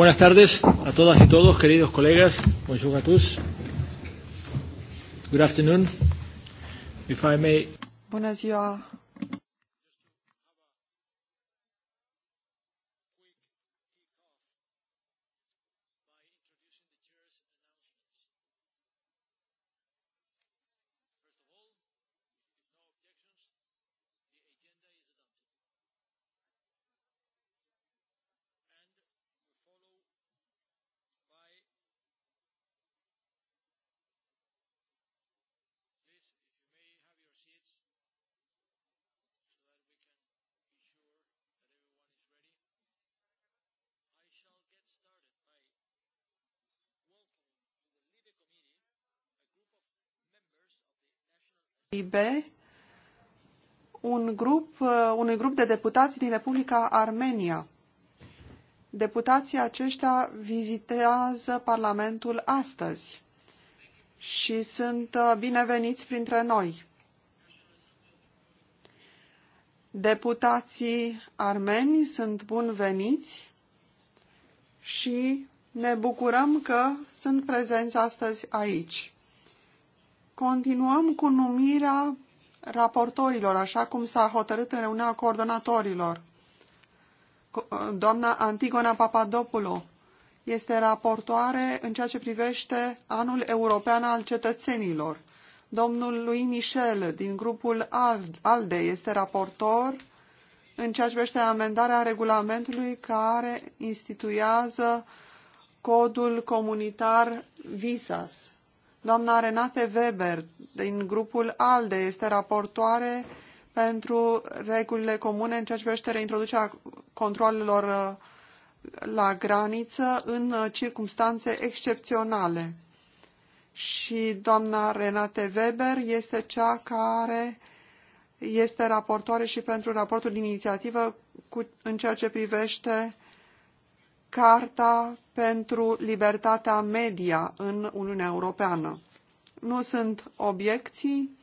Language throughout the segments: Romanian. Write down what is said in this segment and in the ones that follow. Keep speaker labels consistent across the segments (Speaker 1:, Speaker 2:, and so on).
Speaker 1: Buenas tardes a todas y todos, queridos colegas. Bonjour à tous. Good afternoon. If I may...
Speaker 2: Bună ziua Libe un grup, uh, unui grup de deputați din Republica Armenia. Deputații aceștia vizitează Parlamentul astăzi și sunt uh, bineveniți printre noi. Deputații armeni sunt bun veniți și ne bucurăm că sunt prezenți astăzi aici. Continuăm cu numirea raportorilor, așa cum s-a hotărât în reuniunea coordonatorilor. Uh, doamna Antigona Papadopoulou este raportoare în ceea ce privește anul european al cetățenilor. Domnul lui Michel din grupul ALDE este raportor în ceea ce privește amendarea regulamentului care instituiază codul comunitar VISAS. Doamna Renate Weber, din grupul ALDE, este raportoare pentru regulile comune în ceea ce privește reintroducerea controlelor uh, la graniță în uh, circumstanțe excepționale. Și doamna Renate Weber este cea care este raportoare și pentru raportul din inițiativă cu, în ceea ce privește Carta pentru libertatea media în Uniunea Europeană. Nu sunt obiecții,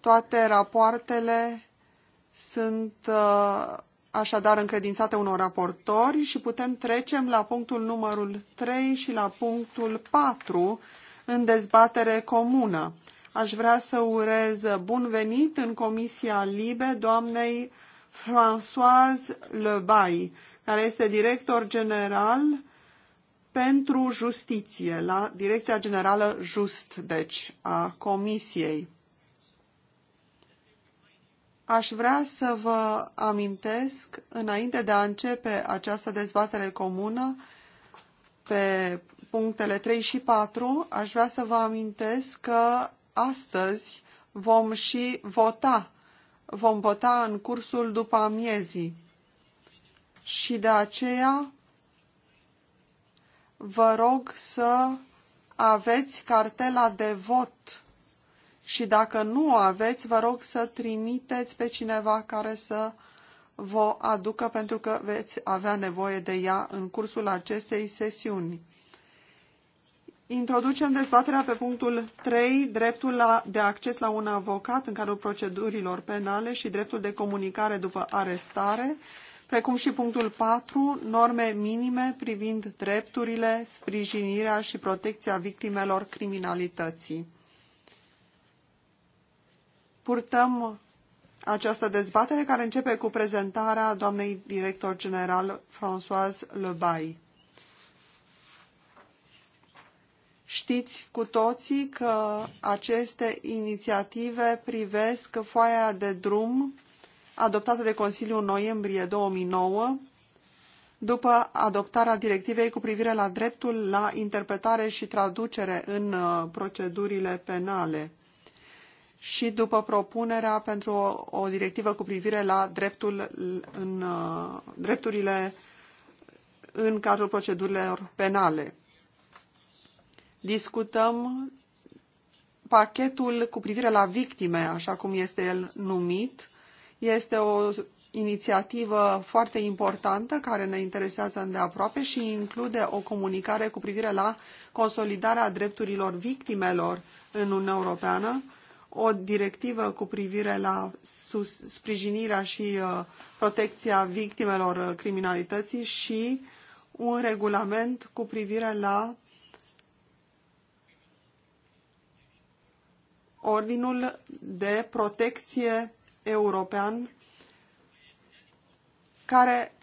Speaker 2: toate rapoartele sunt uh, așadar încredințate unor raportori și putem trecem la punctul numărul 3 și la punctul 4 în dezbatere comună. Aș vrea să urez bun venit în Comisia Libe doamnei Françoise Lebai, care este director general pentru justiție, la Direcția Generală Just, deci, a Comisiei. Aș vrea să vă amintesc, înainte de a începe această dezbatere comună, pe punctele 3 și 4, aș vrea să vă amintesc că astăzi vom și vota. Vom vota în cursul după amiezii. Și de aceea vă rog să aveți cartela de vot și dacă nu o aveți, vă rog să trimiteți pe cineva care să vă aducă pentru că veți avea nevoie de ea în cursul acestei sesiuni. Introducem dezbaterea pe punctul 3, dreptul la, de acces la un avocat în cadrul procedurilor penale și dreptul de comunicare după arestare precum și punctul 4, norme minime privind drepturile, sprijinirea și protecția victimelor criminalității. Purtăm această dezbatere care începe cu prezentarea doamnei director general Françoise Lebay. Știți cu toții că aceste inițiative privesc foaia de drum adoptată de Consiliu în noiembrie 2009, după adoptarea directivei cu privire la dreptul la interpretare și traducere în uh, procedurile penale și după propunerea pentru o, o directivă cu privire la dreptul în, uh, drepturile în cadrul procedurilor penale. Discutăm pachetul cu privire la victime, așa cum este el numit, este o inițiativă foarte importantă care ne interesează îndeaproape și include o comunicare cu privire la consolidarea drepturilor victimelor în Uniunea Europeană, o directivă cu privire la sprijinirea și uh, protecția victimelor uh, criminalității și un regulament cu privire la ordinul de protecție european care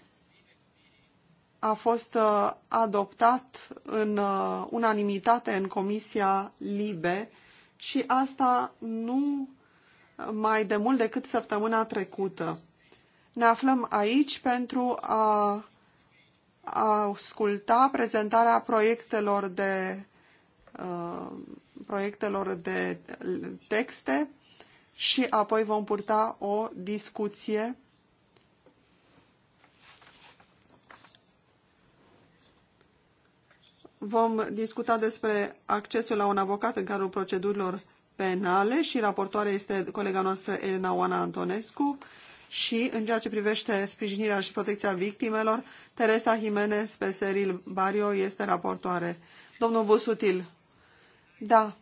Speaker 2: a fost uh, adoptat în uh, unanimitate în Comisia Libe și asta nu uh, mai de mult decât săptămâna trecută. Ne aflăm aici pentru a asculta prezentarea proiectelor de, uh, proiectelor de texte și apoi vom purta o discuție Vom discuta despre accesul la un avocat în cadrul procedurilor penale și raportoarea este colega noastră Elena Oana Antonescu și în ceea ce privește sprijinirea și protecția victimelor, Teresa Jimenez Peseril Barrio este raportoare. Domnul Busutil, da,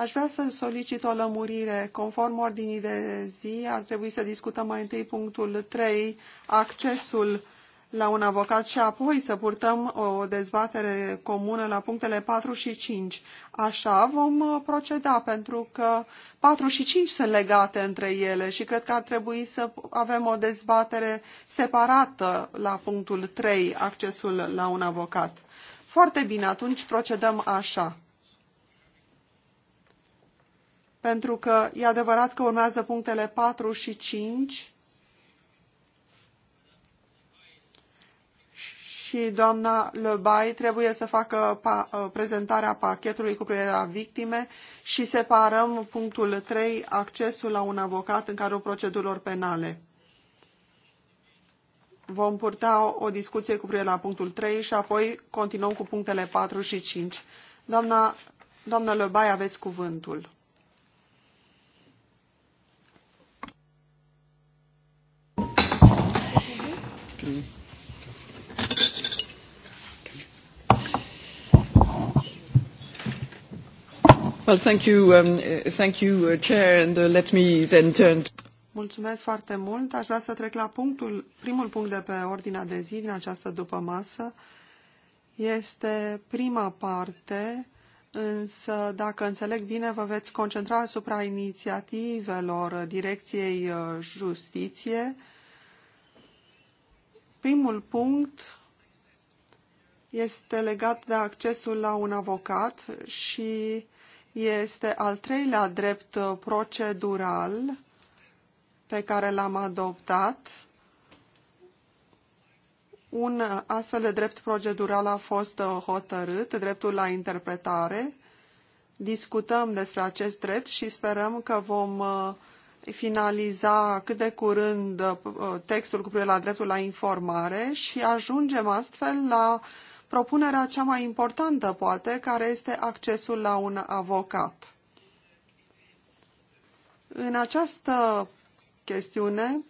Speaker 2: Aș vrea să solicit o lămurire. Conform ordinii de zi, ar trebui să discutăm mai întâi punctul 3, accesul la un avocat și apoi să purtăm o dezbatere comună la punctele 4 și 5. Așa vom uh, proceda, pentru că 4 și 5 sunt legate între ele și cred că ar trebui să avem o dezbatere separată la punctul 3, accesul la un avocat. Foarte bine, atunci procedăm așa pentru că e adevărat că urmează punctele 4 și 5 și doamna Lebai trebuie să facă pa uh, prezentarea pachetului cu privire la victime și separăm punctul 3, accesul la un avocat în cadrul procedurilor penale. Vom purta o discuție cu privire la punctul 3 și apoi continuăm cu punctele 4 și 5. Doamna, doamna Lebai, aveți cuvântul. well, thank you, um, thank you, uh, Chair, and uh, let me then turn. Mulțumesc foarte mult. Aș vrea să trec la punctul, primul punct de pe ordinea de zi din această dupămasă. Este prima parte Însă, dacă înțeleg bine, vă veți concentra asupra inițiativelor Direcției uh, Justiție Primul punct este legat de accesul la un avocat și este al treilea drept procedural pe care l-am adoptat. Un astfel de drept procedural a fost hotărât, dreptul la interpretare. Discutăm despre acest drept și sperăm că vom finaliza cât de curând uh, textul cu privire la dreptul la informare și ajungem astfel la propunerea cea mai importantă, poate, care este accesul la un avocat. În această chestiune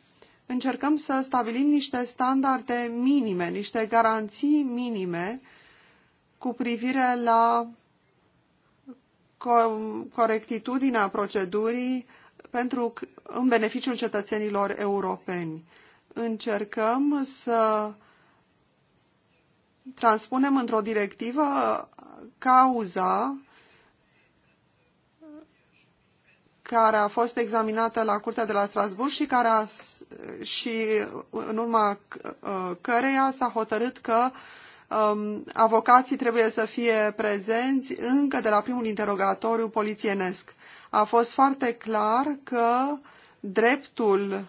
Speaker 2: încercăm să stabilim niște standarde minime, niște garanții minime cu privire la corectitudinea procedurii, pentru, în beneficiul cetățenilor europeni. Încercăm să transpunem într-o directivă cauza care a fost examinată la Curtea de la Strasburg și, care a, și în urma uh, căreia s-a hotărât că um, avocații trebuie să fie prezenți încă de la primul interogatoriu polițienesc a fost foarte clar că dreptul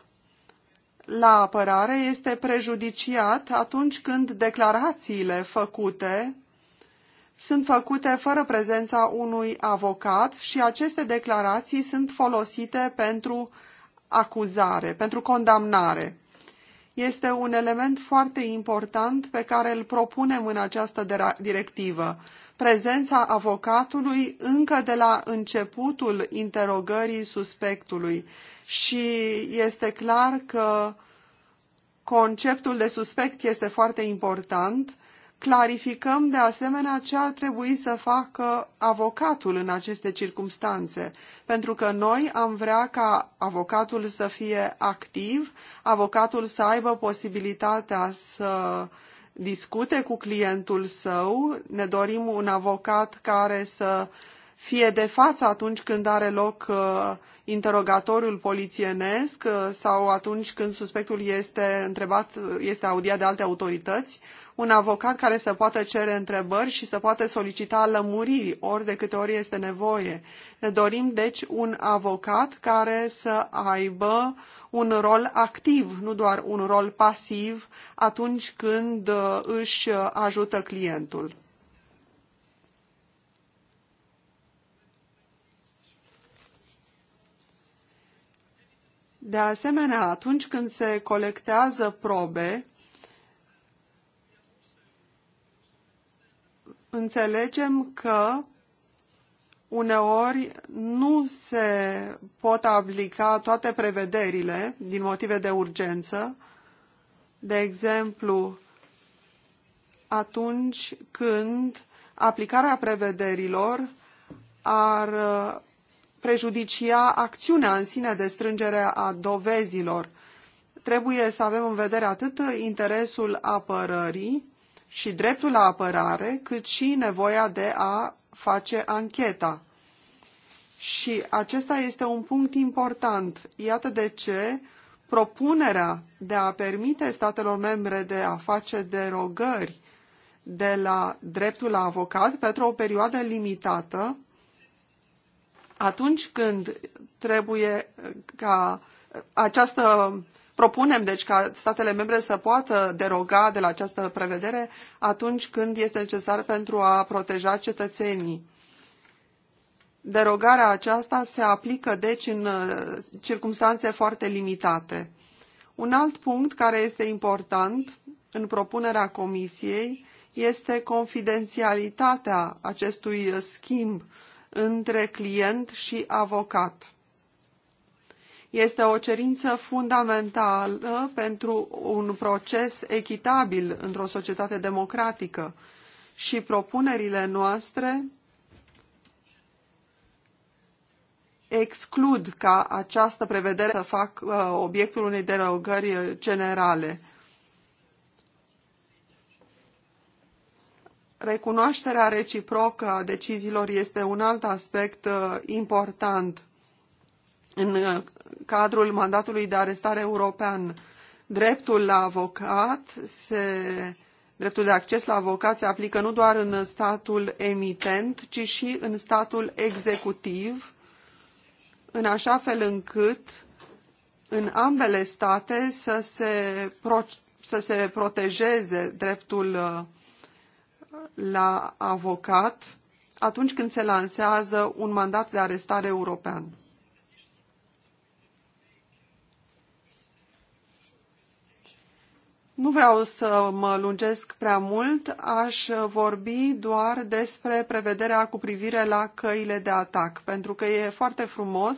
Speaker 2: la apărare este prejudiciat atunci când declarațiile făcute sunt făcute fără prezența unui avocat și aceste declarații sunt folosite pentru acuzare, pentru condamnare. Este un element foarte important pe care îl propunem în această directivă prezența avocatului încă de la începutul interogării suspectului și este clar că conceptul de suspect este foarte important. Clarificăm de asemenea ce ar trebui să facă avocatul în aceste circumstanțe, pentru că noi am vrea ca avocatul să fie activ, avocatul să aibă posibilitatea să uh, discute cu clientul său. Ne dorim un avocat care să fie de față atunci când are loc uh, interogatoriul polițienesc uh, sau atunci când suspectul este întrebat, uh, este audiat de alte autorități, un avocat care să poată cere întrebări și să poată solicita lămuriri ori de câte ori este nevoie. Ne dorim, deci, un avocat care să aibă un rol activ, nu doar un rol pasiv atunci când uh, își uh, ajută clientul. De asemenea, atunci când se colectează probe, înțelegem că uneori nu se pot aplica toate prevederile din motive de urgență, de exemplu, atunci când aplicarea prevederilor ar uh, prejudicia acțiunea în sine de strângere a dovezilor. Trebuie să avem în vedere atât interesul apărării și dreptul la apărare, cât și nevoia de a face ancheta. Și acesta este un punct important. Iată de ce propunerea de a permite statelor membre de a face derogări de la dreptul la avocat pentru o perioadă limitată, atunci când trebuie ca această Propunem, deci, ca statele membre să poată deroga de la această prevedere atunci când este necesar pentru a proteja cetățenii. Derogarea aceasta se aplică, deci, în uh, circunstanțe foarte limitate. Un alt punct care este important în propunerea Comisiei este confidențialitatea acestui schimb între client și avocat. Este o cerință fundamentală pentru un proces echitabil într-o societate democratică și propunerile noastre exclud ca această prevedere să facă uh, obiectul unei derogări generale. Recunoașterea reciprocă a deciziilor este un alt aspect uh, important în uh, cadrul mandatului de arestare european. Dreptul la avocat se Dreptul de acces la avocat se aplică nu doar în statul emitent, ci și în statul executiv, în așa fel încât în ambele state să se, pro, să se protejeze dreptul uh, la avocat atunci când se lansează un mandat de arestare european. Nu vreau să mă lungesc prea mult, aș vorbi doar despre prevederea cu privire la căile de atac, pentru că e foarte frumos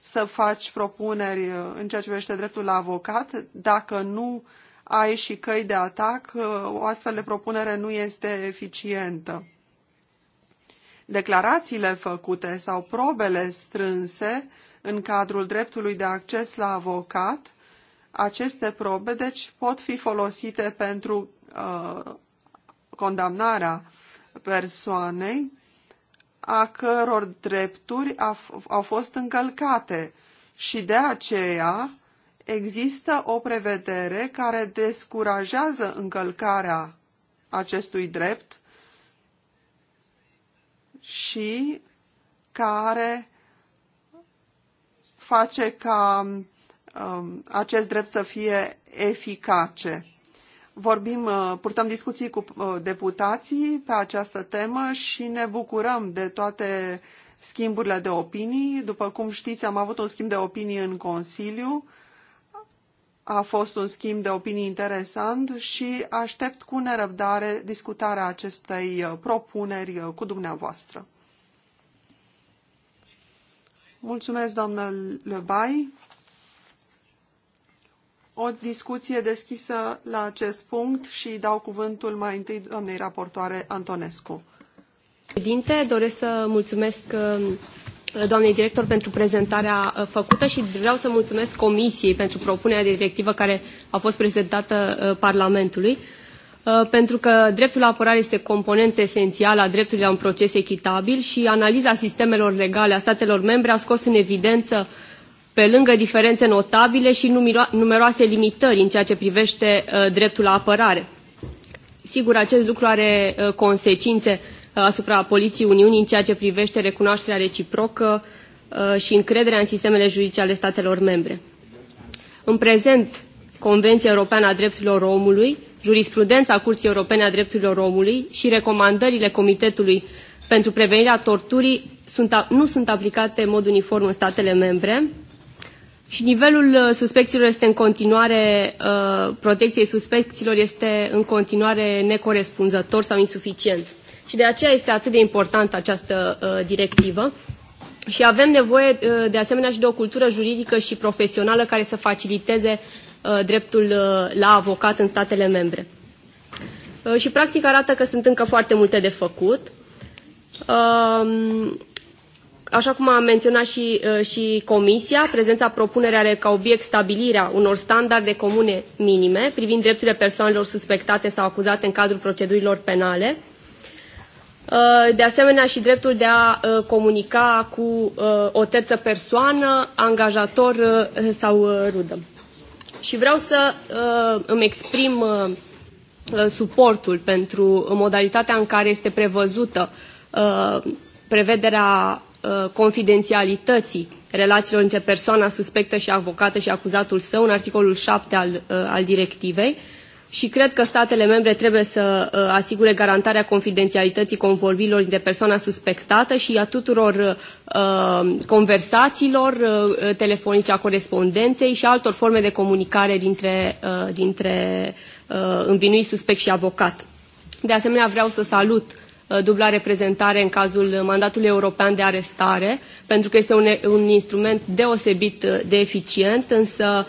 Speaker 2: să faci propuneri în ceea ce privește dreptul la avocat, dacă nu ai și căi de atac, o astfel de propunere nu este eficientă. Declarațiile făcute sau probele strânse în cadrul dreptului de acces la avocat aceste probe, deci, pot fi folosite pentru uh, condamnarea persoanei a căror drepturi au fost încălcate și de aceea există o prevedere care descurajează încălcarea acestui drept și care face ca Um, acest drept să fie eficace. Vorbim, uh, purtăm discuții cu uh, deputații pe această temă și ne bucurăm de toate schimburile de opinii. După cum știți, am avut un schimb de opinii în Consiliu. A fost un schimb de opinii interesant și aștept cu nerăbdare discutarea acestei uh, propuneri cu dumneavoastră. Mulțumesc, doamnă Lebai o discuție deschisă la acest punct și dau cuvântul mai întâi doamnei raportoare
Speaker 3: Antonescu. Președinte, doresc să mulțumesc uh, doamnei director pentru prezentarea uh, făcută și vreau să mulțumesc Comisiei pentru propunerea de directivă care a fost prezentată uh, Parlamentului, pentru că dreptul la apărare este componentă esențială a dreptului la un proces echitabil și analiza sistemelor legale a statelor membre a scos în evidență uh, pe lângă diferențe notabile și numeroase limitări în ceea ce privește uh, dreptul la apărare. Sigur, acest lucru are uh, consecințe uh, asupra poliției Uniunii în ceea ce privește recunoașterea reciprocă și încrederea în sistemele juridice ale statelor membre. În prezent, Convenția Europeană a Drepturilor Omului, jurisprudența Curții Europene a Drepturilor Omului și recomandările Comitetului pentru prevenirea torturii sunt, nu sunt aplicate în mod uniform în statele membre, și nivelul uh, suspecțiilor este în continuare, uh, protecției suspecțiilor este în continuare necorespunzător sau insuficient. Și de aceea este atât de importantă această uh, directivă. Și avem nevoie de asemenea și de o cultură juridică și profesională care să faciliteze dreptul la avocat în statele membre. Și practic arată că sunt încă foarte multe de făcut. Um, Așa cum a menționat și, uh, și Comisia, prezenta propunere are ca obiect stabilirea unor standarde comune minime privind drepturile persoanelor suspectate sau acuzate în cadrul procedurilor penale, uh, de asemenea și dreptul de a uh, comunica cu o terță persoană, angajator sau rudă. Și vreau să îmi exprim suportul pentru modalitatea în care este prevăzută prevederea Uh, confidențialității relațiilor între persoana suspectă și avocată și acuzatul său în articolul 7 al, uh, al directivei și cred că statele membre trebuie să uh, asigure garantarea confidențialității convorbirilor între persoana suspectată și a tuturor conversațiilor telefonice, a corespondenței și altor forme de comunicare dintre, dintre învinuit suspect și avocat. De asemenea, vreau să salut uh, Uh, dubla reprezentare în cazul mandatului european de arestare, pentru că este un, un instrument deosebit uh, de eficient, însă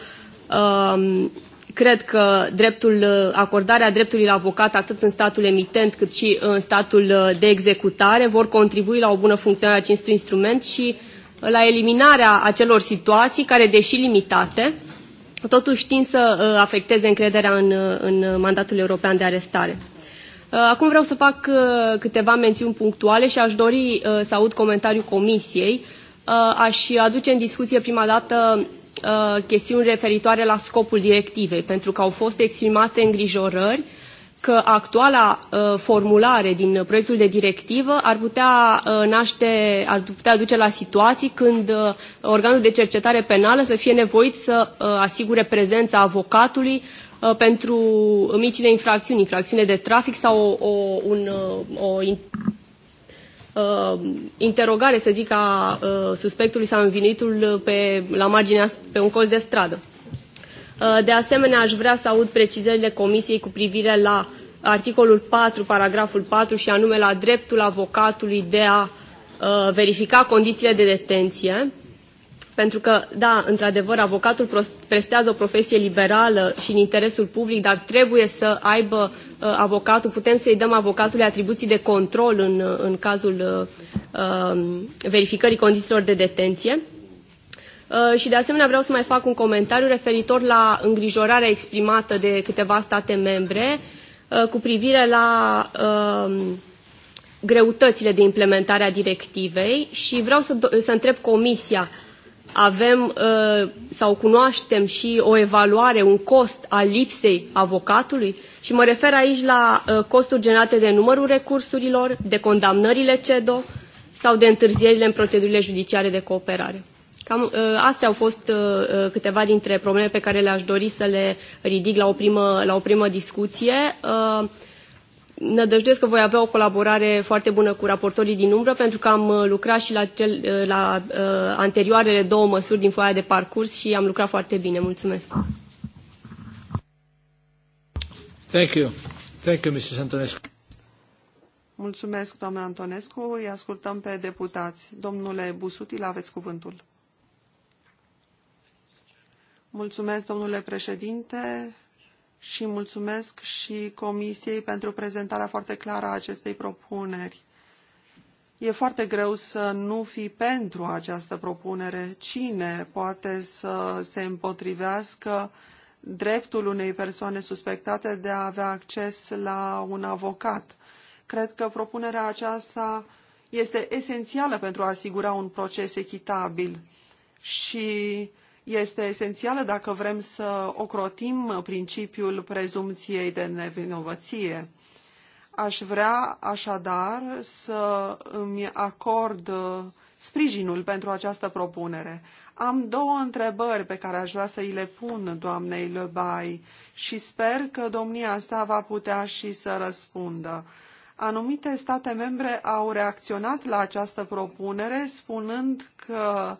Speaker 3: um, cred că dreptul, uh, acordarea dreptului la avocat atât în statul emitent cât și în statul de executare vor contribui la o bună funcționare a acestui instrument și la eliminarea acelor situații care, deși limitate, totuși tind să afecteze încrederea în, în mandatul european de arestare. Uh, acum vreau să fac uh, câteva mențiuni punctuale și aș dori uh, să aud comentariul Comisiei. Aș aduce în discuție prima dată chestiuni referitoare la scopul directivei, pentru că au fost exprimate îngrijorări că actuala formulare din proiectul de directivă ar putea naște, ar putea duce la situații când organul de cercetare penală să fie nevoit să asigure prezența avocatului Uh, pentru micile infracțiuni, infracțiune de trafic sau o, un, uh, o in, uh, interogare, să zic, a uh, suspectului sau învinuitul pe, la marginea, pe un cost de stradă. Uh, de asemenea, aș vrea să aud precizările Comisiei cu privire la articolul 4, paragraful 4, și anume la dreptul avocatului de a uh, verifica condițiile de detenție. Uh, pentru că, da, într-adevăr, avocatul prestează o profesie liberală și în interesul public, dar trebuie să aibă uh, avocatul, putem să-i dăm avocatului atribuții de control în, uh, în cazul uh, um, verificării condițiilor de detenție. Uh, și de asemenea vreau să mai fac un comentariu referitor la îngrijorarea exprimată de câteva state membre uh, cu privire la uh, greutățile de implementare a directivei și vreau să, să întreb Comisia avem uh, sau cunoaștem și o evaluare, un cost al lipsei avocatului? Și mă refer aici la uh, costuri generate de numărul recursurilor, de condamnările CEDO sau de întârzierile în procedurile judiciare de cooperare. Cam, uh, astea au fost câteva dintre problemele pe care le-aș dori să le ridic la o primă, la o primă discuție nădăjduiesc că voi avea o colaborare foarte bună cu raportorii din umbră, pentru că am uh, lucrat și la, cel, uh, la uh, anterioarele două măsuri din foaia de parcurs și am lucrat foarte bine. Mulțumesc!
Speaker 1: Thank you. Thank you, Mrs. Antonescu.
Speaker 2: Mulțumesc, domnule Antonescu. Îi ascultăm pe deputați. Domnule Busutil, aveți cuvântul. Mulțumesc, domnule președinte și mulțumesc și Comisiei pentru prezentarea foarte clară a acestei propuneri. E foarte greu să nu fii pentru această propunere. Cine poate să se împotrivească dreptul unei persoane suspectate de a avea acces la un avocat? Cred că propunerea aceasta este esențială pentru a asigura un proces echitabil și este esențială dacă vrem să ocrotim principiul prezumției de nevinovăție. Aș vrea așadar să îmi acord uh, sprijinul pentru această propunere. Am două întrebări pe care aș vrea să îi le pun doamnei Lebai și sper că domnia sa va putea și să răspundă. Anumite state membre au reacționat la această propunere spunând că uh,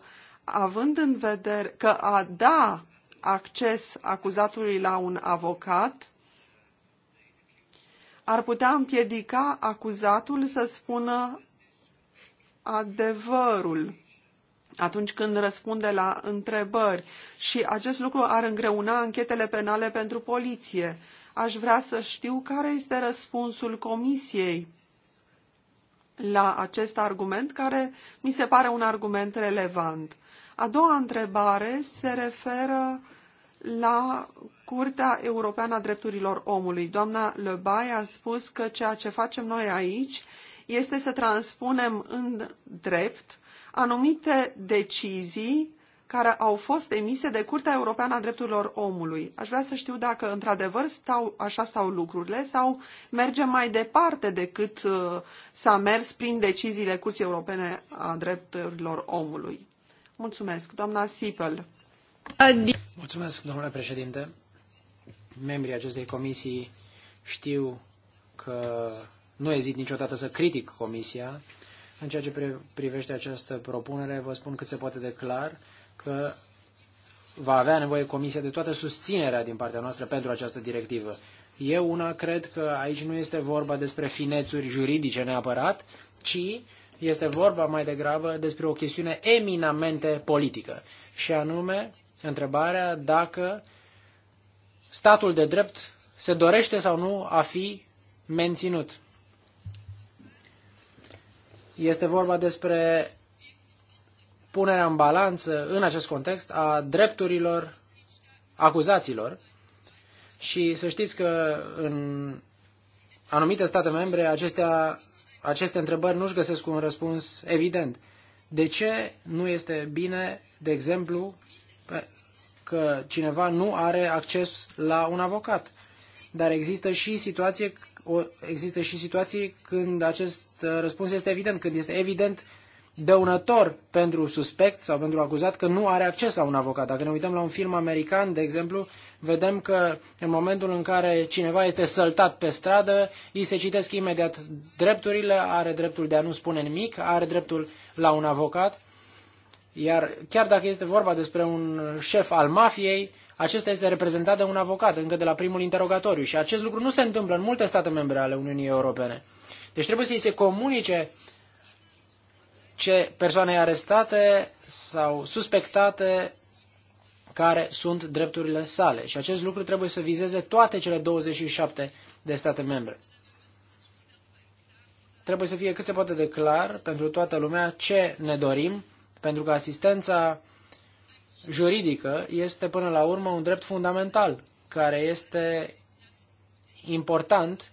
Speaker 2: având în vedere că a da acces acuzatului la un avocat ar putea împiedica acuzatul să spună adevărul atunci când răspunde la întrebări și acest lucru ar îngreuna anchetele penale pentru poliție. Aș vrea să știu care este răspunsul comisiei la acest argument, care mi se pare un argument relevant. A doua întrebare se referă la Curtea Europeană a Drepturilor Omului. Doamna Lebai a spus că ceea ce facem noi aici este să transpunem în drept anumite decizii care au fost emise de Curtea Europeană a Drepturilor Omului. Aș vrea să știu dacă într-adevăr stau, așa stau lucrurile sau mergem mai departe decât uh, s-a mers prin deciziile Curții Europene a Drepturilor Omului. Mulțumesc,
Speaker 1: domnule președinte. Membrii acestei comisii știu că nu ezit niciodată să critic comisia. În ceea ce privește această propunere, vă spun cât se poate de clar că va avea nevoie comisia de toată susținerea din partea noastră pentru această directivă. Eu una cred că aici nu este vorba despre finețuri juridice neapărat, ci este vorba mai degrabă despre o chestiune eminamente politică, și anume întrebarea dacă statul de drept se dorește sau nu a fi menținut. Este vorba despre punerea în balanță, în acest context, a drepturilor acuzaților. Și să știți că în anumite state membre acestea aceste întrebări nu-și găsesc un răspuns evident. De ce nu este bine, de exemplu, că cineva nu are acces la un avocat? Dar există și situație, există și situații când acest uh, răspuns este evident, când este evident dăunător pentru suspect sau pentru acuzat că nu are acces la un avocat. Dacă ne uităm la un film american, de exemplu, vedem că în momentul în care cineva este săltat pe stradă, îi se citesc imediat drepturile, are dreptul de a nu spune nimic, are dreptul la un avocat, iar chiar dacă este vorba despre un șef al mafiei, acesta este reprezentat de un avocat încă de la primul interogatoriu și acest lucru nu se întâmplă în multe state membre ale Uniunii Europene. Deci trebuie să îi se comunice ce persoane arestate sau suspectate care sunt drepturile sale. Și acest lucru trebuie să vizeze toate cele 27 de state membre. Trebuie să fie cât se poate de clar pentru toată lumea ce ne dorim, pentru că asistența juridică este până la urmă un drept fundamental care este important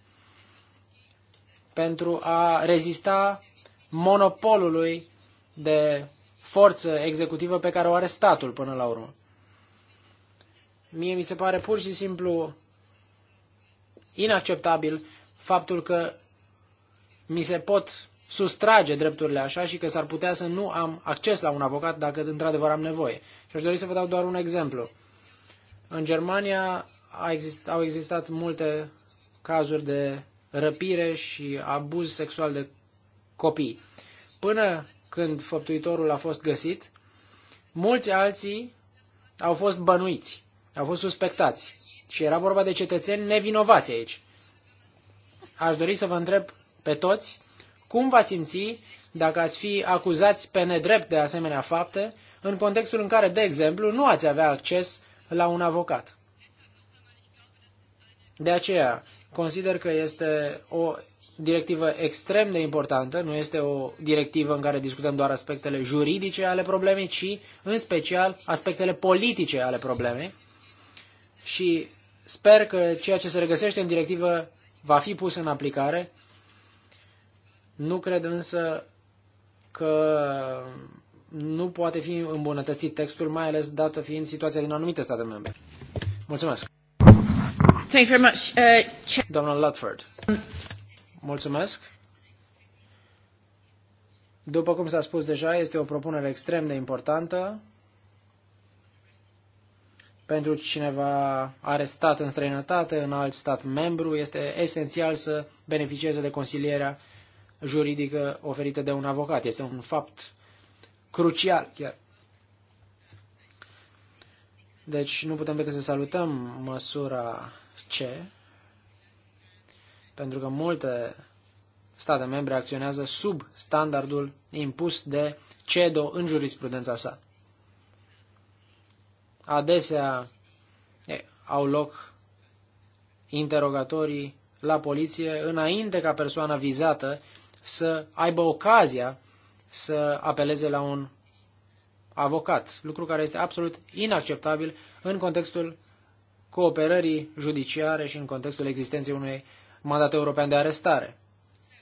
Speaker 1: pentru a rezista monopolului de forță executivă pe care o are statul până la urmă. Mie mi se pare pur și simplu inacceptabil faptul că mi se pot sustrage drepturile așa și că s-ar putea să nu am acces la un avocat dacă într-adevăr am nevoie. Și aș dori să vă dau doar un exemplu. În Germania a exist, au existat multe cazuri de răpire și abuz sexual de copii. Până când făptuitorul a fost găsit, mulți alții au fost bănuiți au fost suspectați. Și era vorba de cetățeni nevinovați aici. Aș dori să vă întreb pe toți cum v-ați simți dacă ați fi acuzați pe nedrept de asemenea fapte, în contextul în care, de exemplu, nu ați avea acces la un avocat. De aceea, consider că este o directivă extrem de importantă, nu este o directivă în care discutăm doar aspectele juridice ale problemei, ci în special aspectele politice ale problemei și sper că ceea ce se regăsește în directivă va fi pus în aplicare. Nu cred însă că nu poate fi îmbunătățit textul, mai ales dată fiind situația din anumite state membre. Mulțumesc! Thank you very much. Uh, Doamna Ludford. Mulțumesc. După cum s-a spus deja, este o propunere extrem de importantă pentru cineva arestat în străinătate, în alt stat membru, este esențial să beneficieze de consilierea juridică oferită de un avocat. Este un fapt crucial chiar. Deci nu putem decât să salutăm măsura C, pentru că multe state membre acționează sub standardul impus de CEDO în jurisprudența sa. Adesea au loc interogatorii la poliție înainte ca persoana vizată să aibă ocazia să apeleze la un avocat, lucru care este absolut inacceptabil în contextul cooperării judiciare și în contextul existenței unui mandat european de arestare,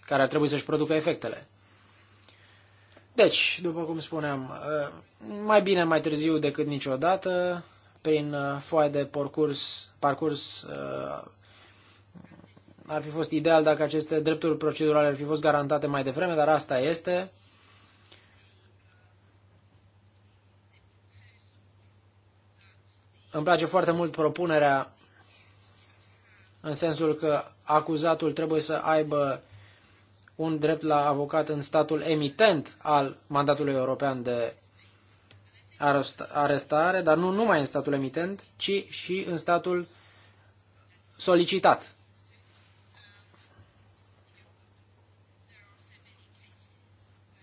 Speaker 1: care ar trebui să-și producă efectele. Deci, după cum spuneam, uh, mai bine mai târziu decât niciodată, prin uh, foaie de parcurs, parcurs uh, ar fi fost ideal dacă aceste drepturi procedurale ar fi fost garantate mai devreme, dar asta este. Îmi place foarte mult propunerea în sensul că acuzatul trebuie să aibă un drept la avocat în statul emitent al mandatului european de arestare, dar nu numai în statul emitent, ci și în statul solicitat.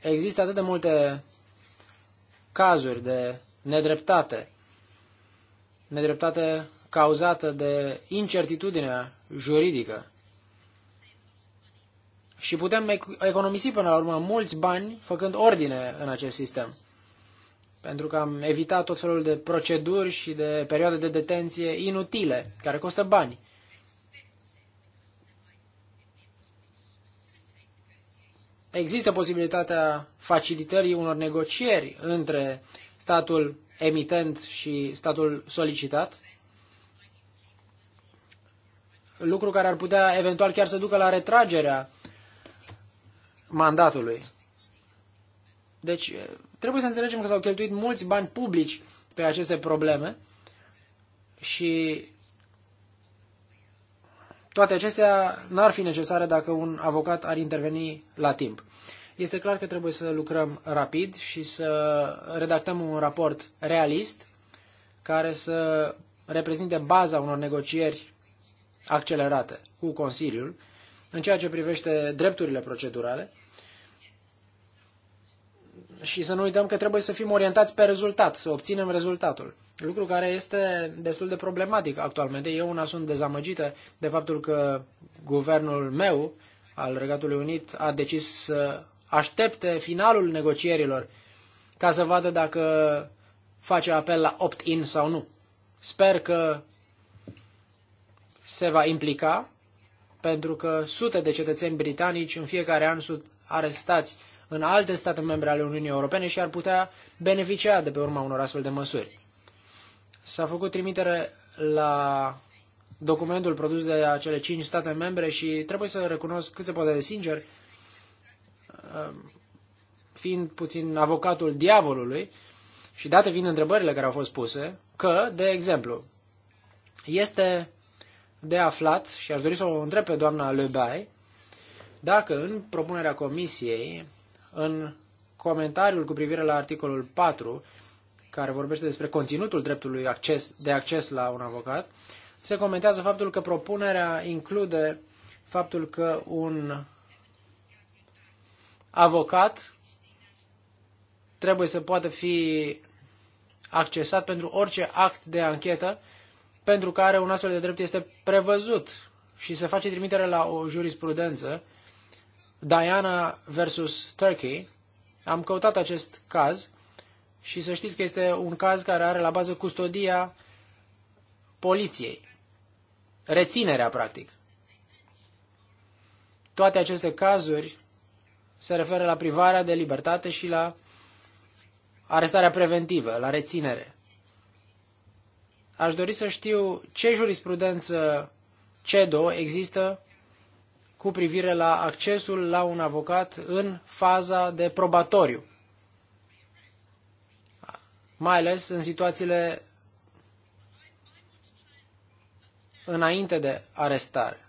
Speaker 1: Există atât de multe cazuri de nedreptate, nedreptate cauzată de incertitudinea juridică și putem economisi până la urmă mulți bani făcând ordine în acest sistem. Pentru că am evitat tot felul de proceduri și de perioade de detenție inutile, care costă bani. Există posibilitatea facilitării unor negocieri între statul emitent și statul solicitat, lucru care ar putea eventual chiar să ducă la retragerea mandatului. Deci, trebuie să înțelegem că s-au cheltuit mulți bani publici pe aceste probleme și toate acestea n-ar fi necesare dacă un avocat ar interveni la timp. Este clar că trebuie să lucrăm rapid și să redactăm un raport realist care să reprezinte baza unor negocieri accelerate cu Consiliul în ceea ce privește drepturile procedurale și să nu uităm că trebuie să fim orientați pe rezultat, să obținem rezultatul. Lucru care este destul de problematic actualmente. Eu una sunt dezamăgită de faptul că guvernul meu al Regatului Unit a decis să aștepte finalul negocierilor ca să vadă dacă face apel la opt-in sau nu. Sper că se va implica pentru că sute de cetățeni britanici în fiecare an sunt arestați în alte state membre ale Uniunii Europene și ar putea beneficia de pe urma unor astfel de măsuri. S-a făcut trimitere la documentul produs de acele cinci state membre și trebuie să recunosc cât se poate de sincer, uh, fiind puțin avocatul diavolului și date fiind întrebările care au fost puse, că, de exemplu, este de aflat, și aș dori să o întreb pe doamna Lebai, dacă în propunerea comisiei în comentariul cu privire la articolul 4, care vorbește despre conținutul dreptului acces, de acces la un avocat, se comentează faptul că propunerea include faptul că un avocat trebuie să poată fi accesat pentru orice act de anchetă pentru care un astfel de drept este prevăzut și se face trimitere la o jurisprudență Diana versus Turkey. Am căutat acest caz și să știți că este un caz care are la bază custodia poliției. Reținerea, practic. Toate aceste cazuri se referă la privarea de libertate și la arestarea preventivă, la reținere. Aș dori să știu ce jurisprudență CEDO există cu privire la accesul la un avocat în faza de probatoriu, mai ales în situațiile înainte de arestare.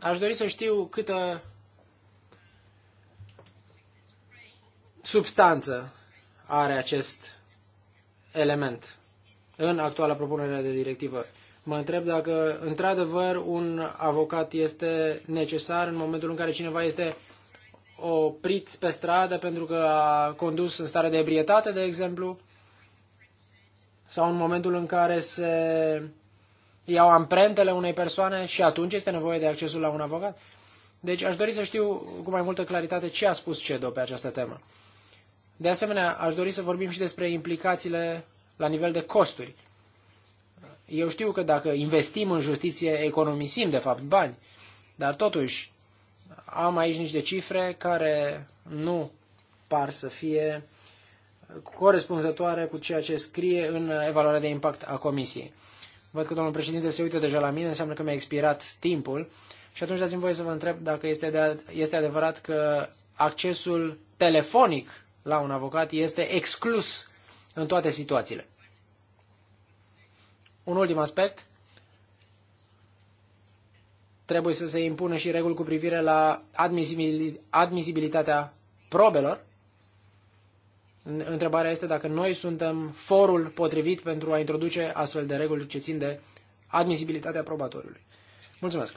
Speaker 1: Aș dori să știu câtă substanță are acest element în actuala propunere de directivă. Mă întreb dacă, într-adevăr, un avocat este necesar în momentul în care cineva este oprit pe stradă pentru că a condus în stare de ebrietate, de exemplu, sau în momentul în care se iau amprentele unei persoane și atunci este nevoie de accesul la un avocat. Deci aș dori să știu cu mai multă claritate ce a spus CEDO pe această temă. De asemenea, aș dori să vorbim și despre implicațiile la nivel de costuri. Eu știu că dacă investim în justiție, economisim, de fapt, bani. Dar totuși, am aici niște cifre care nu par să fie corespunzătoare cu ceea ce scrie în evaluarea de impact a comisiei. Văd că domnul președinte se uită deja la mine, înseamnă că mi-a expirat timpul. Și atunci dați-mi voie să vă întreb dacă este, de, este adevărat că accesul telefonic la un avocat este exclus în toate situațiile. Un ultim aspect. Trebuie să se impună și reguli cu privire la admisibilitatea probelor. Întrebarea este dacă noi suntem forul potrivit pentru a introduce astfel de reguli ce țin de admisibilitatea probatorului. Mulțumesc!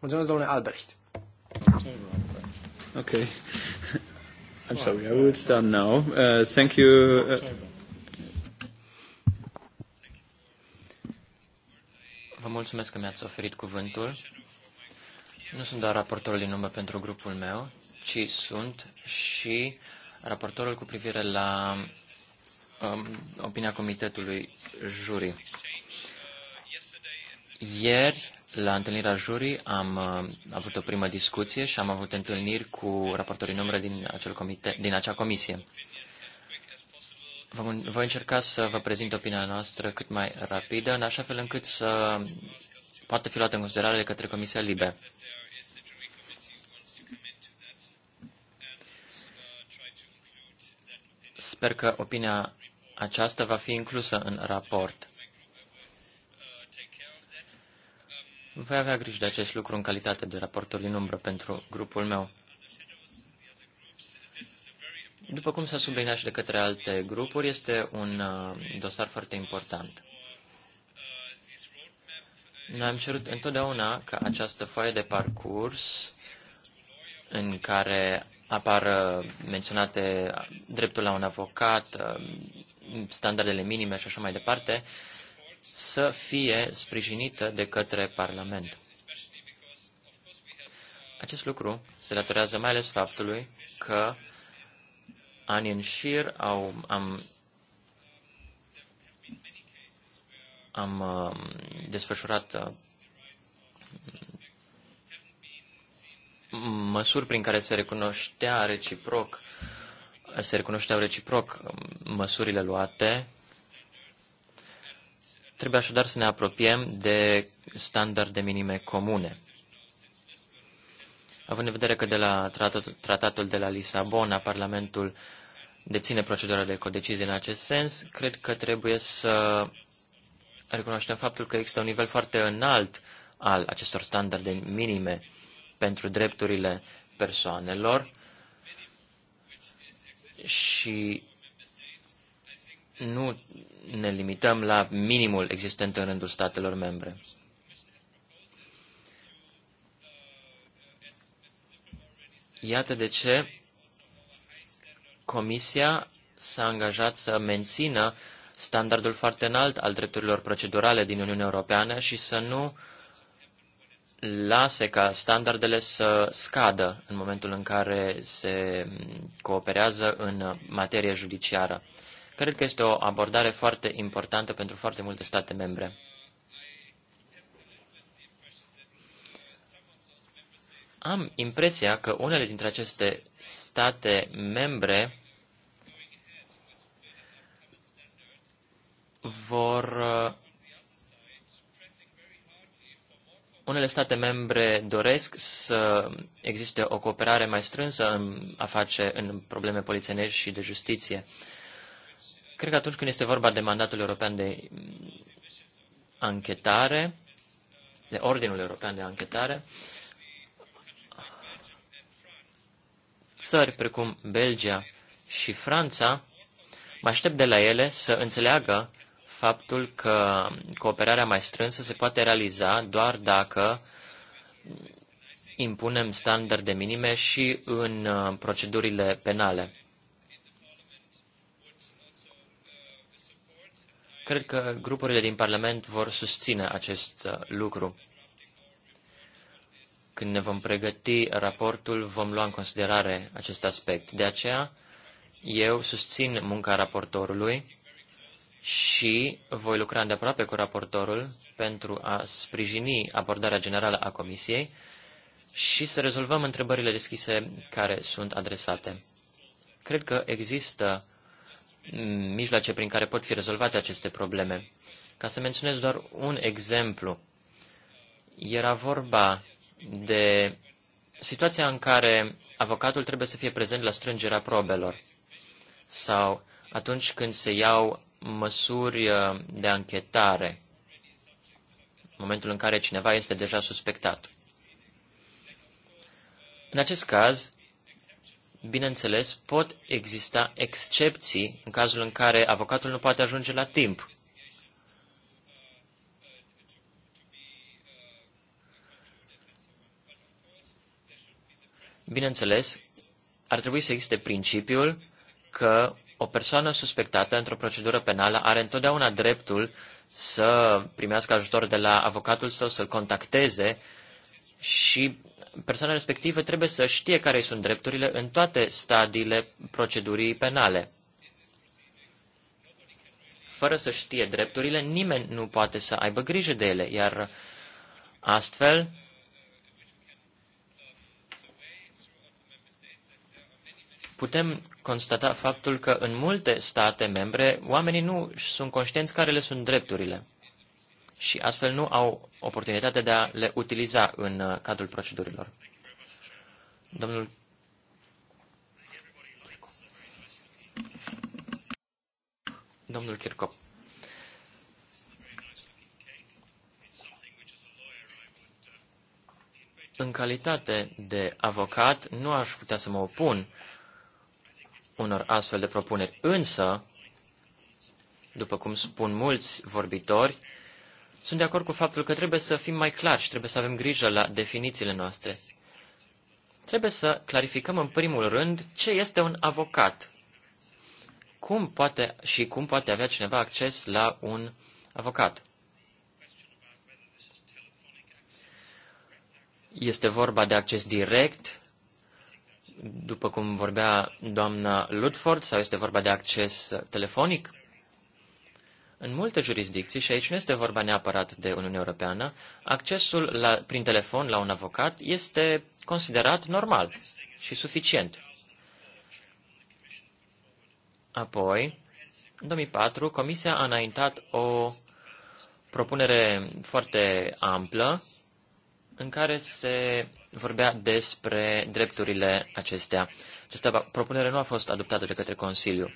Speaker 1: Mulțumesc, domnule Albrecht.
Speaker 2: Okay. I'm sorry, I will start now. Uh, thank you. Uh, Vă
Speaker 4: mulțumesc că mi-ați oferit cuvântul. Nu sunt doar raportorul din urmă pentru grupul meu, ci sunt și raportorul cu privire la um, opinia comitetului juri. Ieri, la întâlnirea jurii, am uh, avut o primă discuție și am avut întâlniri cu raportorii numere din, acel comite, din acea comisie. Vom, voi încerca să vă prezint opinia noastră cât mai rapidă, în așa fel încât să poată fi luată în considerare de către Comisia Libe. Sper că opinia aceasta va fi inclusă în raport. Voi avea grijă de acest lucru în calitate de raportul din umbră pentru grupul meu. După cum s-a subliniat și de către alte grupuri, este un uh, dosar foarte important. Noi am cerut întotdeauna ca această foaie de parcurs în care apar menționate dreptul la un avocat, uh, standardele minime și așa mai departe, să fie sprijinită de către Parlament. Acest lucru se datorează mai ales faptului că ani în șir au, am, am um, desfășurat uh, măsuri prin care se recunoștea reciproc se recunoșteau reciproc um, măsurile luate. Trebuie așadar să ne apropiem de standarde minime comune. Având în vedere că de la tratatul, de la Lisabona, Parlamentul deține procedura de codecizie în acest sens, cred că trebuie să recunoaștem faptul că există un nivel foarte înalt al acestor standarde minime pentru drepturile persoanelor și nu ne limităm la minimul existent în rândul statelor membre. Iată de ce Comisia s-a angajat să mențină standardul foarte înalt al drepturilor procedurale din Uniunea Europeană și să nu lase ca standardele să scadă în momentul în care se cooperează în materie judiciară. Cred că este o abordare foarte importantă pentru foarte multe state membre. Am impresia că unele dintre aceste state membre vor uh, unele state membre doresc să existe o cooperare mai strânsă în a face în probleme polițienești și de justiție. Cred că atunci când este vorba de mandatul european de mm, anchetare, de Ordinul European de Anchetare, țări precum Belgia și Franța, mă aștept de la ele să înțeleagă faptul că cooperarea mai strânsă se poate realiza doar dacă impunem standarde minime și în uh, procedurile penale. Cred că grupurile din Parlament vor susține acest uh, lucru. Când ne vom pregăti raportul, vom lua în considerare acest aspect. De aceea, eu susțin munca raportorului și voi lucra îndeaproape cu raportorul pentru a sprijini abordarea generală a Comisiei și să rezolvăm întrebările deschise care sunt adresate. Cred că există mijloace prin care pot fi rezolvate aceste probleme. Ca să menționez doar un exemplu, era vorba de situația în care avocatul trebuie să fie prezent la strângerea probelor sau atunci când se iau măsuri uh, de anchetare, în momentul în care cineva este deja suspectat. În acest caz, bineînțeles, pot exista excepții în cazul în care avocatul nu poate ajunge la timp. Bineînțeles, ar trebui să existe principiul că o persoană suspectată într-o procedură penală are întotdeauna dreptul să primească ajutor de la avocatul său, să-l contacteze și persoana respectivă trebuie să știe care sunt drepturile în toate stadiile procedurii penale. Fără să știe drepturile, nimeni nu poate să aibă grijă de ele, iar astfel putem constata faptul că în multe state membre oamenii nu sunt conștienți care le sunt drepturile și astfel nu au oportunitatea de a le utiliza în uh, cadrul procedurilor. Domnul Domnul Kirkop. În calitate de avocat, nu aș putea să mă opun uh, unor astfel de propuneri. Însă, după cum spun mulți vorbitori, sunt de acord cu faptul că trebuie să fim mai clari și trebuie să avem grijă la definițiile noastre. Trebuie să clarificăm în primul rând ce este un avocat. Cum poate și cum poate avea cineva acces la un avocat? Este vorba de acces direct după cum vorbea doamna Ludford, sau este vorba de acces telefonic? În multe jurisdicții, și aici nu este vorba neapărat de Uniunea Europeană, accesul la, prin telefon la un avocat este considerat normal și suficient. Apoi, în 2004, Comisia a înaintat o propunere foarte amplă în care se vorbea despre drepturile acestea. Această propunere nu a fost adoptată de către Consiliu.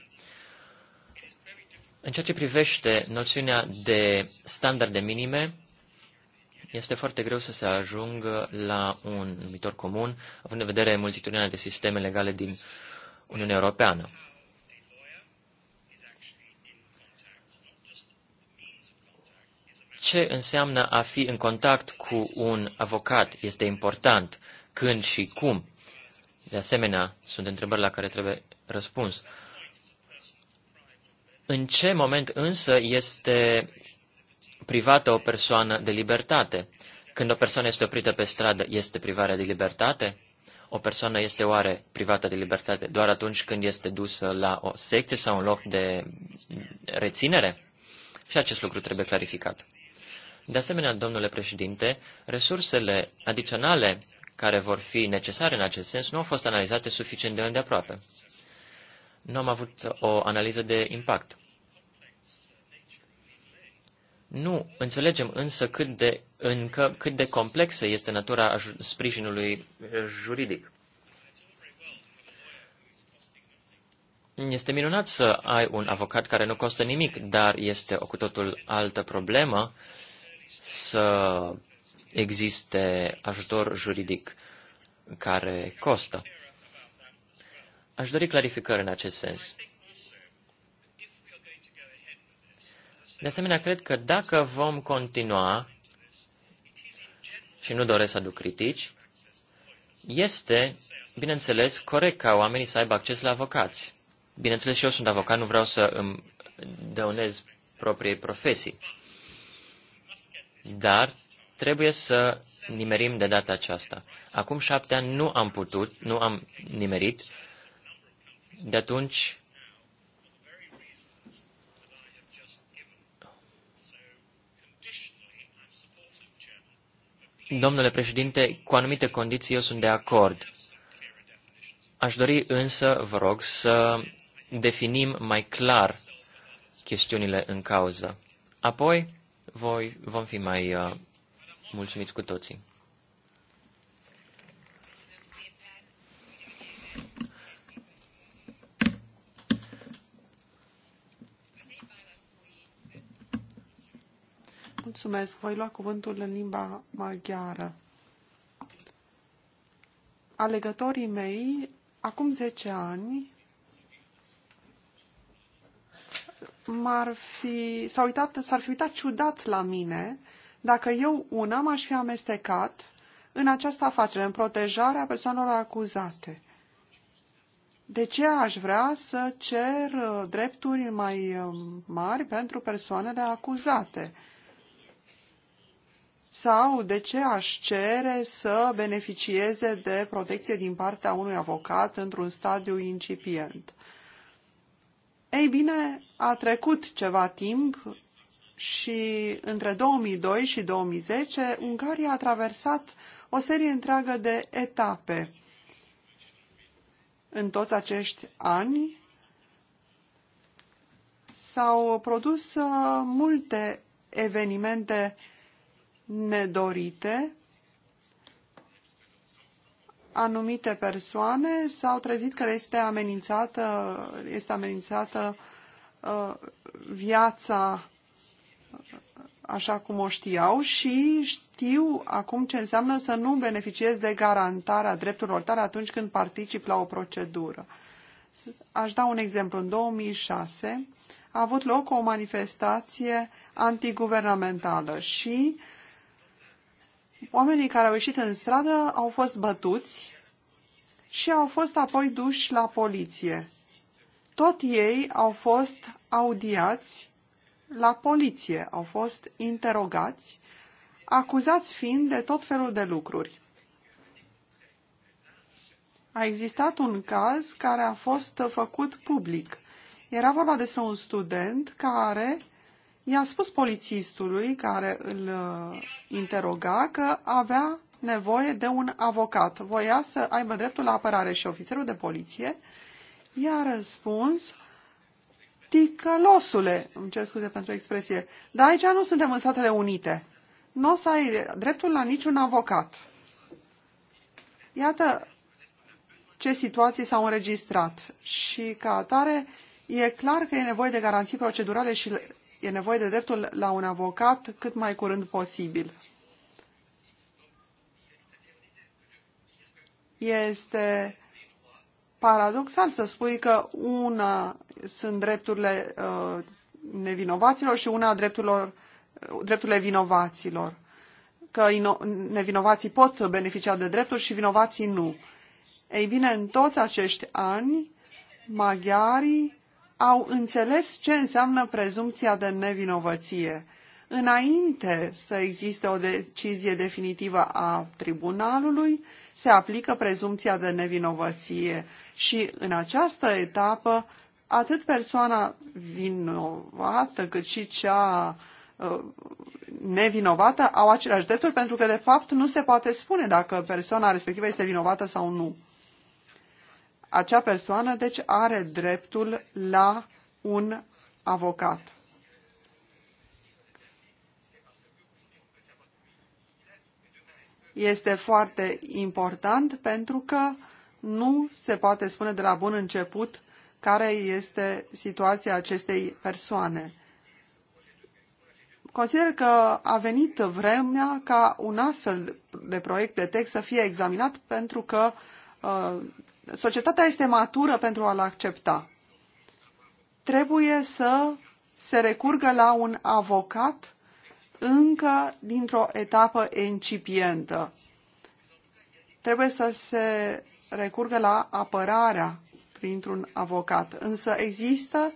Speaker 4: În ceea ce privește noțiunea de standarde minime, este foarte greu să se ajungă la un numitor comun, având în vedere multitudinea de sisteme legale din Uniunea Europeană. ce înseamnă a fi în contact cu un avocat este important, când și cum. De asemenea, sunt întrebări la care trebuie răspuns. În ce moment însă este privată o persoană de libertate? Când o persoană este oprită pe stradă, este privarea de libertate? O persoană este oare privată de libertate doar atunci când este dusă la o secție sau un loc de reținere? Și acest lucru trebuie clarificat. De asemenea, domnule președinte, resursele adiționale care vor fi necesare în acest sens nu au fost analizate suficient de îndeaproape. Nu am avut o analiză de impact. Nu înțelegem însă cât de, încă, cât de complexă este natura sprijinului juridic. Este minunat să ai un avocat care nu costă nimic, dar este o cu totul altă problemă să existe ajutor juridic care costă. Aș dori clarificări în acest sens. De asemenea, cred că dacă vom continua, și nu doresc să aduc critici, este, bineînțeles, corect ca oamenii să aibă acces la avocați. Bineînțeles, și eu sunt avocat, nu vreau să îmi dăunez propriei profesii dar trebuie să nimerim de data aceasta. Acum șapte ani nu am putut, nu am nimerit. De atunci Domnule președinte, cu anumite condiții eu sunt de acord. Aș dori însă, vă rog, să definim mai clar chestiunile în cauză. Apoi, voi, vom fi mai uh, mulțumiți cu toții.
Speaker 2: Mulțumesc. Voi lua cuvântul în limba maghiară. Alegătorii mei, acum 10 ani, m-ar fi, s a uitat, s-ar fi uitat ciudat la mine dacă eu una m-aș fi amestecat în această afacere, în protejarea persoanelor acuzate. De ce aș vrea să cer uh, drepturi mai um, mari pentru persoanele acuzate? Sau de ce aș cere să beneficieze de protecție din partea unui avocat într-un stadiu incipient? Ei bine, a trecut ceva timp și între 2002 și 2010 Ungaria a traversat o serie întreagă de etape. În toți acești ani s-au produs uh, multe evenimente nedorite. Anumite persoane s-au trezit că este amenințată, este amenințată uh, viața așa cum o știau și știu acum ce înseamnă să nu beneficiez de garantarea drepturilor tale atunci când particip la o procedură. Aș da un exemplu. În 2006 a avut loc o manifestație antiguvernamentală și oamenii care au ieșit în stradă au fost bătuți și au fost apoi duși la poliție. Tot ei au fost audiați la poliție, au fost interogați, acuzați fiind de tot felul de lucruri. A existat un caz care a fost făcut public. Era vorba despre un student care i-a spus polițistului care îl uh, interoga că avea nevoie de un avocat. Voia să aibă dreptul la apărare și ofițerul de poliție I-a răspuns, ticălosule, îmi cer scuze pentru expresie, dar aici nu suntem în Statele Unite. Nu o să ai dreptul la niciun avocat. Iată ce situații s-au înregistrat și ca atare e clar că e nevoie de garanții procedurale și e nevoie de dreptul la un avocat cât mai curând posibil. Este paradoxal să spui că una sunt drepturile uh, nevinovaților și una drepturilor, uh, drepturile vinovaților. Că nevinovații pot beneficia de drepturi și vinovații nu. Ei bine, în toți acești ani, maghiarii au înțeles ce înseamnă prezumția de nevinovăție înainte să existe o decizie definitivă a tribunalului, se aplică prezumția de nevinovăție și în această etapă atât persoana vinovată cât și cea uh, nevinovată au aceleași drepturi pentru că de fapt nu se poate spune dacă persoana respectivă este vinovată sau nu. Acea persoană deci are dreptul la un avocat. este foarte important pentru că nu se poate spune de la bun început care este situația acestei persoane. Consider că a venit vremea ca un astfel de proiect de text să fie examinat pentru că uh, societatea este matură pentru a-l accepta. Trebuie să se recurgă la un avocat încă dintr-o etapă incipientă. Trebuie să se recurgă la apărarea printr-un avocat, însă există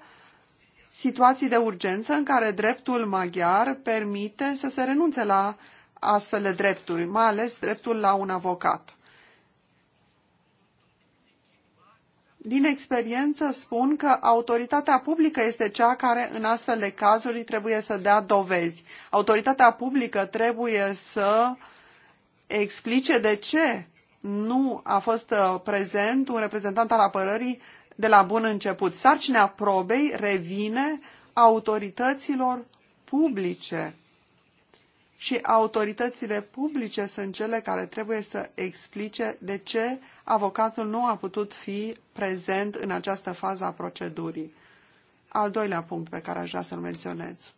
Speaker 2: situații de urgență în care dreptul maghiar permite să se renunțe la astfel de drepturi, mai ales dreptul la un avocat. Din experiență spun că autoritatea publică este cea care în astfel de cazuri trebuie să dea dovezi. Autoritatea publică trebuie să explice de ce nu a fost uh, prezent un reprezentant al apărării de la bun început. Sarcina probei revine autorităților publice și autoritățile publice sunt cele care trebuie să explice de ce avocatul nu a putut fi prezent în această fază a procedurii. Al doilea punct pe care aș vrea să-l menționez.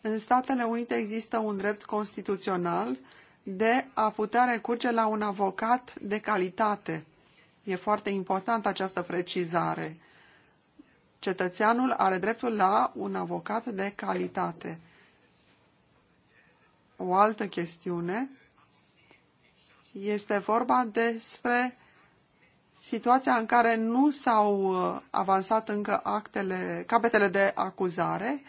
Speaker 2: În Statele Unite există un drept constituțional de a putea recurge la un avocat de calitate. E foarte importantă această precizare. Cetățeanul are dreptul la un avocat de calitate. O altă chestiune este vorba despre situația în care nu s-au uh, avansat încă actele, capetele de acuzare,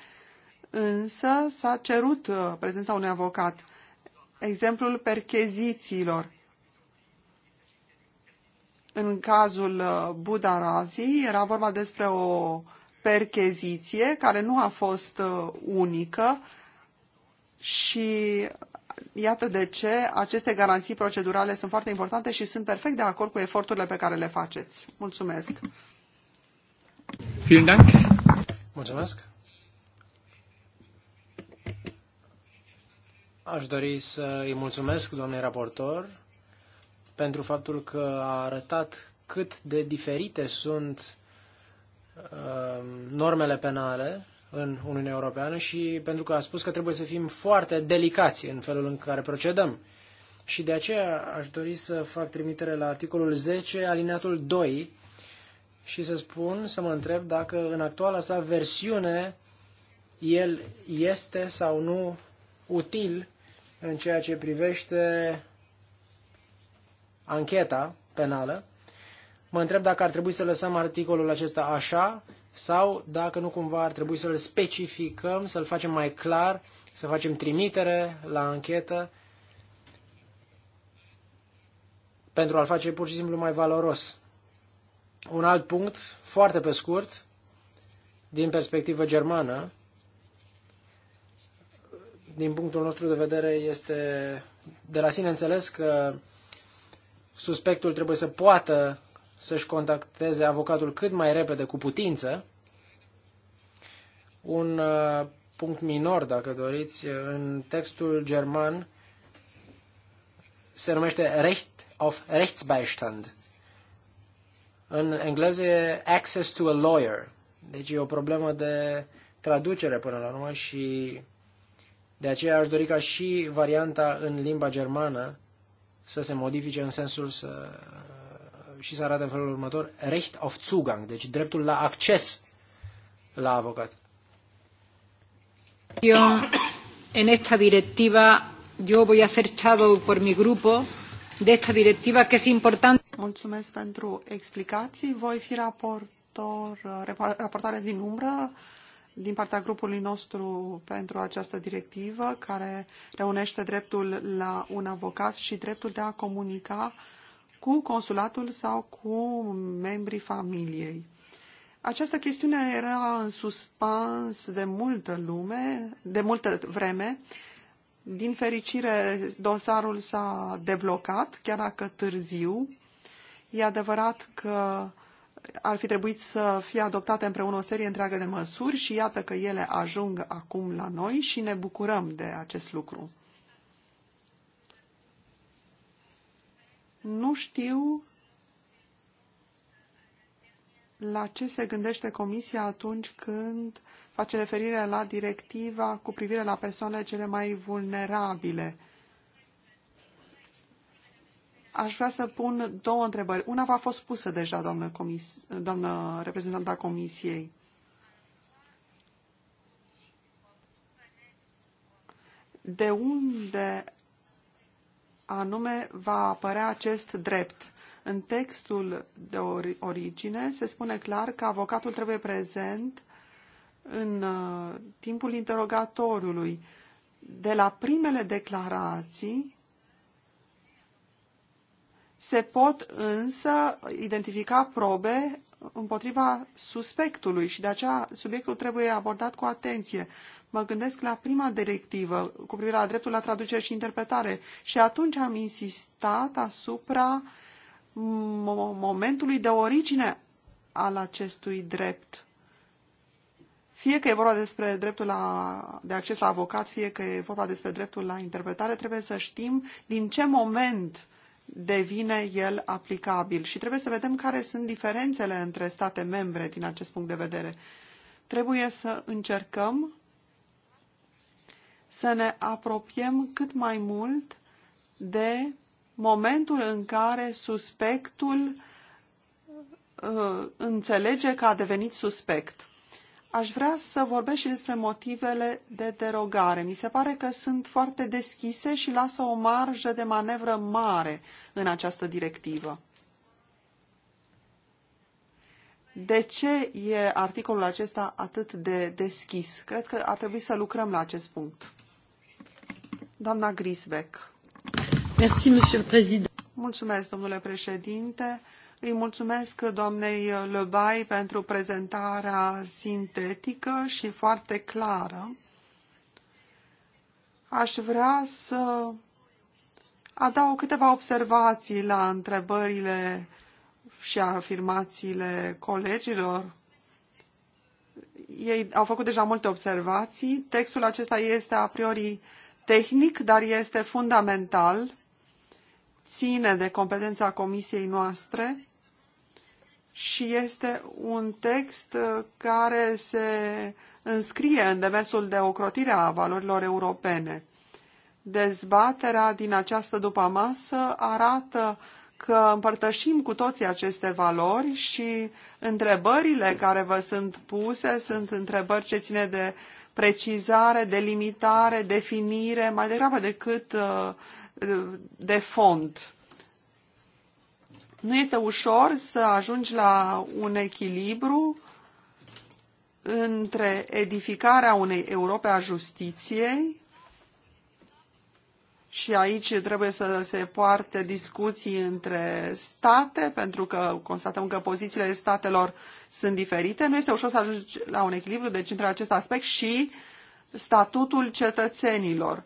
Speaker 2: însă s-a cerut uh, prezența unui avocat. Exemplul perchezițiilor. În cazul uh, Buda Razi era vorba despre o percheziție care nu a fost uh, unică și iată de ce aceste garanții procedurale sunt foarte importante și sunt perfect de acord cu eforturile pe care le faceți. Mulțumesc!
Speaker 1: Mulțumesc! Aș dori să îi mulțumesc, doamnei raportor, pentru faptul că a arătat cât de diferite sunt uh, normele penale în Uniunea Europeană și pentru că a spus că trebuie să fim foarte delicați în felul în care procedăm. Și de aceea aș dori să fac trimitere la articolul 10, alineatul 2, și să spun, să mă întreb dacă în actuala sa versiune el este sau nu util în ceea ce privește ancheta penală, mă întreb dacă ar trebui să lăsăm articolul acesta așa sau dacă nu cumva ar trebui să-l specificăm, să-l facem mai clar, să facem trimitere la anchetă pentru a-l face pur și simplu mai valoros. Un alt punct, foarte pe scurt, din perspectivă germană, din punctul nostru de vedere este de la sine înțeles că suspectul trebuie să poată să-și contacteze avocatul cât mai repede cu putință. Un uh, punct minor, dacă doriți, în textul german se numește Recht of Rechtsbeistand. În engleză e access to a lawyer. Deci e o problemă de traducere până la urmă și de aceea aș dori ca și varianta în limba germană să se modifice în sensul să, și să arate în felul următor, Recht auf Zugang, deci dreptul la acces la avocat.
Speaker 2: Eu, în esta directiva, eu voi a ser echado por mi grupo de esta directiva que es importante. Mulțumesc pentru explicații. Voi fi raportor, raportare din umbră din partea grupului nostru pentru această directivă care reunește dreptul la un avocat și dreptul de a comunica cu consulatul sau cu membrii familiei. Această chestiune era în suspans de multă lume, de multă vreme. Din fericire, dosarul s-a deblocat, chiar dacă târziu. E adevărat că ar fi trebuit să fie adoptate împreună o serie întreagă de măsuri și iată că ele ajung acum la noi și ne bucurăm de acest lucru. Nu știu la ce se gândește Comisia atunci când face referire la directiva cu privire la persoanele cele mai vulnerabile aș vrea să pun două întrebări. Una v-a fost pusă deja, doamnă, comis, doamnă reprezentanta Comisiei. De unde anume va apărea acest drept? În textul de origine se spune clar că avocatul trebuie prezent în uh, timpul interogatoriului. De la primele declarații se pot însă identifica probe împotriva suspectului și de aceea subiectul trebuie abordat cu atenție. Mă gândesc la prima directivă cu privire la dreptul la traducere și interpretare și atunci am insistat asupra momentului de origine al acestui drept. Fie că e vorba despre dreptul la, de acces la avocat, fie că e vorba despre dreptul la interpretare, trebuie să știm din ce moment uh, devine el aplicabil. Și trebuie să vedem care sunt diferențele între state membre din acest punct de vedere. Trebuie să încercăm să ne apropiem cât mai mult de momentul în care suspectul uh, înțelege că a devenit suspect aș vrea să vorbesc și despre motivele de derogare. Mi se pare că sunt foarte deschise și lasă o marjă de manevră mare în această directivă. De ce e articolul acesta atât de deschis? Cred că ar trebui să lucrăm la acest punct. Doamna Grisbeck. Mulțumesc, domnule președinte. Îi mulțumesc doamnei Lebai pentru prezentarea sintetică și foarte clară. Aș vrea să adaug câteva observații la întrebările și afirmațiile colegilor. Ei au făcut deja multe observații. Textul acesta este a priori tehnic, dar este fundamental, ține de competența comisiei noastre și este un text uh, care se înscrie în demersul de ocrotire a valorilor europene. Dezbaterea din această dupămasă arată că împărtășim cu toții aceste valori și întrebările care vă sunt puse sunt întrebări ce ține de precizare, delimitare, definire, mai degrabă decât uh, de fond. Nu este ușor să ajungi la un echilibru între edificarea unei Europe a justiției și aici trebuie să se poarte discuții între state, pentru că constatăm că pozițiile statelor sunt diferite. Nu este ușor să ajungi la un echilibru, deci între acest aspect și statutul cetățenilor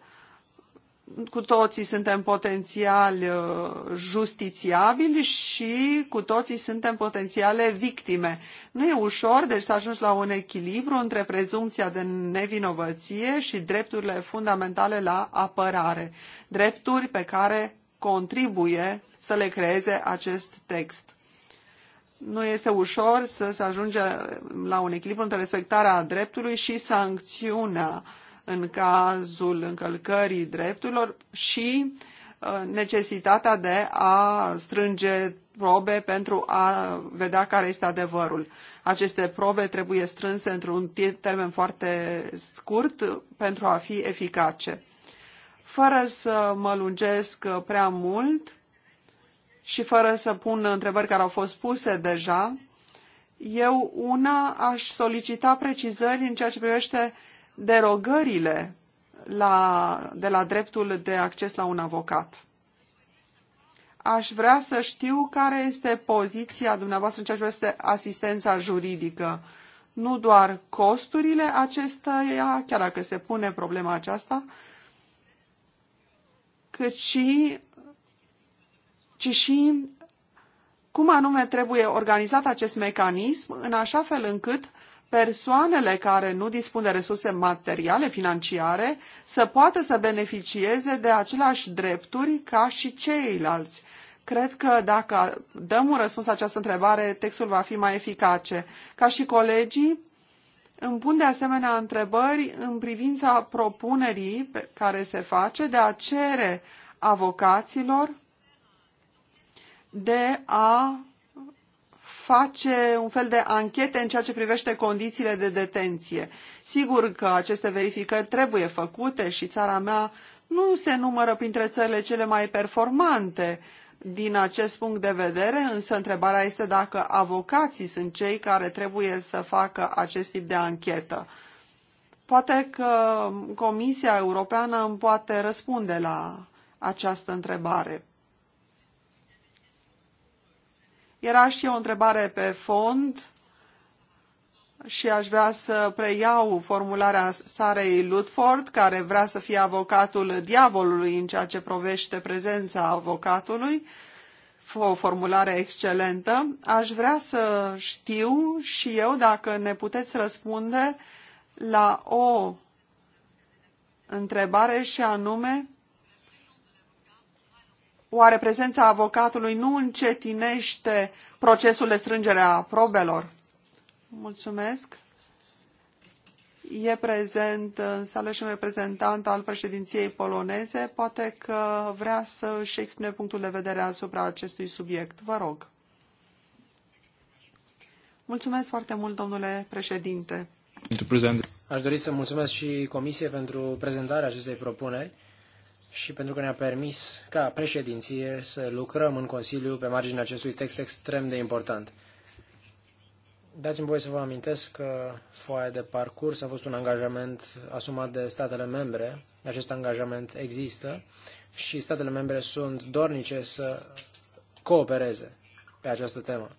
Speaker 2: cu toții suntem potențial uh, justițiabili și cu toții suntem potențiale victime. Nu e ușor, deci să ajungi la un echilibru între prezumția de nevinovăție și drepturile fundamentale la apărare, drepturi pe care contribuie să le creeze acest text. Nu este ușor să se ajunge la un echilibru între respectarea dreptului și sancțiunea uh, în cazul încălcării drepturilor și uh, necesitatea de a strânge probe pentru a vedea care este adevărul. Aceste probe trebuie strânse într-un termen foarte scurt pentru a fi eficace. Fără să mă lungesc prea mult și fără să pun întrebări care au fost puse deja, eu una aș solicita precizări în ceea ce privește derogările la, de la dreptul de acces la un avocat. Aș vrea să știu care este poziția dumneavoastră în ceea ce este asistența juridică. Nu doar costurile acesteia, chiar dacă se pune problema aceasta, cât și, ci și cum anume trebuie organizat acest mecanism în așa fel încât persoanele care nu dispun de resurse materiale, financiare, să poată să beneficieze de aceleași drepturi ca și ceilalți. Cred că dacă dăm un răspuns la această întrebare, textul va fi mai eficace. Ca și colegii, îmi pun de asemenea întrebări în privința propunerii pe care se face de a cere avocaților de a face un fel de anchete în ceea ce privește condițiile de detenție. Sigur că aceste verificări trebuie făcute și țara mea nu se numără printre țările cele mai performante din acest punct de vedere, însă întrebarea este dacă avocații sunt cei care trebuie să facă acest tip de anchetă. Poate că Comisia Europeană îmi poate răspunde la această întrebare. Era și o întrebare pe fond și aș vrea să preiau formularea Sarei Ludford, care vrea să fie avocatul diavolului în ceea ce provește prezența avocatului, o formulare excelentă. Aș vrea să știu și eu dacă ne puteți răspunde la o întrebare și anume Oare prezența avocatului nu încetinește procesul de strângere a probelor? Mulțumesc. E prezent în sală și un reprezentant al președinției poloneze. Poate că vrea să își expune punctul de vedere asupra acestui subiect. Vă rog. Mulțumesc foarte mult, domnule președinte.
Speaker 1: Aș dori să mulțumesc și Comisiei pentru prezentarea acestei propuneri și pentru că ne-a permis ca președinție să lucrăm în Consiliu pe marginea acestui text extrem de important. Dați-mi voie să vă amintesc că foaia de parcurs a fost un angajament asumat de statele membre. Acest angajament există și statele membre sunt dornice să coopereze pe această temă.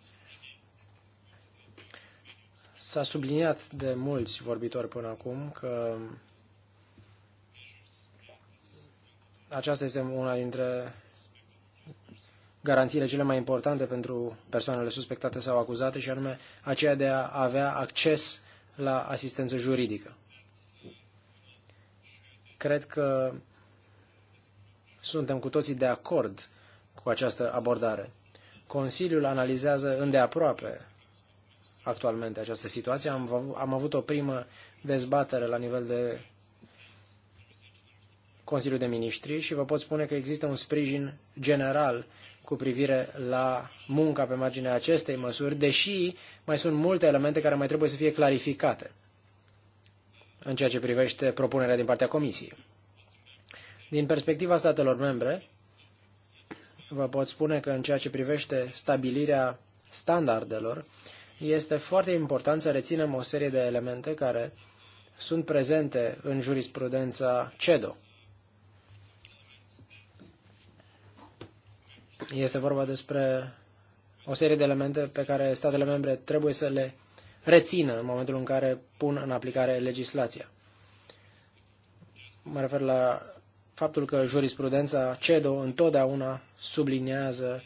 Speaker 1: S-a subliniat de mulți vorbitori până acum că Aceasta este una dintre garanțiile cele mai importante pentru persoanele suspectate sau acuzate și anume aceea de a avea acces la asistență juridică. Cred că suntem cu toții de acord cu această abordare. Consiliul analizează îndeaproape actualmente această situație. Am, am avut o primă dezbatere la nivel de Consiliul de Ministri și vă pot spune că există un sprijin general cu privire la munca pe marginea acestei măsuri, deși mai sunt multe elemente care mai trebuie să fie clarificate în ceea ce privește propunerea din partea Comisiei. Din perspectiva statelor membre, vă pot spune că în ceea ce privește stabilirea standardelor, este foarte important să reținem o serie de elemente care sunt prezente în jurisprudența CEDO. Este vorba despre o serie de elemente pe care statele membre trebuie să le rețină în momentul în care pun în aplicare legislația. Mă refer la faptul că jurisprudența CEDO întotdeauna subliniază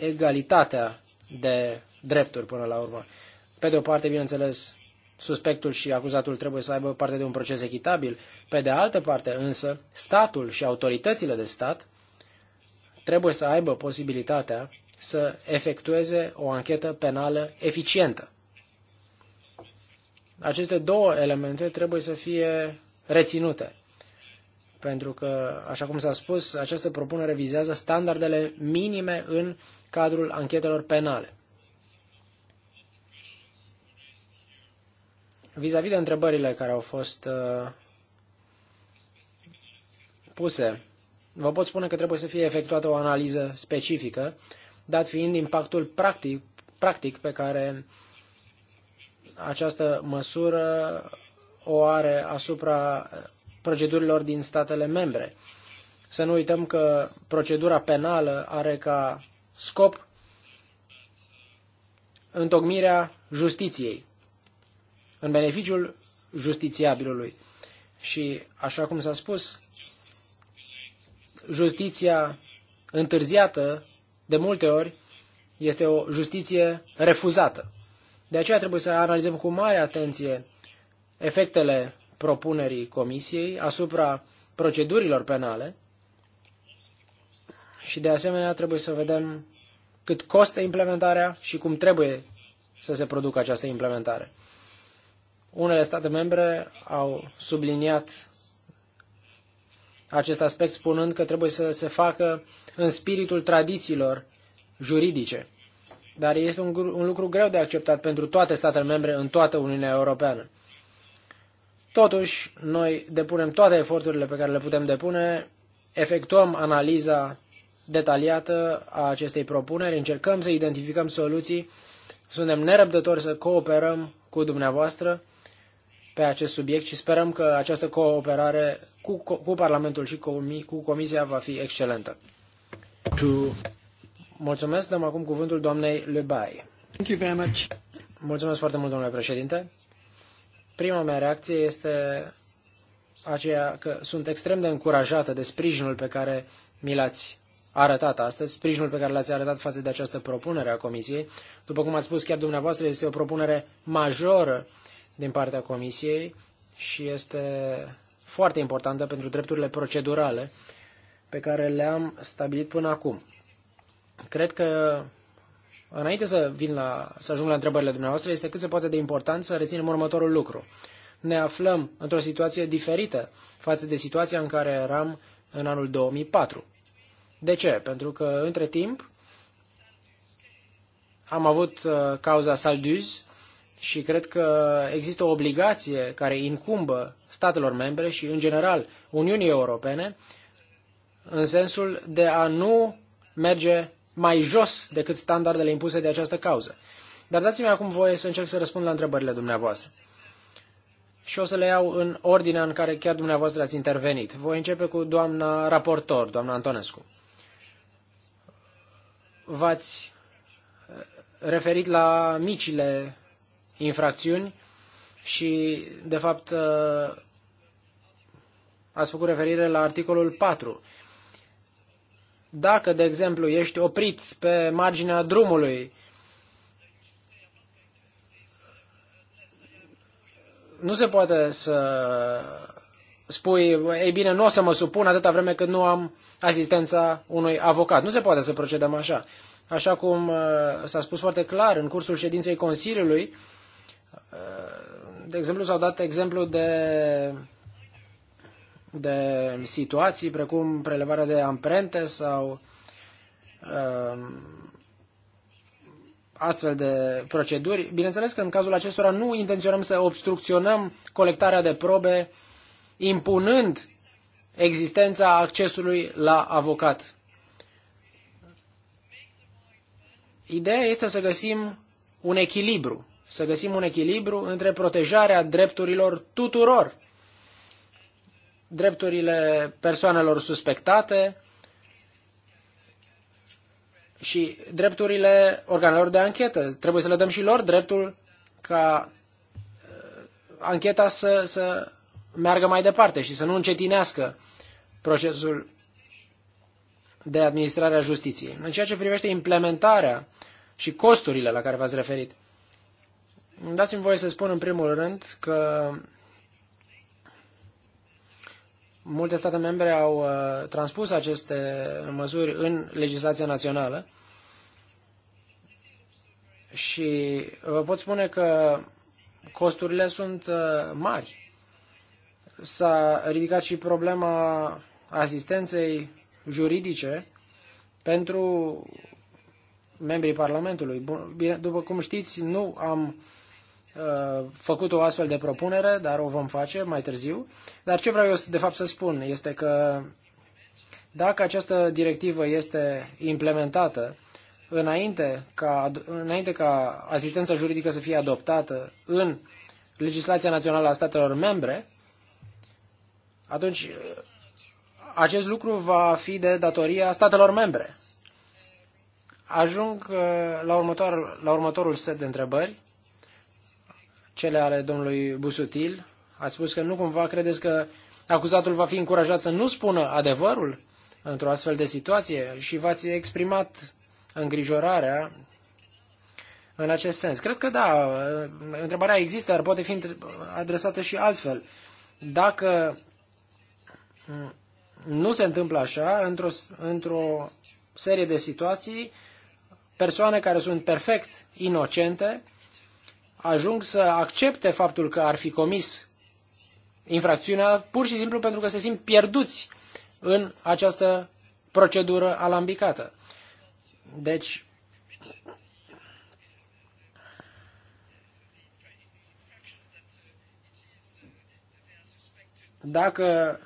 Speaker 1: egalitatea de drepturi până la urmă. Pe de o parte, bineînțeles, suspectul și acuzatul trebuie să aibă parte de un proces echitabil, pe de altă parte însă, statul și autoritățile de stat trebuie să aibă posibilitatea să efectueze o anchetă penală eficientă. Aceste două elemente trebuie să fie reținute, pentru că, așa cum s-a spus, această propunere vizează standardele minime în cadrul anchetelor penale. Vis-a-vis -vis de întrebările care au fost uh, puse vă pot spune că trebuie să fie efectuată o analiză specifică, dat fiind impactul practic, practic pe care această măsură o are asupra procedurilor din statele membre. Să nu uităm că procedura penală are ca scop întocmirea justiției în beneficiul justițiabilului. Și, așa cum s-a spus, justiția întârziată, de multe ori, este o justiție refuzată. De aceea trebuie să analizăm cu mare atenție efectele propunerii Comisiei asupra procedurilor penale și de asemenea trebuie să vedem cât costă implementarea și cum trebuie să se producă această implementare. Unele state membre au subliniat acest aspect spunând că trebuie să se facă în spiritul tradițiilor juridice. Dar este un, un lucru greu de acceptat pentru toate statele membre în toată Uniunea Europeană. Totuși, noi depunem toate eforturile pe care le putem depune, efectuăm analiza detaliată a acestei propuneri, încercăm să identificăm soluții, suntem nerăbdători să cooperăm cu dumneavoastră pe acest subiect și sperăm că această cooperare cu, cu Parlamentul și cu, cu Comisia va fi excelentă. To... Mulțumesc, dăm acum cuvântul doamnei Lebai. Thank you very much. Mulțumesc foarte mult, domnule președinte. Prima mea reacție este aceea că sunt extrem de încurajată de sprijinul pe care mi l-ați arătat astăzi, sprijinul pe care l-ați arătat față de această propunere a Comisiei. După cum ați spus chiar dumneavoastră, este o propunere majoră din partea Comisiei și este foarte importantă pentru drepturile procedurale pe care le-am stabilit până acum. Cred că înainte să vin la, să ajung la întrebările dumneavoastră, este cât se poate de important să reținem următorul lucru. Ne aflăm într-o situație diferită față de situația în care eram în anul 2004. De ce? Pentru că între timp am avut uh, cauza Salduz, și cred că există o obligație care incumbă statelor membre și, în general, Uniunii Europene, în sensul de a nu merge mai jos decât standardele impuse de această cauză. Dar dați-mi acum voie să încerc să răspund la întrebările dumneavoastră. Și o să le iau în ordinea în care chiar dumneavoastră ați intervenit. Voi începe cu doamna raportor, doamna Antonescu. V-ați referit la micile infracțiuni și, de fapt, uh, ați făcut referire la articolul 4. Dacă, de exemplu, ești oprit pe marginea drumului, nu se poate să spui, ei bine, nu o să mă supun atâta vreme cât nu am asistența unui avocat. Nu se poate să procedăm așa. Așa cum uh, s-a spus foarte clar în cursul ședinței Consiliului, de exemplu, s-au dat exemplu de, de situații precum prelevarea de amprente sau um, astfel de proceduri. Bineînțeles că în cazul acestora nu intenționăm să obstrucționăm colectarea de probe impunând existența accesului la avocat. Ideea este să găsim un echilibru să găsim un echilibru între protejarea drepturilor tuturor, drepturile persoanelor suspectate și drepturile organelor de anchetă. Trebuie să le dăm și lor dreptul ca uh, ancheta să, să meargă mai departe și să nu încetinească procesul de administrare a justiției. În ceea ce privește implementarea și costurile la care v-ați referit, Dați-mi voie să spun în primul rând că multe state membre au uh, transpus aceste măsuri în legislația națională și vă pot spune că costurile sunt uh, mari. S-a ridicat și problema asistenței juridice pentru membrii Parlamentului. Bine, după cum știți, nu am Uh, făcut o astfel de propunere, dar o vom face mai târziu. Dar ce vreau eu de fapt să spun este că dacă această directivă este implementată înainte ca, înainte ca asistența juridică să fie adoptată în legislația națională a statelor membre, atunci uh, acest lucru va fi de datoria statelor membre. Ajung uh, la, următor, la următorul set de întrebări cele ale domnului Busutil. A spus că nu cumva credeți că acuzatul va fi încurajat să nu spună adevărul într-o astfel de situație și v-ați exprimat îngrijorarea în acest sens. Cred că da, întrebarea există, dar poate fi adresată și altfel. Dacă nu se întâmplă așa, într-o, într-o serie de situații, persoane care sunt perfect inocente ajung să accepte faptul că ar fi comis infracțiunea pur și simplu pentru că se simt pierduți în această procedură alambicată. Deci, dacă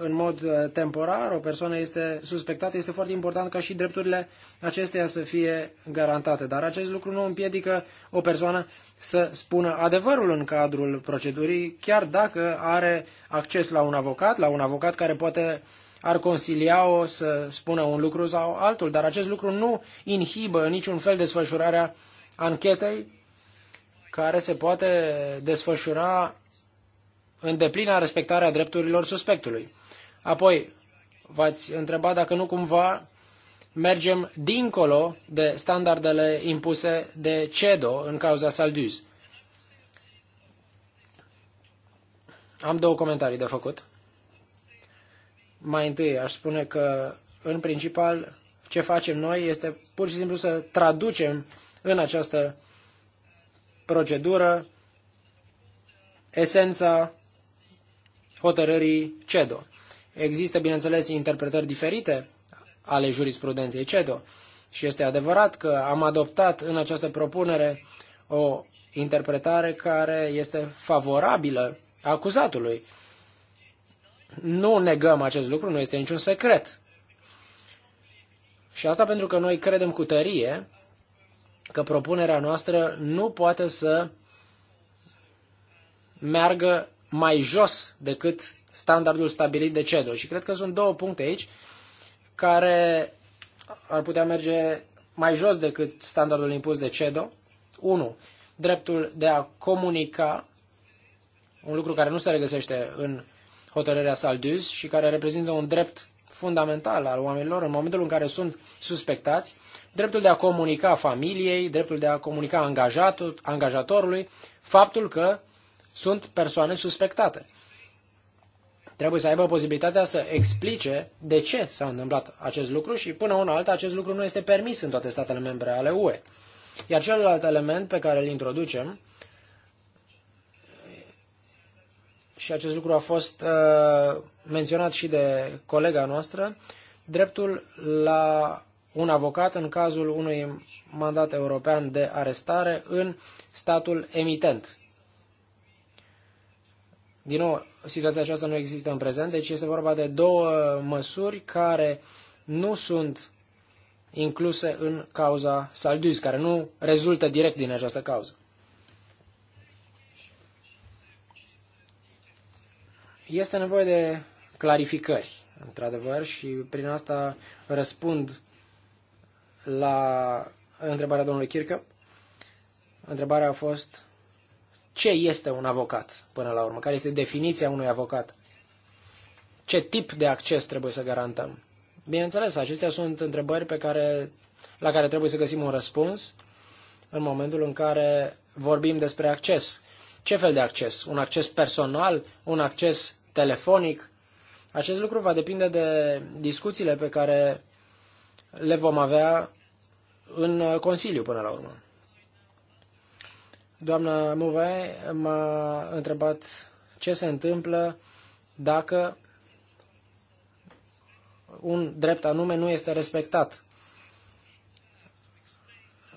Speaker 1: în mod uh, temporar o persoană este suspectată, este foarte important ca și drepturile acesteia să fie garantate. Dar acest lucru nu împiedică o persoană să spună adevărul în cadrul procedurii, chiar dacă are acces la un avocat, la un avocat care poate ar consilia-o să spună un lucru sau altul, dar acest lucru nu inhibă în niciun fel desfășurarea anchetei care se poate desfășura în deplină respectarea drepturilor suspectului. Apoi, v-ați întrebat dacă nu cumva mergem dincolo de standardele impuse de CEDO în cauza Salduz. Am două comentarii de făcut. Mai întâi aș spune că, în principal, ce facem noi este pur și simplu să traducem în această procedură esența hotărârii CEDO. Există, bineînțeles, interpretări diferite ale jurisprudenței CEDO și este adevărat că am adoptat în această propunere o interpretare care este favorabilă acuzatului. Nu negăm acest lucru, nu este niciun secret. Și asta pentru că noi credem cu tărie că propunerea noastră nu poate să meargă mai jos decât standardul stabilit de CEDO. Și cred că sunt două puncte aici care ar putea merge mai jos decât standardul impus de CEDO. 1. Dreptul de a comunica, un lucru care nu se regăsește în hotărârea Saldus și care reprezintă un drept fundamental al oamenilor în momentul în care sunt suspectați, dreptul de a comunica familiei, dreptul de a comunica angajatul, angajatorului faptul că sunt persoane suspectate trebuie să aibă posibilitatea să explice de ce s-a întâmplat acest lucru și până una alta acest lucru nu este permis în toate statele membre ale UE. Iar celălalt element pe care îl introducem, și acest lucru a fost uh, menționat și de colega noastră, dreptul la un avocat în cazul unui mandat european de arestare în statul emitent. Din nou, situația aceasta nu există în prezent, deci este vorba de două măsuri care nu sunt incluse în cauza Saldus, care nu rezultă direct din această cauză. Este nevoie de clarificări, într-adevăr, și prin asta răspund la întrebarea domnului Chircă. Întrebarea a fost ce este un avocat până la urmă, care este definiția unui avocat, ce tip de acces trebuie să garantăm. Bineînțeles, acestea sunt întrebări pe care, la care trebuie să găsim un răspuns în momentul în care vorbim despre acces. Ce fel de acces? Un acces personal? Un acces telefonic? Acest lucru va depinde de discuțiile pe care le vom avea în Consiliu până la urmă. Doamna Muvai m-a întrebat ce se întâmplă dacă un drept anume nu este respectat.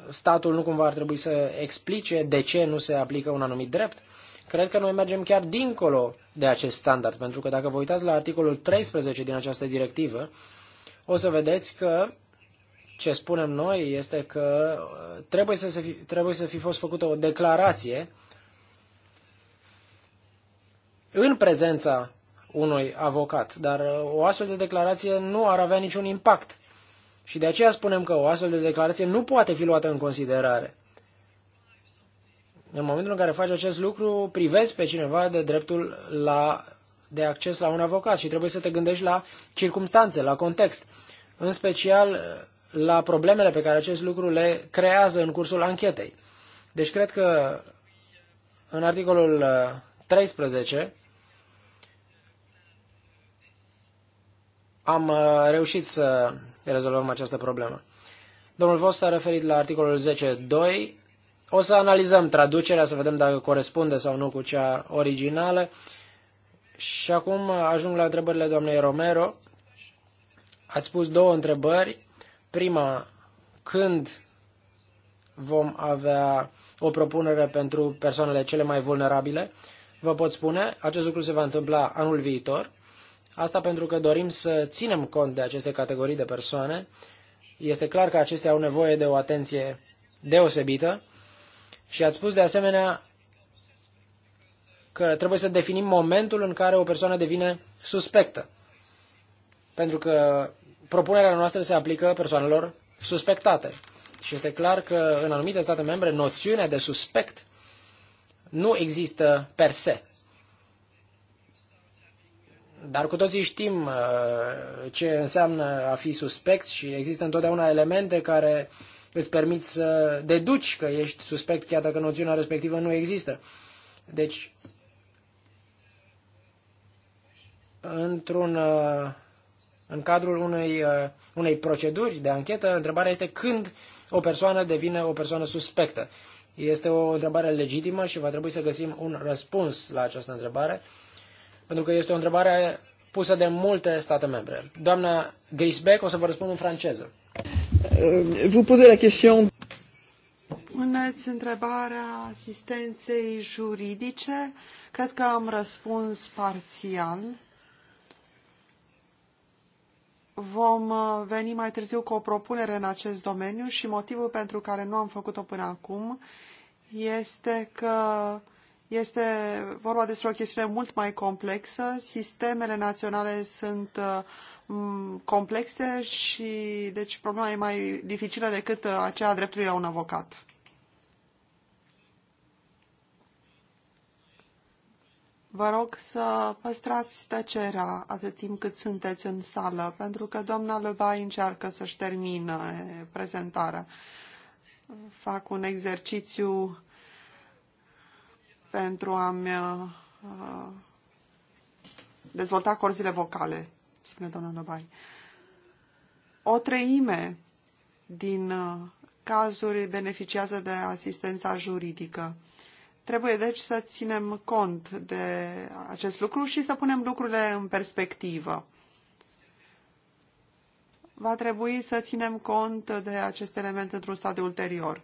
Speaker 1: Statul nu cumva ar trebui să explice de ce nu se aplică un anumit drept? Cred că noi mergem chiar dincolo de acest standard, pentru că dacă vă uitați la articolul 13 din această directivă, o să vedeți că ce spunem noi este că uh, trebuie să, se fi, trebuie să fi fost făcută o declarație în prezența unui avocat, dar uh, o astfel de declarație nu ar avea niciun impact. Și de aceea spunem că o astfel de declarație nu poate fi luată în considerare. În momentul în care faci acest lucru, privezi pe cineva de dreptul la, de acces la un avocat și trebuie să te gândești la circumstanțe, la context. În special uh, la problemele pe care acest lucru le creează în cursul anchetei. Deci cred că în articolul 13 uh, am uh, reușit să rezolvăm această problemă. Domnul Vos s-a referit la articolul 10.2. O să analizăm traducerea, să vedem dacă corespunde sau nu cu cea originală. Și acum uh, ajung la întrebările doamnei Romero. Ați pus două întrebări Prima, când vom avea o propunere pentru persoanele cele mai vulnerabile, vă pot spune, acest lucru se va întâmpla anul viitor. Asta pentru că dorim să ținem cont de aceste categorii de persoane. Este clar că acestea au nevoie de o atenție deosebită și ați spus de asemenea că trebuie să definim momentul în care o persoană devine suspectă. Pentru că propunerea noastră se aplică persoanelor suspectate. Și este clar că în anumite state membre noțiunea de suspect nu există per se. Dar cu toții știm uh, ce înseamnă a fi suspect și există întotdeauna elemente care îți permit să deduci că ești suspect chiar dacă noțiunea respectivă nu există. Deci, într-un uh, în cadrul unei, uh, unei proceduri de anchetă, întrebarea este când o persoană devine o persoană suspectă. Este o întrebare legitimă și va trebui să găsim un răspuns la această întrebare, pentru că este
Speaker 2: o întrebare
Speaker 1: pusă de multe state membre. Doamna Grisbeck, o să vă răspund în franceză.
Speaker 2: Euh, vă posez la question. Puneți întrebarea asistenței juridice. Cred că am răspuns parțial. Vom uh, veni mai târziu cu o propunere în acest domeniu și motivul pentru care nu am făcut-o până acum este că este vorba despre o chestiune mult mai complexă. Sistemele naționale sunt uh, complexe și deci problema e mai dificilă decât uh, aceea a dreptului la un avocat. Vă rog să păstrați tăcerea atât timp cât sunteți în sală, pentru că doamna Lebai încearcă să-și termină prezentarea. Fac un exercițiu pentru a-mi uh, dezvolta corzile vocale, spune doamna Lebai. O treime din uh, cazuri beneficiază de asistența juridică. Trebuie deci să ținem cont de acest lucru și să punem lucrurile în perspectivă. Va trebui să ținem cont de acest element într-un stadiu ulterior.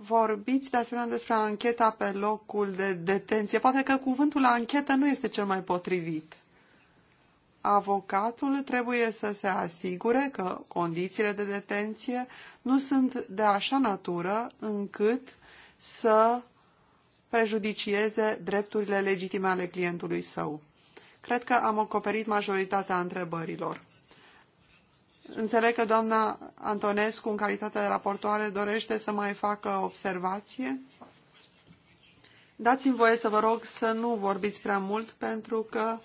Speaker 2: Vorbiți de asemenea despre ancheta pe locul de detenție. Poate că cuvântul anchetă nu este cel mai potrivit. Avocatul trebuie să se asigure că condițiile de detenție nu sunt de așa natură încât să prejudicieze drepturile legitime ale clientului său. Cred că am acoperit majoritatea întrebărilor. Înțeleg că doamna Antonescu, în calitate de raportoare, dorește să mai facă observație. Dați-mi voie să vă rog să nu vorbiți prea mult, pentru că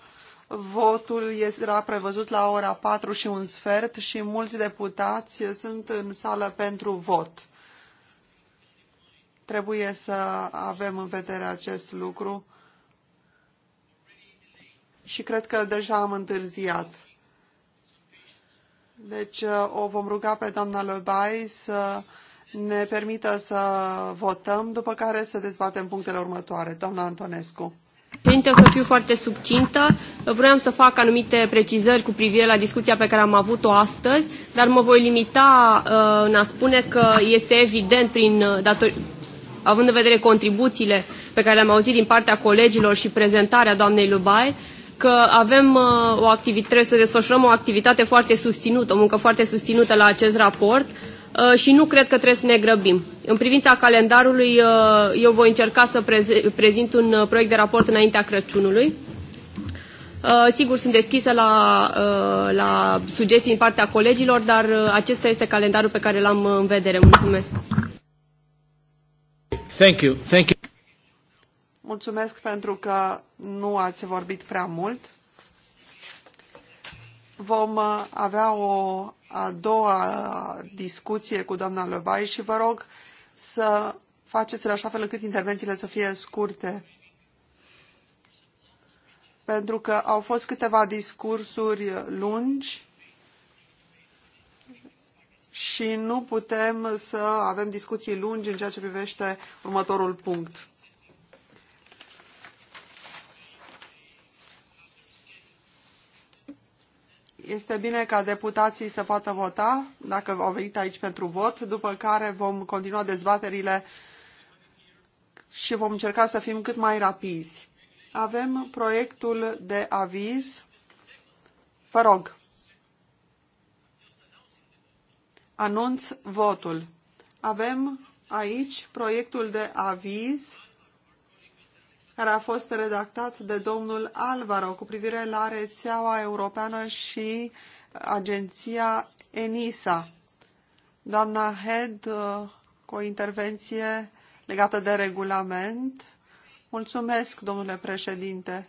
Speaker 2: votul era prevăzut la ora 4 și un sfert și mulți deputați sunt în sală pentru vot. Trebuie să avem în vedere acest lucru și cred că deja am întârziat. Deci uh, o vom ruga pe doamna Lebai să ne permită să
Speaker 3: votăm, după care să dezbatem punctele următoare. Doamna Antonescu. Părinte, o să fiu foarte subcintă. Vreau să fac anumite precizări cu privire la discuția pe care am avut-o astăzi, dar mă voi limita uh, în a spune că este evident prin, uh, dator, având în vedere contribuțiile pe care le-am auzit din partea colegilor și prezentarea doamnei Lubai, că avem uh, o activitate, trebuie să desfășurăm o activitate foarte susținută, o muncă foarte susținută la acest raport uh, și nu cred că trebuie să ne grăbim. În privința calendarului, uh, eu voi încerca să prezint un proiect de raport înaintea Crăciunului. Sigur, sunt deschisă la, la sugestii din partea colegilor, dar acesta este calendarul pe care l-am în vedere. Mulțumesc!
Speaker 2: Mulțumesc pentru că nu ați vorbit prea mult. Vom uh, avea o a doua discuție cu doamna Lăvai și vă rog să faceți în așa fel încât intervențiile să fie scurte. Pentru că au fost câteva discursuri lungi și nu putem să avem discuții lungi în ceea ce privește următorul punct. Este bine ca deputații să poată vota, dacă au venit aici pentru vot, după care vom continua dezbaterile și vom încerca să fim cât mai rapizi. Avem proiectul de aviz. Vă rog. anunț votul. Avem aici proiectul de aviz care a fost redactat de domnul Alvaro cu privire la rețeaua europeană și agenția ENISA. Doamna Head, uh, cu o intervenție legată de regulament. Mulțumesc, domnule președinte.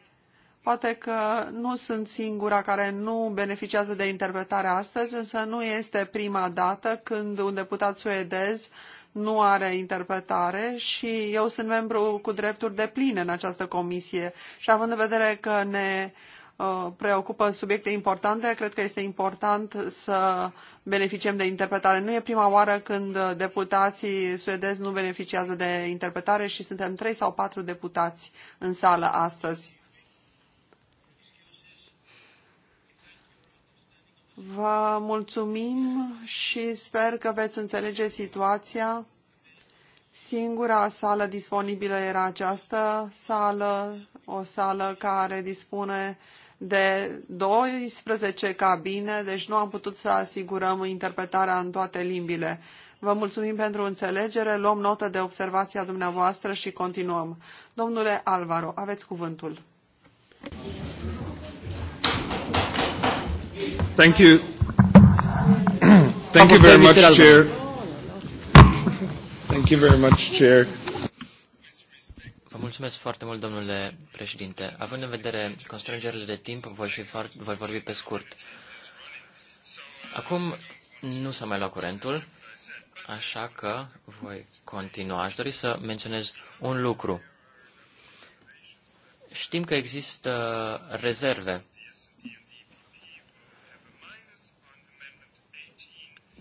Speaker 2: Poate că nu sunt singura care nu beneficiază de interpretare astăzi, însă nu este prima dată când un deputat suedez nu are interpretare și eu sunt membru cu drepturi de pline în această comisie și având în vedere că ne uh, preocupă subiecte importante, cred că este important să beneficiem de interpretare. Nu e prima oară când deputații suedezi nu beneficiază de interpretare și suntem trei sau patru deputați în sală astăzi. Vă mulțumim și sper că veți înțelege situația. Singura sală disponibilă era această sală, o sală care dispune de 12 cabine, deci nu am putut să asigurăm interpretarea în toate limbile. Vă mulțumim pentru înțelegere, luăm notă de observația dumneavoastră și continuăm. Domnule Alvaro, aveți cuvântul. Thank you. Thank you very much, Chair. Thank you very much, Chair.
Speaker 4: Vă mulțumesc foarte mult, domnule președinte. Având în vedere constrângerile de timp, voi, fi foarte, voi vorbi pe scurt. Acum nu s-a mai luat curentul, așa că voi continua. Aș dori să menționez un lucru. Știm că există rezerve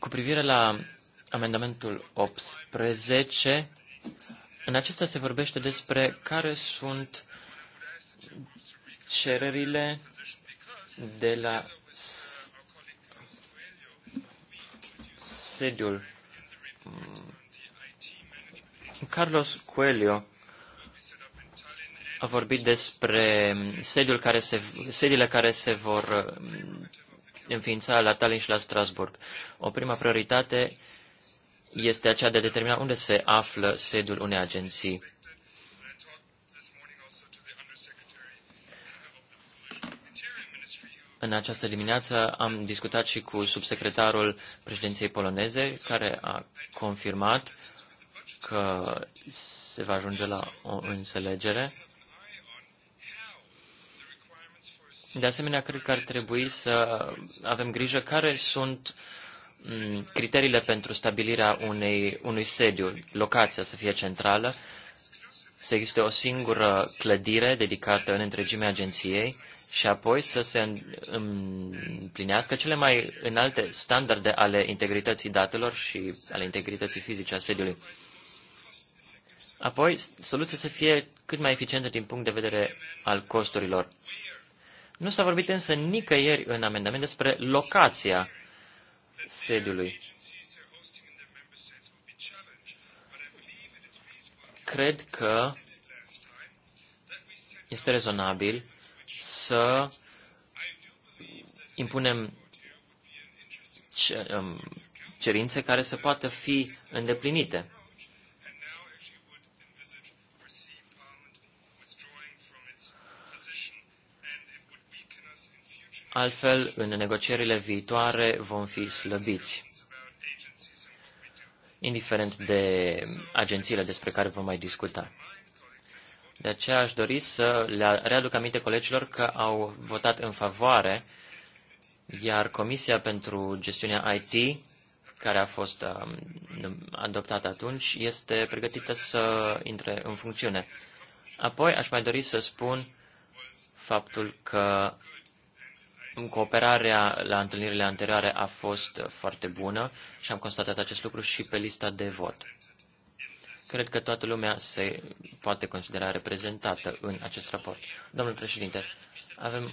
Speaker 4: Cu privire la amendamentul 18, în acesta se vorbește despre care sunt cererile de la sediul mm, Carlos Coelho a vorbit despre sediul care se, sediile care se vor mm, înființarea la Tallinn și la Strasburg. O prima prioritate este aceea de a determina unde se află sediul unei agenții. În această dimineață am discutat și cu subsecretarul președinției poloneze, care a confirmat că se va ajunge la o înțelegere De asemenea, cred că ar trebui să avem grijă care sunt mm, criteriile pentru stabilirea unei, unui sediu, locația să fie centrală, să existe o singură clădire dedicată în întregimea agenției și apoi să se împlinească cele mai înalte standarde ale integrității datelor și ale integrității fizice a sediului. Apoi, soluția să fie cât mai eficientă din punct de vedere al costurilor. Nu s-a vorbit însă nicăieri în amendament despre locația sediului. Cred că este rezonabil să impunem um, cerințe care să poată fi îndeplinite. Altfel, în negocierile viitoare vom fi slăbiți. Indiferent de agențiile despre care vom mai discuta. De aceea aș dori să le readuc aminte colegilor că au votat în favoare, iar Comisia pentru Gestiunea IT, care a fost um, adoptată atunci, este pregătită să intre în funcțiune. Apoi aș mai dori să spun faptul că Cooperarea la întâlnirile anterioare a fost foarte bună și am constatat acest lucru și pe lista de vot. Cred că toată lumea se poate considera reprezentată în acest raport. Domnul președinte, avem...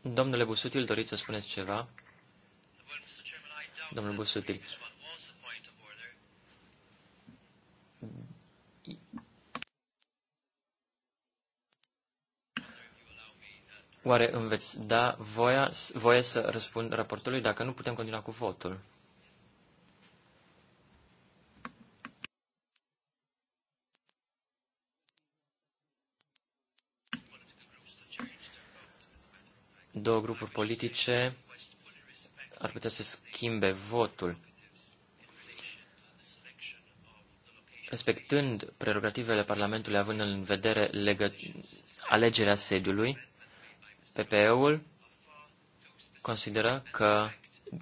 Speaker 4: Domnule Busutil, doriți să spuneți ceva? Domnul Busutil, Oare îmi veți da voia, voie să răspund raportului? Dacă nu, putem continua cu votul. Două grupuri politice ar putea să schimbe votul. Respectând prerogativele Parlamentului, având în vedere legă... alegerea sediului, PPE-ul consideră că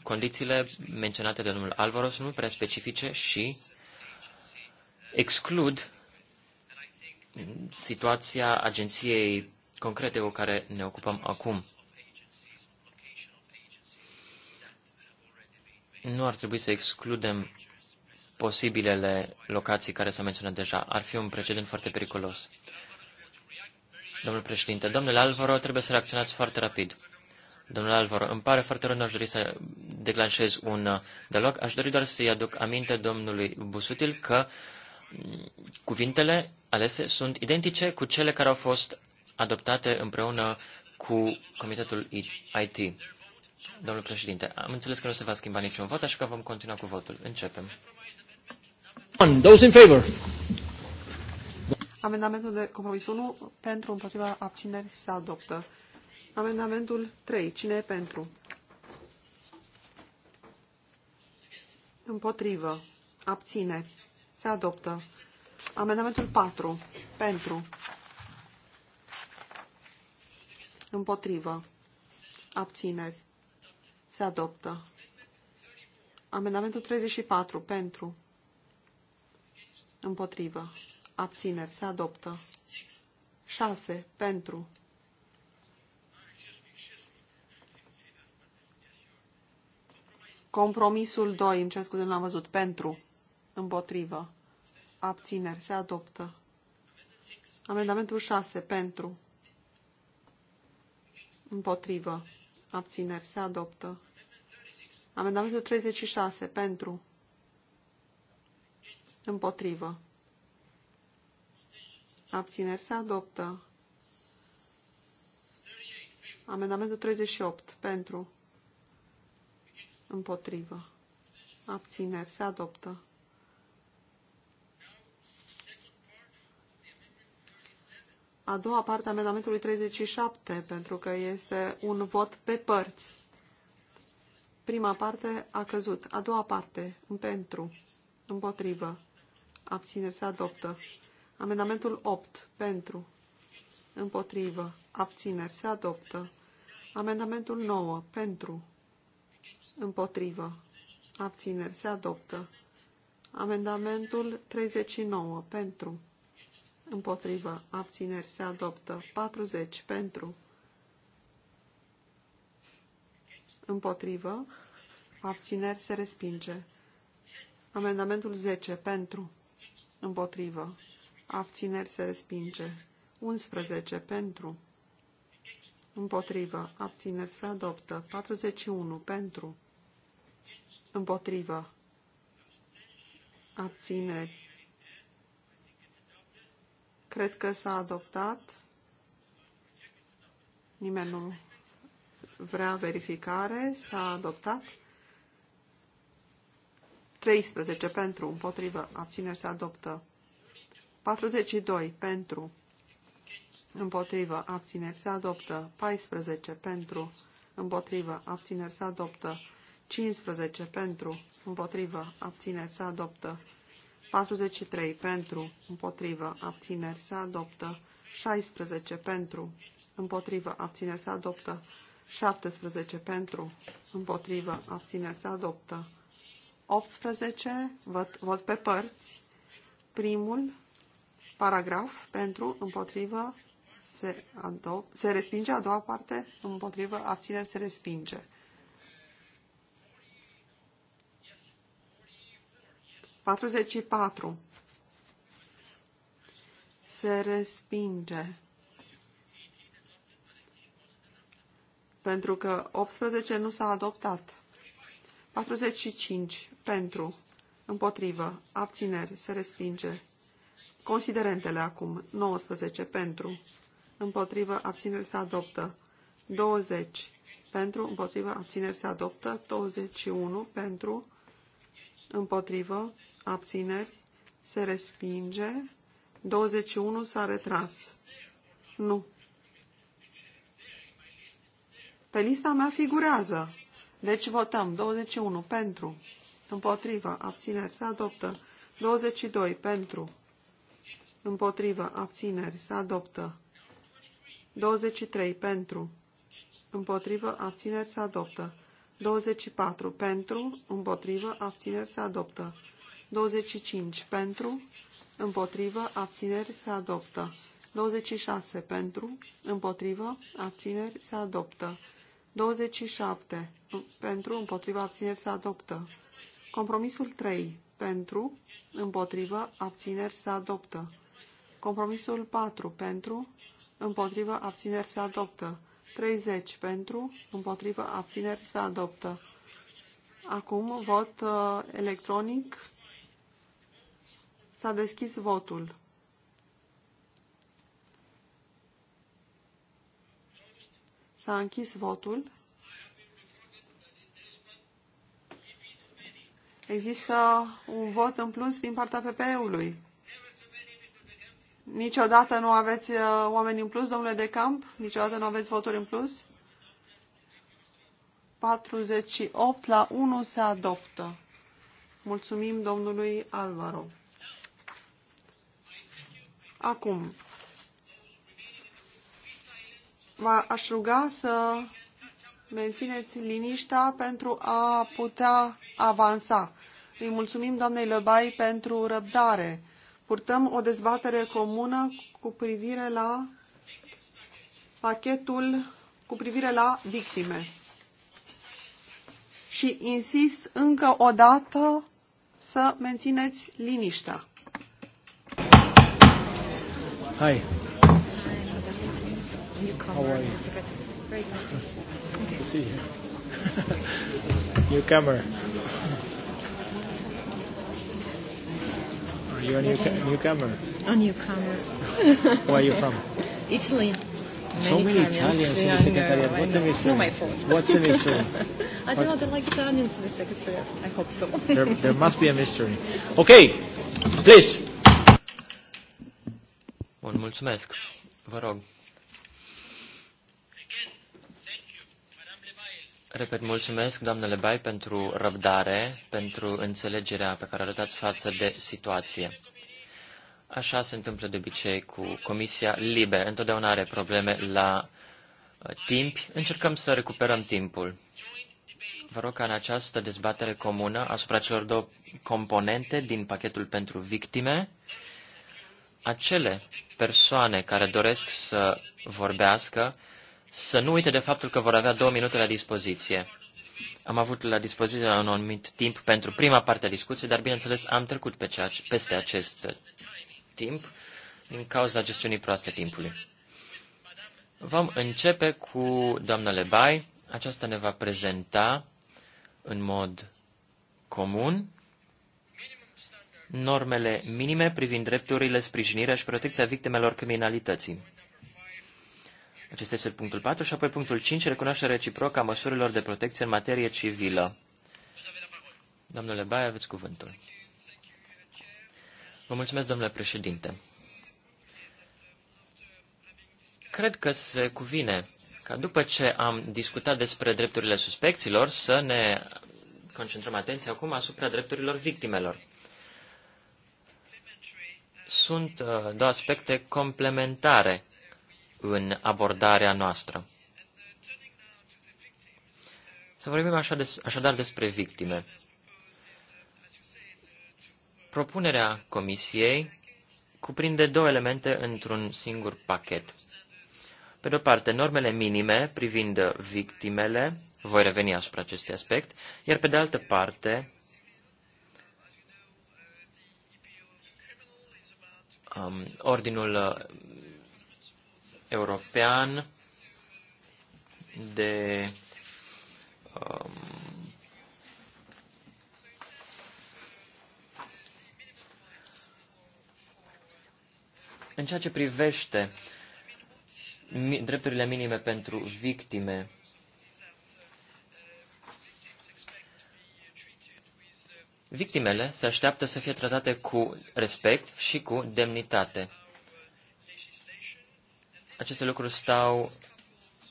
Speaker 4: condițiile menționate de domnul Alvaro sunt prea specifice și exclud situația agenției concrete cu care ne ocupăm acum. Nu ar trebui să excludem posibilele locații care s-au menționat deja. Ar fi un precedent foarte periculos. Domnul președinte, domnule Alvaro, trebuie să reacționați foarte rapid. Domnul Alvaro, îmi pare foarte rău, nu aș dori să declanșez un uh, dialog. Aș dori doar să-i aduc aminte domnului Busutil că mm, cuvintele alese sunt identice cu cele care au fost adoptate împreună cu Comitetul IT. Domnul președinte, am înțeles că nu se va schimba niciun vot, așa că vom continua cu votul. Începem. Those in favor.
Speaker 2: Amendamentul de compromis 1 pentru împotriva abțineri se adoptă. Amendamentul 3. Cine e pentru? Împotrivă. Abțineri. Se adoptă. Amendamentul 4. Pentru. Împotrivă. Abțineri. Se adoptă. Amendamentul 34. Pentru. Împotrivă abțineri, se adoptă. 6 pentru. Compromisul 2, îmi cer scuze, nu l-am văzut, pentru, împotrivă, abțineri, se adoptă. Amendamentul 6, pentru, împotrivă, abțineri, se adoptă. Amendamentul 36, pentru, împotrivă, Abțineri se adoptă. Amendamentul 38. Pentru. Împotrivă. Abțineri se adoptă. A doua parte a amendamentului 37, pentru că este un vot pe părți. Prima parte a căzut. A doua parte, pentru, împotrivă. Abțineri se adoptă. Amendamentul 8. Pentru. Împotrivă. Abțineri. Se adoptă. Amendamentul 9. Pentru. Împotrivă. Abțineri. Se adoptă. Amendamentul 39. Pentru. Împotrivă. Abțineri. Se adoptă. 40. Pentru. Împotrivă. Abțineri. Se respinge. Amendamentul 10. Pentru. Împotrivă abțineri se respinge. 11 pentru, împotrivă, abțineri se adoptă. 41 pentru, împotrivă, abțineri. Cred că s-a adoptat. Nimeni nu vrea verificare. S-a adoptat. 13 pentru, împotrivă, abțineri se adoptă. 42 pentru, împotrivă, abțineri se adoptă. 14 pentru, împotrivă, abțineri se adoptă. 15 pentru, împotrivă, abțineri se adoptă. 43 pentru, împotrivă, abțineri se adoptă. 16 pentru, împotrivă, abțineri se adoptă. 17 pentru, împotrivă, abțineri se adoptă. 18, vot, vot pe părți. Primul, paragraf pentru, împotrivă, se, adop, se respinge. A doua parte, împotrivă, abțineri, se respinge. Patruzeci patru. Se respinge. Pentru că 18 nu s-a adoptat. 45 pentru, împotrivă, abțineri, se respinge. Considerentele acum. 19 pentru. Împotrivă abțineri se adoptă. 20 pentru. Împotrivă abțineri se adoptă. 21 pentru. Împotrivă abțineri se respinge. 21 s-a retras. Nu. Pe lista mea figurează. Deci votăm 21 pentru, împotrivă, abțineri, se adoptă. 22 pentru, împotrivă, abțineri, se adoptă. 23 pentru, împotrivă, abțineri, se adoptă. 24 pentru, împotrivă, abțineri, se adoptă. 25 pentru, împotrivă, abțineri, se adoptă. 26 pentru, împotrivă, abțineri, se adoptă. 27 pentru, împotrivă, abțineri, se adoptă. Compromisul 3 pentru, împotrivă, abțineri, se adoptă. Compromisul 4 pentru, împotrivă, abțineri se adoptă. 30 pentru, împotrivă, abțineri se adoptă. Acum vot uh, electronic. S-a deschis votul. S-a închis votul. Există un vot în plus din partea PPE-ului. Niciodată nu aveți uh, oameni în plus, domnule de camp? Niciodată nu aveți voturi în plus? 48 la 1 se adoptă. Mulțumim domnului Alvaro. Acum, vă aș ruga să mențineți liniștea pentru a putea avansa. Îi mulțumim doamnei Lăbai pentru răbdare purtăm o dezbatere comună cu privire la pachetul cu privire la victime. Și insist încă o dată să mențineți liniștea. Hi.
Speaker 4: How are you? Very good. Okay. See you. Newcomer.
Speaker 1: You're a new, newcomer.
Speaker 4: A newcomer. Where are you from? Italy. So many, many Italians, in the secretariat. What's the mystery? No, my fault. What's the mystery?
Speaker 2: I don't know. They like Italians in the secretariat.
Speaker 3: I hope so. there,
Speaker 4: there must be a mystery. Okay, please. Bun, mulțumesc. Vă rog. Repet, mulțumesc, doamnele Bai, pentru răbdare, pentru înțelegerea pe care o arătați față de situație. Așa se întâmplă de obicei cu Comisia Libe. Întotdeauna are probleme la uh, timp. Încercăm să recuperăm timpul. Vă rog ca în această dezbatere comună asupra celor două componente din pachetul pentru victime, acele persoane care doresc să vorbească să nu uite de faptul că vor avea două minute la dispoziție. Am avut la dispoziție un anumit timp pentru prima parte a discuției, dar bineînțeles am trecut pe cea, peste acest timp din cauza gestiunii proaste timpului. Vom începe cu doamna Lebai. Aceasta ne va prezenta în mod comun normele minime privind drepturile, sprijinirea și protecția victimelor criminalității. Acesta este punctul 4 și apoi punctul 5, recunoașterea reciprocă a măsurilor de protecție în materie civilă. Domnule Baia, aveți cuvântul. Vă mulțumesc, domnule președinte. Cred că se cuvine ca după ce am discutat despre drepturile suspecților să ne concentrăm atenția acum asupra drepturilor victimelor. Sunt uh, două aspecte complementare în abordarea noastră. Să vorbim așa așadar despre victime. Propunerea Comisiei cuprinde două elemente într-un singur pachet. Pe de-o parte, normele minime privind victimele, voi reveni asupra acestui aspect, iar pe de altă parte, um, ordinul european de um, în ceea ce privește drepturile minime pentru victime, victimele se așteaptă să fie tratate cu respect și cu demnitate. Aceste lucruri stau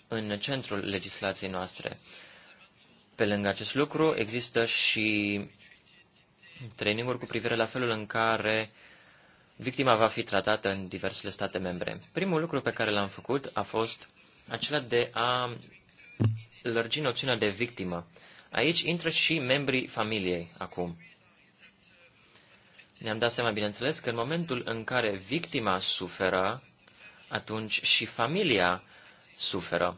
Speaker 4: în centrul legislației noastre. Pe lângă acest lucru, există și traininguri cu privire la felul în care victima va fi tratată în diversele state membre. Primul lucru pe care l-am făcut a fost acela de a lărgi noțiunea de victimă. Aici intră și membrii familiei acum. Ne-am dat seama, bineînțeles, că în momentul în care victima suferă atunci și familia suferă.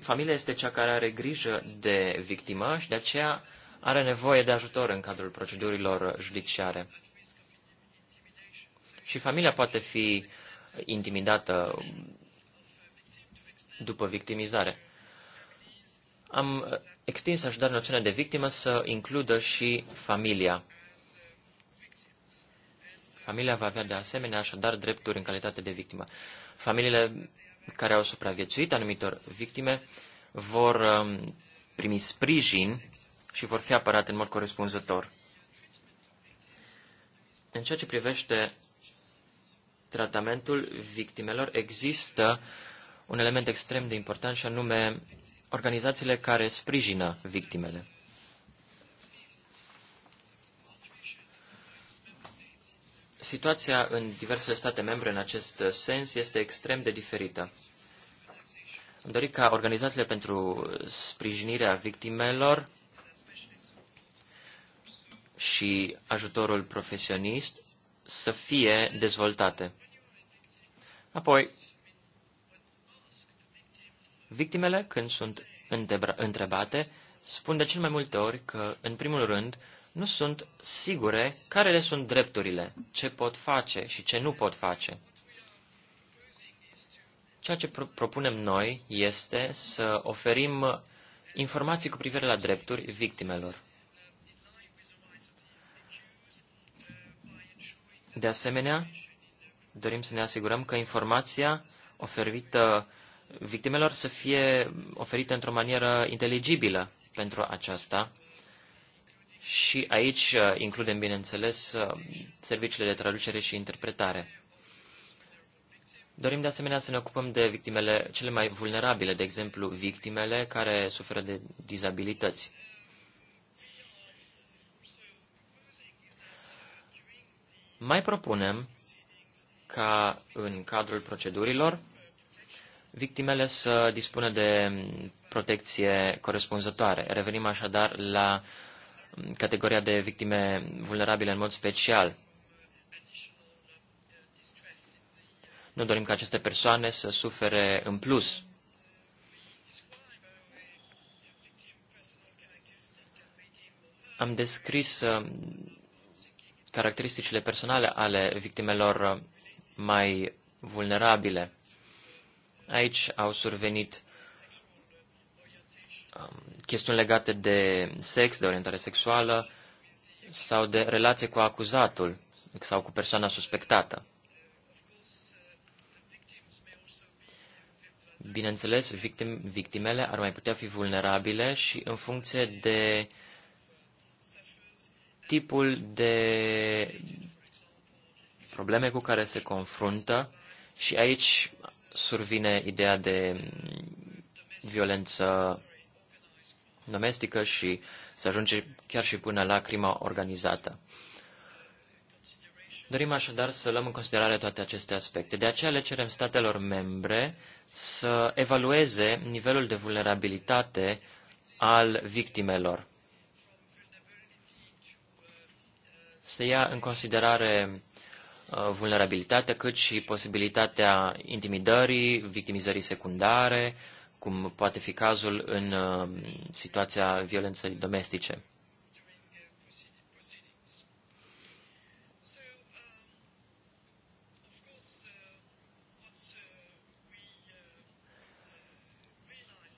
Speaker 4: Familia este cea care are grijă de victimă și de aceea are nevoie de ajutor în cadrul procedurilor judiciare. Și familia poate fi intimidată după victimizare. Am extins așadar noțiunea de victimă să includă și familia. Familia va avea de asemenea așadar drepturi în calitate de victimă. Familiile care au supraviețuit anumitor victime vor um, primi sprijin și vor fi apărate în mod corespunzător. În ceea ce privește tratamentul victimelor, există un element extrem de important și anume organizațiile care sprijină victimele. Situația în diversele state membre în acest sens este extrem de diferită. Am dorit ca organizațiile pentru sprijinirea victimelor și ajutorul profesionist să fie dezvoltate. Apoi, Victimele, când sunt întrebate, spun de cel mai multe ori că, în primul rând, nu sunt sigure care le sunt drepturile, ce pot face și ce nu pot face. Ceea ce pro- propunem noi este să oferim informații cu privire la drepturi victimelor. De asemenea, dorim să ne asigurăm că informația oferită victimelor să fie oferite într-o manieră inteligibilă pentru aceasta. Și aici uh, includem, bineînțeles, uh, serviciile de traducere și interpretare. Dorim de asemenea să ne ocupăm de victimele cele mai vulnerabile, de exemplu, victimele care suferă de dizabilități. Mai propunem ca în cadrul procedurilor victimele să dispună de mm, protecție corespunzătoare. Revenim așadar la mm, categoria de victime vulnerabile în mod special. Nu dorim ca aceste persoane să sufere în plus. Am descris mm, caracteristicile personale ale victimelor mai vulnerabile. Aici au survenit um, chestiuni legate de sex, de orientare sexuală sau de relație cu acuzatul sau cu persoana suspectată. Bineînțeles, victim, victimele ar mai putea fi vulnerabile și în funcție de tipul de probleme cu care se confruntă și aici survine ideea de mm, violență domestică și se ajunge chiar și până la crima organizată. Dorim așadar să luăm în considerare toate aceste aspecte. De aceea le cerem statelor membre să evalueze nivelul de vulnerabilitate al victimelor. să ia în considerare Uh, vulnerabilitatea, cât și posibilitatea intimidării, victimizării secundare, cum poate fi cazul în uh, situația violenței domestice.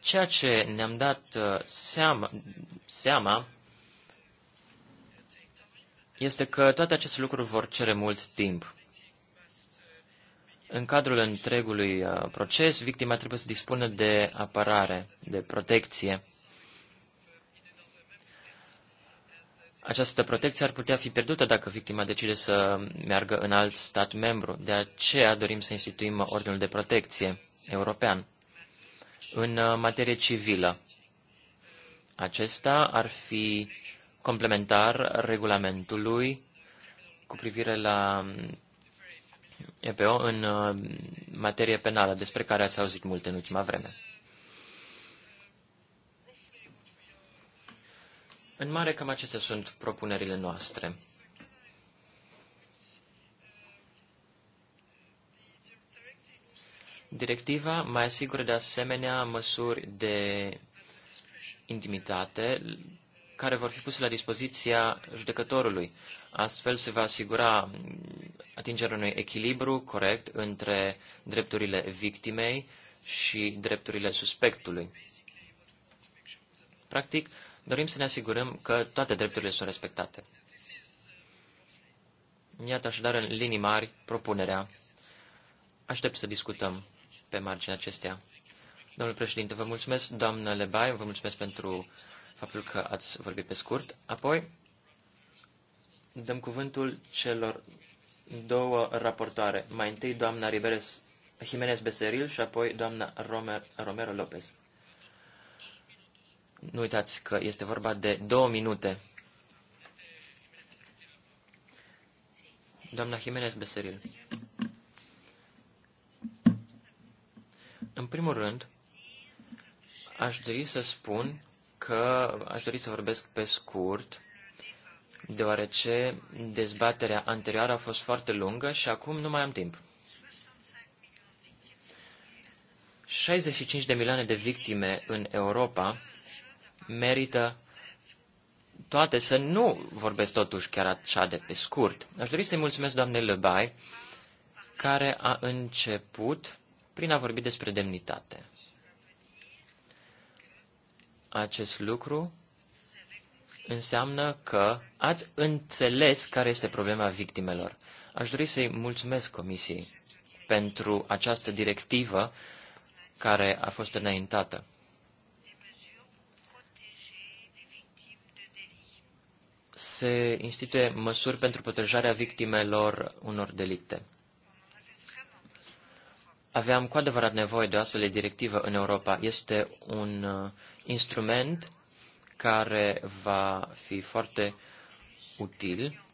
Speaker 4: Ceea ce ne-am dat uh, seama, seama este că toate aceste lucruri vor cere mult timp. În cadrul întregului uh, proces, victima trebuie să dispună de apărare, de protecție. Această protecție ar putea fi pierdută dacă victima decide să meargă în alt stat membru. De aceea dorim să instituim Ordinul de Protecție European în uh, materie civilă. Acesta ar fi complementar regulamentului cu privire la mm, EPO în mm, materie penală, despre care ați auzit mult în ultima vreme. În mare, cam acestea sunt propunerile noastre. Directiva mai asigură de asemenea măsuri de intimitate care vor fi puse la dispoziția judecătorului. Astfel se va asigura atingerea unui echilibru corect între drepturile victimei și drepturile suspectului. Practic, dorim să ne asigurăm că toate drepturile sunt respectate. Iată așadar în linii mari propunerea. Aștept să discutăm pe marginea acestea. Domnul președinte, vă mulțumesc, doamnă Lebai, vă mulțumesc pentru faptul că ați vorbit pe scurt. Apoi dăm cuvântul celor două raportoare. Mai întâi doamna Riberes, Jimenez Beseril și apoi doamna Romer, Romero Lopez. Nu uitați că este vorba de două minute. Doamna Jimenez Beseril. În primul rând, aș dori să spun că aș dori să vorbesc pe scurt, deoarece dezbaterea anterioară a fost foarte lungă și acum nu mai am timp. 65 de milioane de victime în Europa merită toate să nu vorbesc totuși chiar așa de pe scurt. Aș dori să-i mulțumesc doamnei Lebai, care a început prin a vorbi despre demnitate. Acest lucru înseamnă că ați înțeles care este problema victimelor. Aș dori să-i mulțumesc Comisiei pentru această directivă care a fost înaintată. Se instituie măsuri pentru protejarea victimelor unor delicte aveam cu adevărat nevoie de o astfel de directivă în Europa. Este un uh, instrument care va fi foarte util.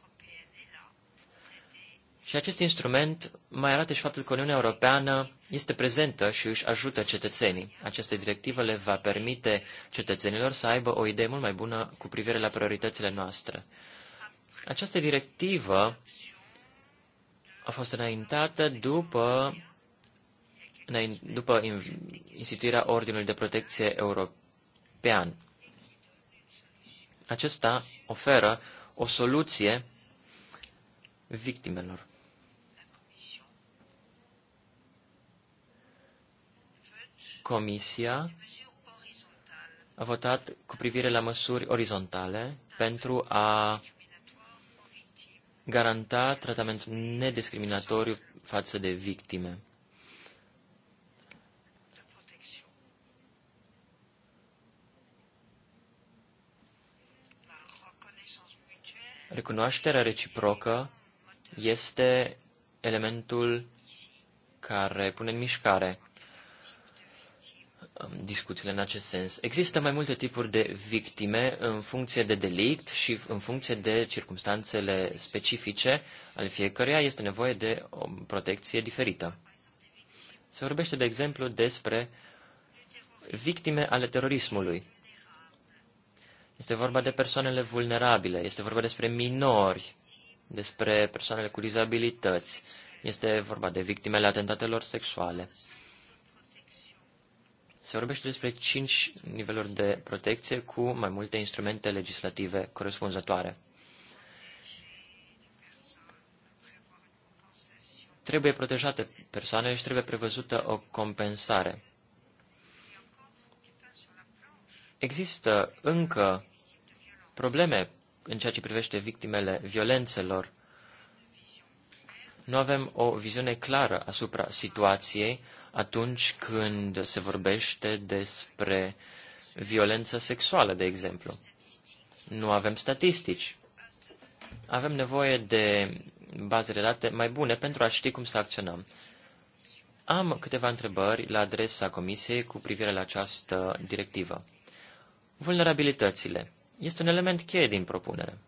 Speaker 4: Și acest instrument mai arată și faptul că Uniunea Europeană este prezentă și își ajută cetățenii. Aceste directivă le va permite cetățenilor să aibă o idee mult mai bună cu privire la prioritățile noastre. Această directivă a fost înaintată după după instituirea Ordinului de Protecție European. Acesta oferă o soluție victimelor. Comisia a votat cu privire la măsuri orizontale pentru a garanta tratament nediscriminatoriu față de victime. Recunoașterea reciprocă este elementul care pune în mișcare um, discuțiile în acest sens. Există mai multe tipuri de victime în funcție de delict și în funcție de circumstanțele specifice ale fiecăruia este nevoie de o protecție diferită. Se vorbește, de exemplu, despre victime ale terorismului. Este vorba de persoanele vulnerabile, este vorba despre minori, despre persoanele cu dizabilități, este vorba de victimele atentatelor sexuale. Se vorbește despre cinci niveluri de protecție cu mai multe instrumente legislative corespunzătoare. Trebuie protejate persoanele și trebuie prevăzută o compensare. Există încă probleme în ceea ce privește victimele violențelor. Nu avem o viziune clară asupra situației atunci când se vorbește despre violență sexuală, de exemplu. Nu avem statistici. Avem nevoie de baze de date mai bune pentru a ști cum să acționăm. Am câteva întrebări la adresa Comisiei cu privire la această directivă. Vulnerabilitățile. Este un element cheie din propunere.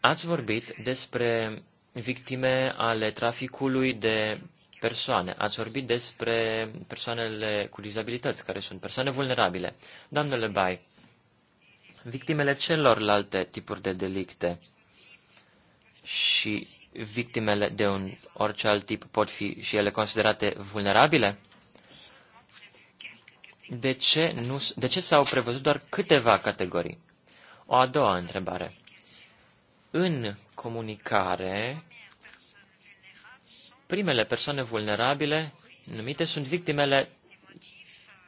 Speaker 4: Ați vorbit despre victime ale traficului de persoane. Ați vorbit despre persoanele cu dizabilități, care sunt persoane vulnerabile. Doamnele Bai, victimele celorlalte tipuri de delicte și victimele de un orice alt tip pot fi și ele considerate vulnerabile? de ce, nu, de ce s-au prevăzut doar câteva categorii? O a doua întrebare. În comunicare, primele persoane vulnerabile numite sunt victimele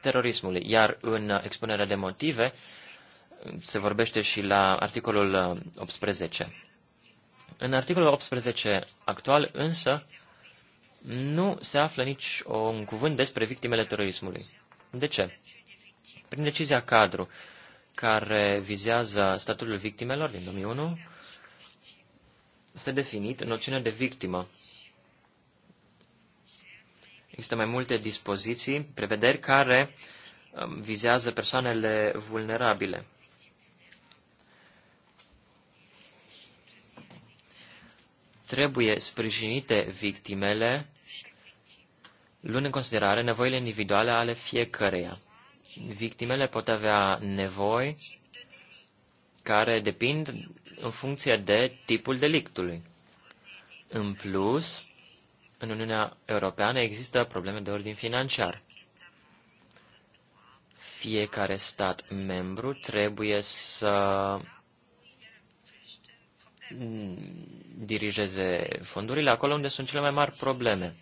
Speaker 4: terorismului, iar în expunerea de motive se vorbește și la articolul 18. Uh, în articolul 18 actual, însă, nu se află nici un cuvânt despre victimele terorismului. De ce? Prin decizia cadru care vizează statutul victimelor din 2001, se definit noțiunea de victimă. Există mai multe dispoziții, prevederi care um, vizează persoanele vulnerabile. Trebuie sprijinite victimele luând în considerare nevoile individuale ale fiecăreia. Victimele pot avea nevoi care depind în funcție de tipul delictului. În plus, în Uniunea Europeană există probleme de ordin financiar. Fiecare stat membru trebuie să dirigeze fondurile acolo unde sunt cele mai mari probleme.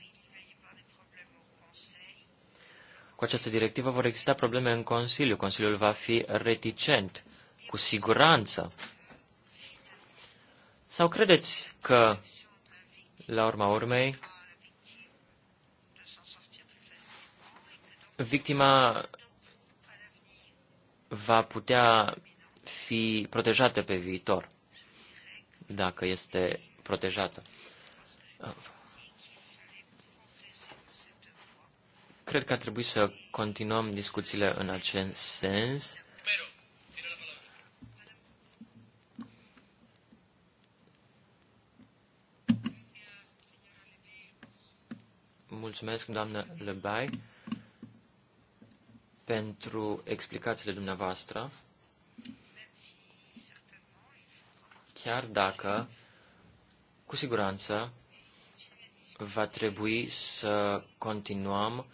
Speaker 4: cu această directivă vor exista probleme în Consiliu. Consiliul va fi reticent, cu siguranță. Sau credeți că, la urma urmei, victima va putea fi protejată pe viitor, dacă este protejată. Cred că ar trebui să continuăm discuțiile în acest sens. Mulțumesc, doamnă Lebai, pentru explicațiile dumneavoastră. Chiar dacă, cu siguranță, va trebui să continuăm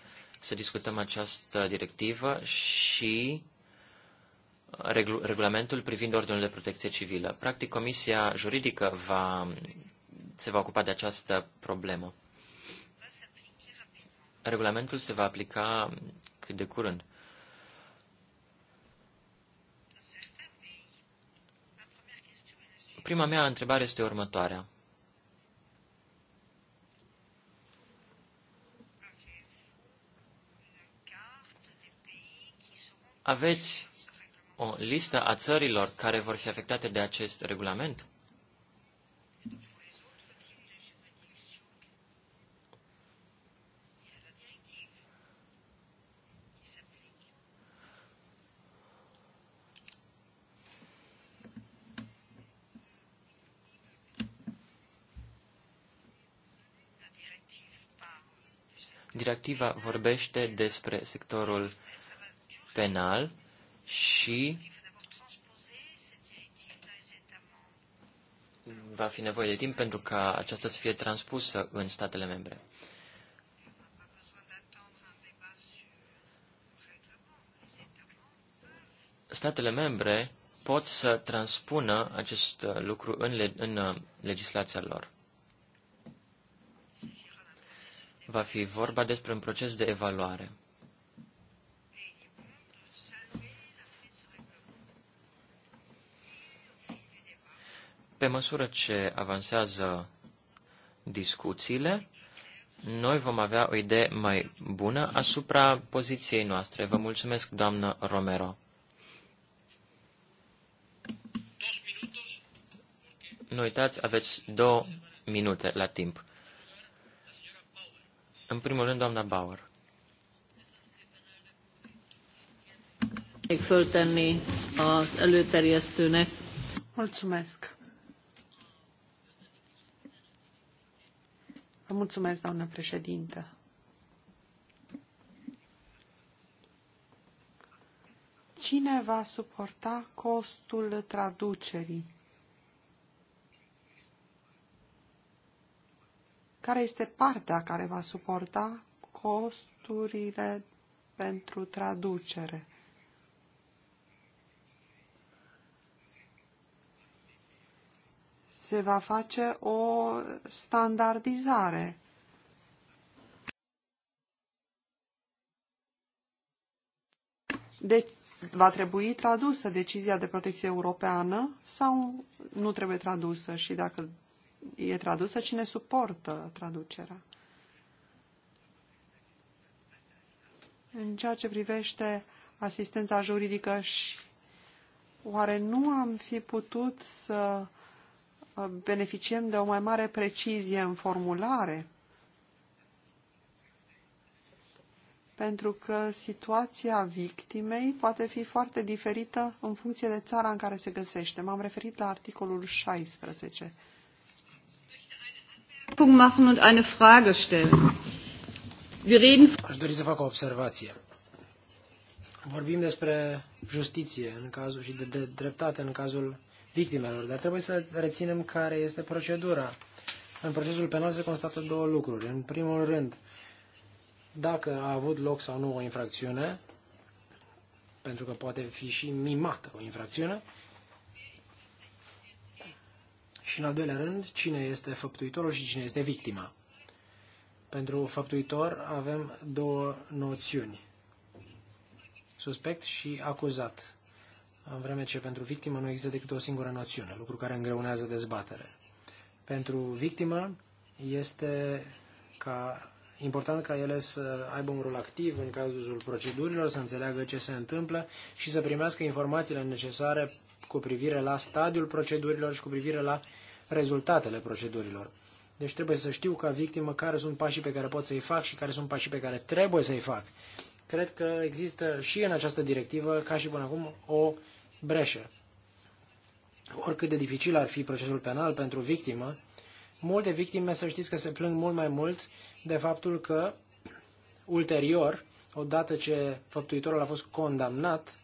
Speaker 4: să discutăm această directivă și regulamentul privind ordinul de protecție civilă. Practic, Comisia Juridică va, se va ocupa de această problemă. Regulamentul se va aplica cât de curând. Prima mea întrebare este următoarea. Aveți o listă a țărilor care vor fi afectate de acest regulament? Directiva vorbește despre sectorul penal și va fi nevoie de timp pentru ca aceasta să fie transpusă în statele membre. Statele membre pot să transpună acest lucru în, le- în uh, legislația lor. Va fi vorba despre un proces de evaluare. Pe măsură ce avansează discuțiile, noi vom avea o idee mai bună asupra poziției noastre. Vă mulțumesc, doamnă Romero. Nu uitați, aveți două minute la timp. În primul rând, doamna Bauer.
Speaker 2: Mulțumesc. Cine va suporta costul traducerii? Care este partea care va suporta costurile pentru traducere? se va face o standardizare. Deci, va trebui tradusă decizia de protecție europeană sau nu trebuie tradusă și dacă e tradusă, cine suportă traducerea? În ceea ce privește asistența juridică și oare nu am fi putut să Uh, beneficiem de o mai mare precizie în formulare, pentru că situația victimei poate fi foarte diferită în funcție de țara în care se găsește. M-am referit la articolul 16.
Speaker 1: Aș dori să fac o observație. Vorbim despre justiție în cazul și de, de dreptate în cazul victimelor, dar trebuie să reținem care este procedura. În procesul penal se constată două lucruri. În primul rând, dacă a avut loc sau nu o infracțiune, pentru că poate fi și mimată o infracțiune, și în al doilea rând, cine este făptuitorul și cine este victima. Pentru făptuitor avem două noțiuni, suspect și acuzat în vreme ce pentru victimă nu există decât o singură noțiune, lucru care îngreunează dezbatere. Pentru victimă este ca, important ca ele să aibă un rol activ în cazul procedurilor, să înțeleagă ce se întâmplă și să primească informațiile necesare cu privire la stadiul procedurilor și cu privire la rezultatele procedurilor. Deci trebuie să știu ca victimă care sunt pașii pe care pot să-i fac și care sunt pașii pe care trebuie să-i fac. Cred că există și în această directivă, ca și până acum, o breșe. Oricât de dificil ar fi procesul penal pentru victimă, multe victime să știți că se plâng mult mai mult de faptul că ulterior, odată ce făptuitorul a fost condamnat,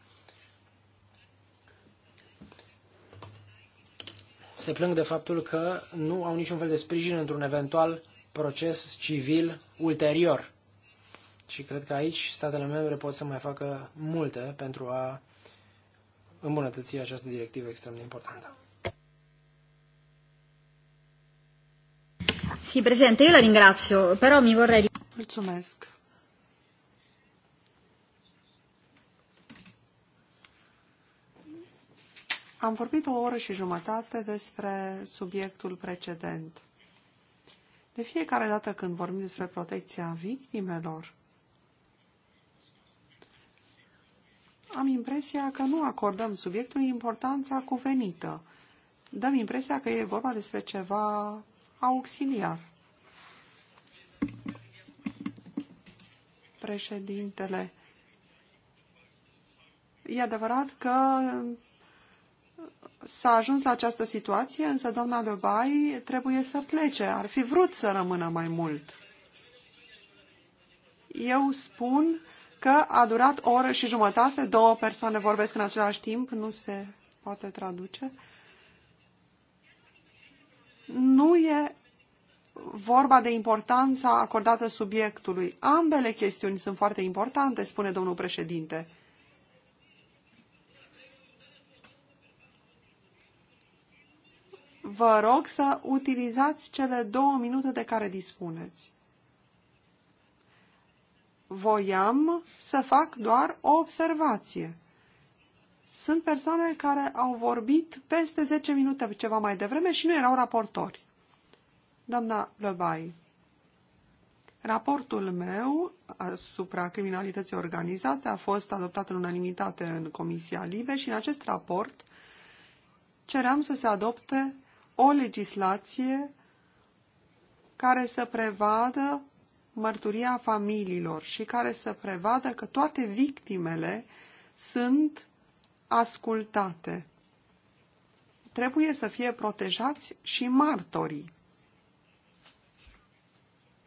Speaker 1: se plâng de faptul că nu au niciun fel de sprijin într-un eventual proces civil ulterior. Și cred că aici statele membre pot să mai facă multe pentru a îmbunătăți această directivă extrem de importantă.
Speaker 2: Sì, Presidente, io la ringrazio, però mi vorrei... Mulțumesc. Am vorbit o oră și jumătate despre subiectul precedent. De fiecare dată când vorbim despre protecția victimelor, am impresia că nu acordăm subiectului importanța cuvenită. Dăm impresia că e vorba despre ceva auxiliar. Președintele, e adevărat că s-a ajuns la această situație, însă doamna Lebai trebuie să plece. Ar fi vrut să rămână mai mult. Eu spun că a durat o oră și jumătate, două persoane vorbesc în același timp, nu se poate traduce. Nu e vorba de importanța acordată subiectului. Ambele chestiuni sunt foarte importante, spune domnul președinte. Vă rog să utilizați cele două minute de care dispuneți voiam să fac doar o observație. Sunt persoane care au vorbit peste 10 minute ceva mai devreme și nu erau raportori. Doamna Lebai, raportul meu asupra criminalității organizate a fost adoptat în unanimitate în Comisia Libe și în acest raport ceream să se adopte o legislație care să prevadă mărturia familiilor și care să prevadă că toate victimele sunt ascultate. Trebuie să fie protejați și martorii.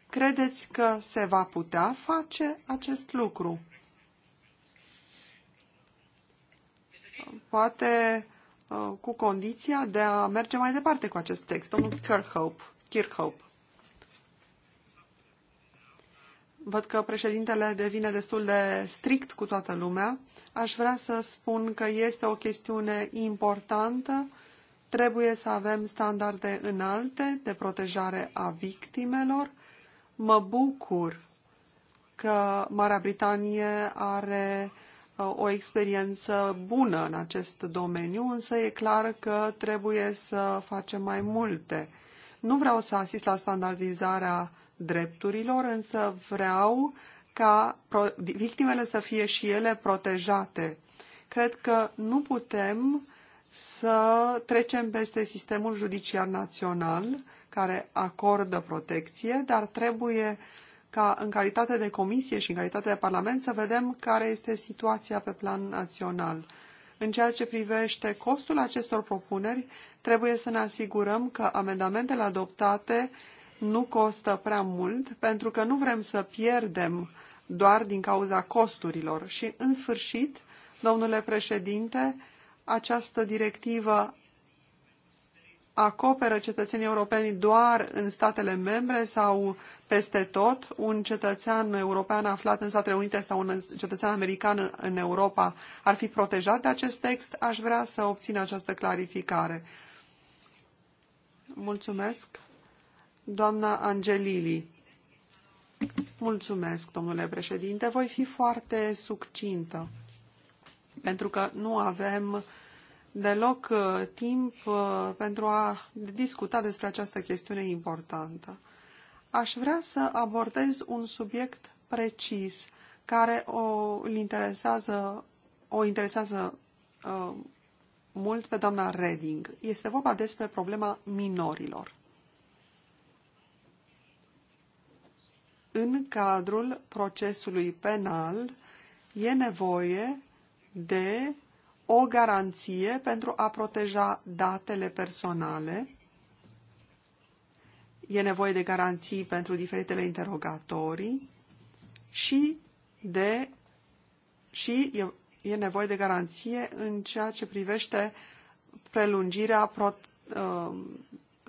Speaker 2: Credeți că se va putea face acest lucru? Poate uh, cu condiția de a merge mai departe cu acest text. Domnul Kirchhope. Văd că președintele devine destul de strict cu toată lumea. Aș vrea să spun că este o chestiune importantă. Trebuie să avem standarde înalte de protejare a victimelor. Mă bucur că Marea Britanie are uh, o experiență bună în acest domeniu, însă e clar că trebuie să facem mai multe. Nu vreau să asist la standardizarea drepturilor, însă vreau ca victimele să fie și ele protejate. Cred că nu putem să trecem peste sistemul judiciar național care acordă protecție, dar trebuie ca în calitate de comisie și în calitate de parlament să vedem care este situația pe plan național. În ceea ce privește costul acestor propuneri, trebuie să ne asigurăm că amendamentele adoptate nu costă prea mult, pentru că nu vrem să pierdem doar din cauza costurilor. Și, în sfârșit, domnule președinte, această directivă acoperă cetățenii europeni doar în statele membre sau peste tot. Un cetățean european aflat în Statele Unite sau un cetățean american în Europa ar fi protejat de acest text? Aș vrea să obțin această clarificare. Mulțumesc. Doamna Angelili. Mulțumesc, domnule președinte. Voi fi foarte succintă, pentru că nu avem deloc uh, timp uh, pentru a discuta despre această chestiune importantă. Aș vrea să abordez un subiect precis care o îl interesează, o interesează uh, mult pe doamna Reding. Este vorba despre problema minorilor. în cadrul procesului penal e nevoie de o garanție pentru a proteja datele personale. E nevoie de garanții pentru diferitele interogatorii și de și e, e nevoie de garanție în ceea ce privește prelungirea pro, uh,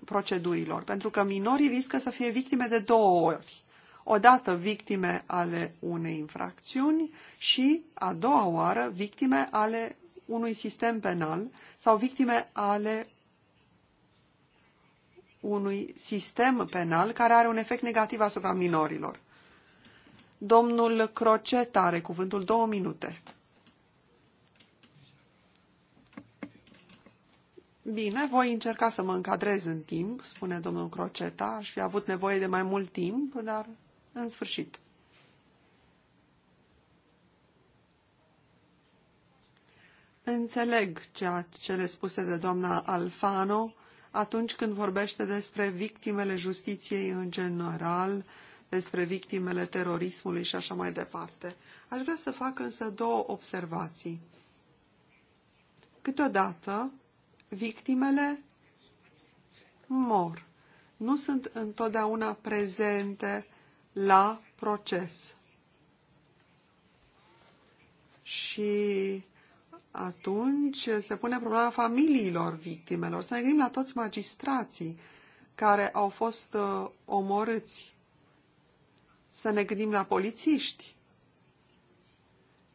Speaker 2: procedurilor, pentru că minorii riscă să fie victime de două ori odată victime ale unei infracțiuni și a doua oară victime ale unui sistem penal sau victime ale unui sistem penal care are un efect negativ asupra minorilor. Domnul Croceta are cuvântul două minute. Bine, voi încerca să mă încadrez în timp, spune domnul Croceta. Aș fi avut nevoie de mai mult timp, dar în sfârșit. Înțeleg ceea ce le spuse de doamna Alfano atunci când vorbește despre victimele justiției în general, despre victimele terorismului și așa mai departe. Aș vrea să fac însă două observații. Câteodată, victimele mor. Nu sunt întotdeauna prezente la proces. Și atunci se pune problema familiilor victimelor. Să ne gândim la toți magistrații care au fost uh, omorâți. Să ne gândim la polițiști.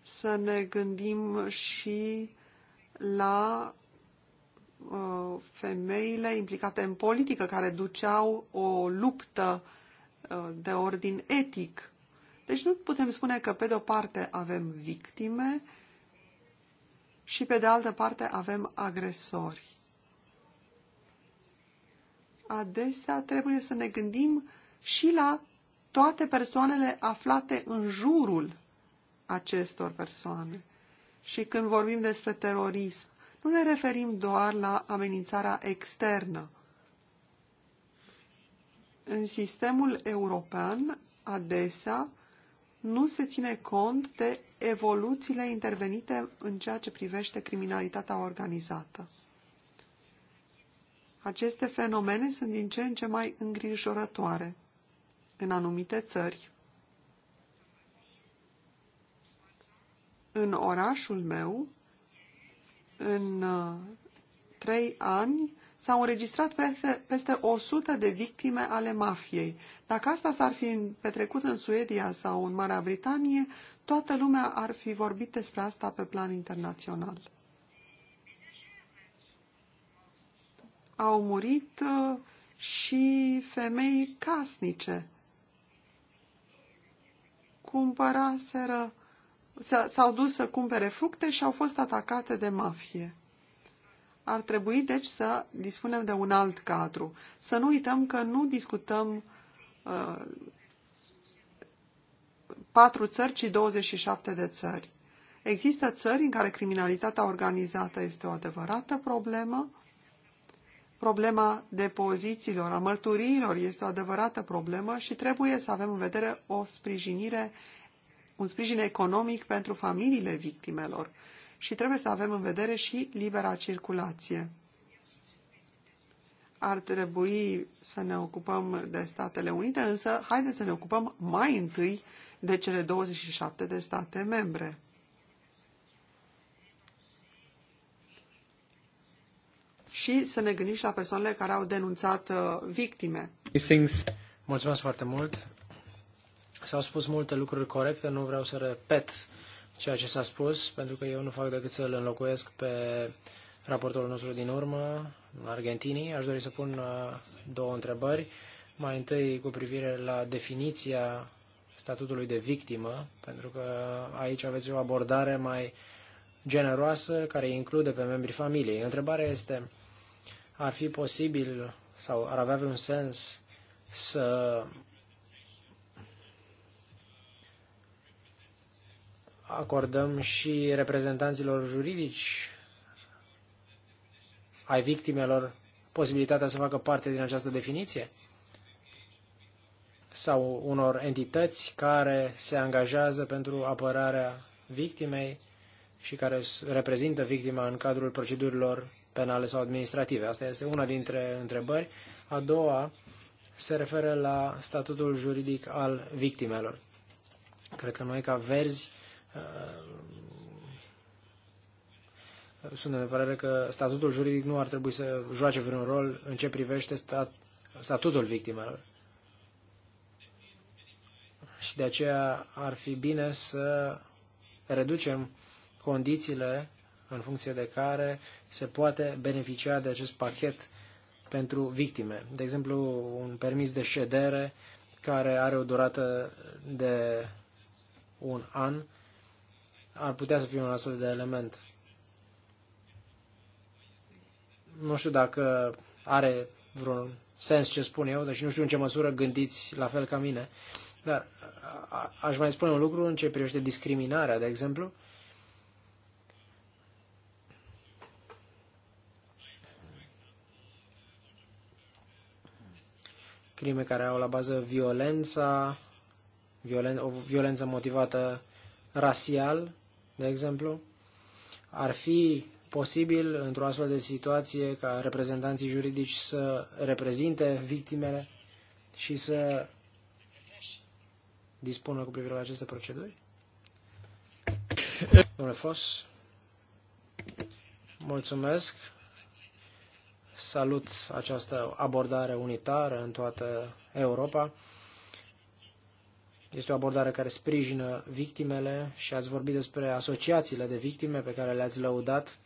Speaker 2: Să ne gândim și la uh, femeile implicate în politică care duceau o luptă uh, Uh, de ordin etic. Deci nu putem spune că pe de o parte avem victime și pe de altă parte avem agresori. Adesea trebuie să ne gândim și la toate persoanele aflate în jurul acestor persoane. Și când vorbim despre terorism, nu ne referim doar la amenințarea externă, în sistemul european, adesea, nu se ține cont de evoluțiile intervenite în ceea ce privește criminalitatea organizată. Aceste fenomene sunt din ce în ce mai îngrijorătoare în anumite țări. În orașul meu, în uh, trei ani, s-au înregistrat peste, peste 100 de victime ale mafiei. Dacă asta s-ar fi petrecut în Suedia sau în Marea Britanie, toată lumea ar fi vorbit despre asta pe plan internațional. Au murit uh, și femei casnice. Cumpăraseră, s-au dus să cumpere fructe și au fost atacate de mafie. Ar trebui, deci, să dispunem de un alt cadru. Să nu uităm că nu discutăm uh, patru țări, ci 27 de țări. Există țări în care criminalitatea organizată este o adevărată problemă, problema depozițiilor, a mărturiilor este o adevărată problemă și trebuie să avem în vedere o sprijinire, un sprijin economic pentru familiile victimelor și trebuie să avem în vedere și libera circulație. Ar trebui să ne ocupăm de Statele Unite, însă haideți să ne ocupăm mai întâi de cele 27 de state membre. și să ne gândim și la persoanele care au denunțat uh, victime.
Speaker 1: Mulțumesc foarte mult. S-au spus multe lucruri corecte, nu vreau să repet ceea ce s-a spus, pentru că eu nu fac decât să îl înlocuiesc pe raportorul nostru din urmă, Argentinii. Aș dori să pun uh, două întrebări. Mai întâi cu privire la definiția statutului de victimă, pentru că aici aveți o abordare mai generoasă care include pe membrii familiei. Întrebarea este, ar fi posibil sau ar avea un sens să acordăm și reprezentanților juridici ai victimelor posibilitatea să facă parte din această definiție? Sau unor entități care se angajează pentru apărarea victimei și care reprezintă victima în cadrul procedurilor penale sau administrative? Asta este una dintre întrebări. A doua se referă la statutul juridic al victimelor. Cred că noi, ca verzi, Ehm, sunt de părere că statutul juridic nu ar trebui să joace vreun rol în ce privește stat, statutul victimelor. Și de aceea ar fi bine să reducem condițiile în funcție de care se poate beneficia de acest pachet pentru victime. De exemplu, un permis de ședere care are o durată de un an ar putea să fie un astfel de element. Nu știu dacă are vreun sens ce spun eu, deci nu știu în ce măsură gândiți la fel ca mine, dar aș mai spune un lucru în ce privește discriminarea, de exemplu. crime care au la bază violența, violen, o violență motivată rasial de exemplu, ar fi posibil într-o astfel de situație ca reprezentanții juridici să reprezinte victimele și să dispună cu privire la aceste proceduri? Domnule Fos, mulțumesc. Salut această abordare unitară în toată Europa. Este o abordare care sprijină victimele și ați vorbit despre asociațiile de victime pe care le-ați lăudat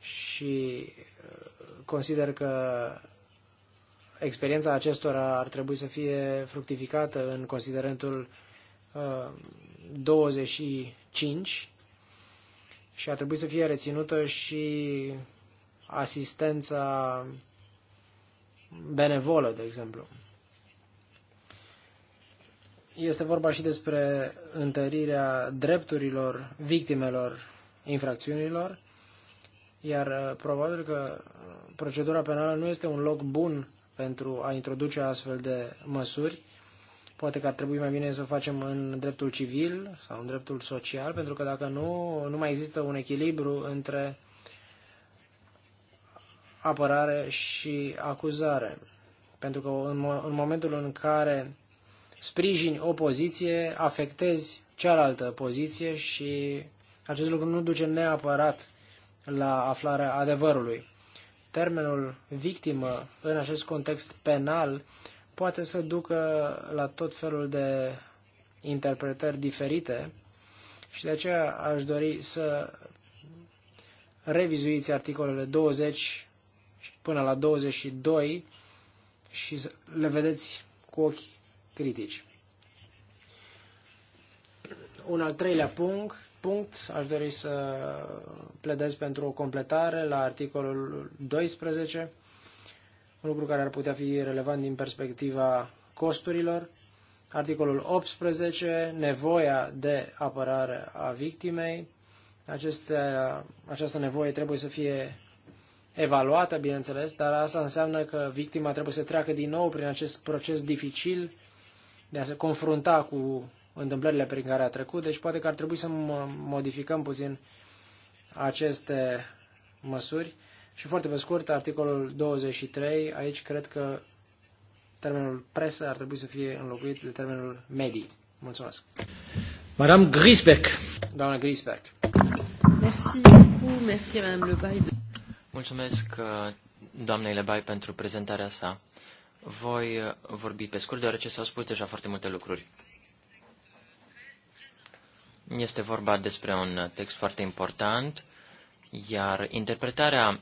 Speaker 1: și uh, consider că experiența acestora ar trebui să fie fructificată în considerentul 25 uh, și ar trebui să fie reținută și asistența benevolă, de exemplu. Este vorba și despre întărirea drepturilor victimelor infracțiunilor, iar uh, probabil că procedura penală nu este un loc bun pentru a introduce astfel de măsuri. Poate că ar trebui mai bine să facem în dreptul civil sau în dreptul social, pentru că dacă nu, nu mai există un echilibru între apărare și acuzare. Pentru că în, în momentul în care sprijini o poziție, afectezi cealaltă poziție și acest lucru nu duce neapărat la aflarea adevărului. Termenul victimă în acest context penal poate să ducă la tot felul de interpretări diferite și de aceea aș dori să revizuiți articolele 20 până la 22 și să le vedeți cu ochii critici. Un al treilea punct, punct aș dori să pledez pentru o completare la articolul 12, un lucru care ar putea fi relevant din perspectiva costurilor. Articolul 18, nevoia de apărare a victimei. Aceste, această nevoie trebuie să fie evaluată, bineînțeles, dar asta înseamnă că victima trebuie să treacă din nou prin acest proces dificil de a se confrunta cu întâmplările prin care a trecut, deci poate că ar trebui să modificăm puțin aceste măsuri. Și foarte pe scurt, articolul 23, aici cred că termenul presă ar trebui să fie înlocuit de termenul medii. Mulțumesc. Madame Grisbeck. Doamna Grisbeck.
Speaker 2: Merci beaucoup, merci Madame Lebai.
Speaker 4: Mulțumesc uh, doamnei Lebai pentru prezentarea sa. Voi uh, vorbi pe scurt, deoarece s-au spus deja foarte multe lucruri. Este vorba despre un text foarte important, iar interpretarea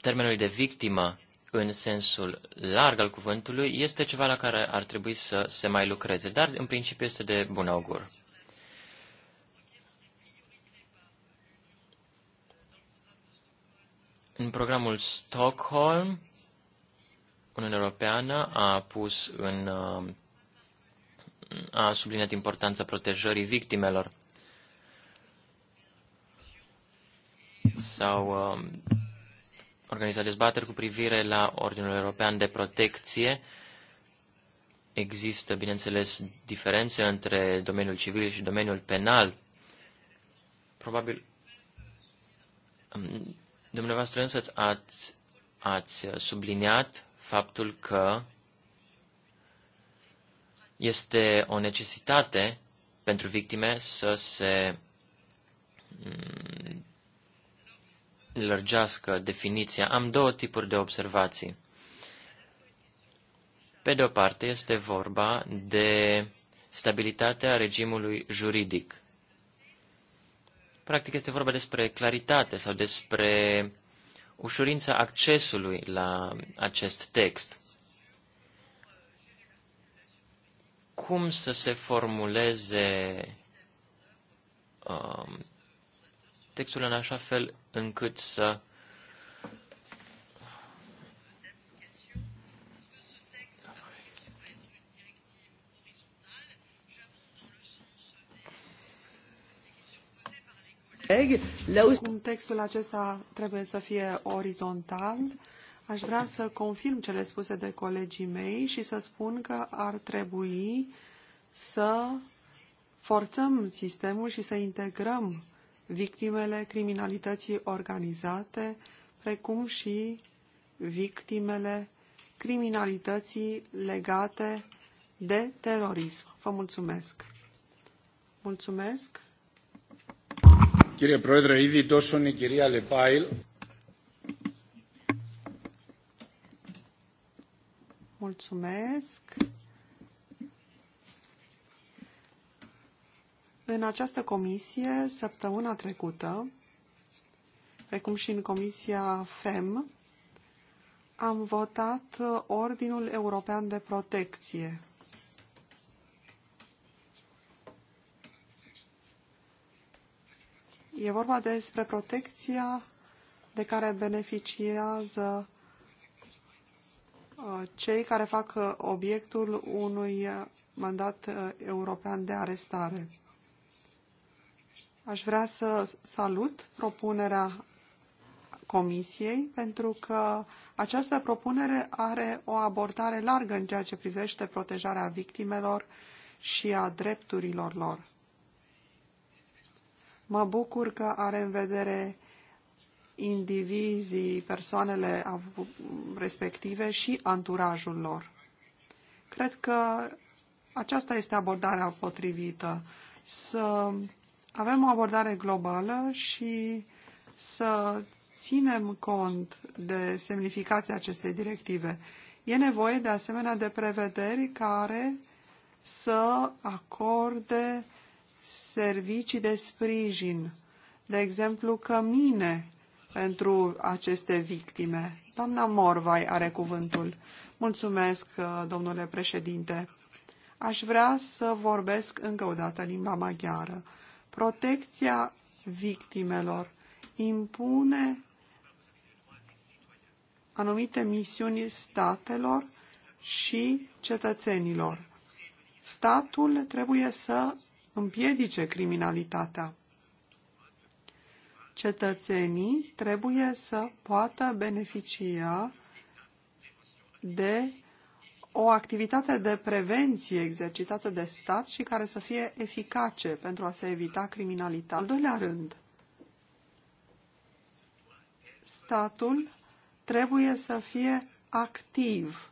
Speaker 4: termenului de victimă în sensul larg al cuvântului este ceva la care ar trebui să se mai lucreze, dar în principiu este de bun augur. În programul Stockholm, Uniunea Europeană a pus în uh, a subliniat importanța protejării victimelor. sau uh, organizat dezbateri cu privire la Ordinul European de Protecție. Există, bineînțeles, diferențe între domeniul civil și domeniul penal. Probabil, um, dumneavoastră însă ați, ați subliniat faptul că este o necesitate pentru victime să se mm, lărgească definiția. Am două tipuri de observații. Pe de o parte, este vorba de stabilitatea regimului juridic. Practic, este vorba despre claritate sau despre ușurința accesului la acest text. Cum să se formuleze um, textul în așa fel încât să
Speaker 2: Cum textul acesta trebuie să fie orizontal, aș vrea să confirm cele spuse de colegii mei și să spun că ar trebui să forțăm sistemul și să integrăm victimele criminalității organizate, precum și victimele criminalității legate de terorism. Vă mulțumesc! Mulțumesc!
Speaker 1: Κύριε Πρόεδρε, ήδη τόσον η κυρία Λεπάιλ.
Speaker 2: Mulțumesc. În această comisie, săptămâna trecută, precum și în comisia FEM, am votat Ordinul European de Protecție E vorba despre protecția de care beneficiază uh, cei care fac uh, obiectul unui uh, mandat european de arestare. Aș vrea să salut propunerea Comisiei, pentru că această propunere are o abordare largă în ceea ce privește protejarea victimelor și a drepturilor lor. Mă bucur că are în vedere indivizii, persoanele respective și anturajul lor. Cred că aceasta este abordarea potrivită. Să avem o abordare globală și să ținem cont de semnificația acestei directive. E nevoie de asemenea de prevederi care să acorde servicii de sprijin, de exemplu cămine pentru aceste victime. Doamna Morvai are cuvântul. Mulțumesc, uh, domnule președinte. Aș vrea să vorbesc încă o dată limba maghiară. Protecția victimelor impune anumite misiuni statelor și cetățenilor. Statul trebuie să împiedice criminalitatea. Cetățenii trebuie să poată beneficia de o activitate de prevenție exercitată de stat și care să fie eficace pentru a se evita criminalitatea. Al doilea rând, statul trebuie să fie activ.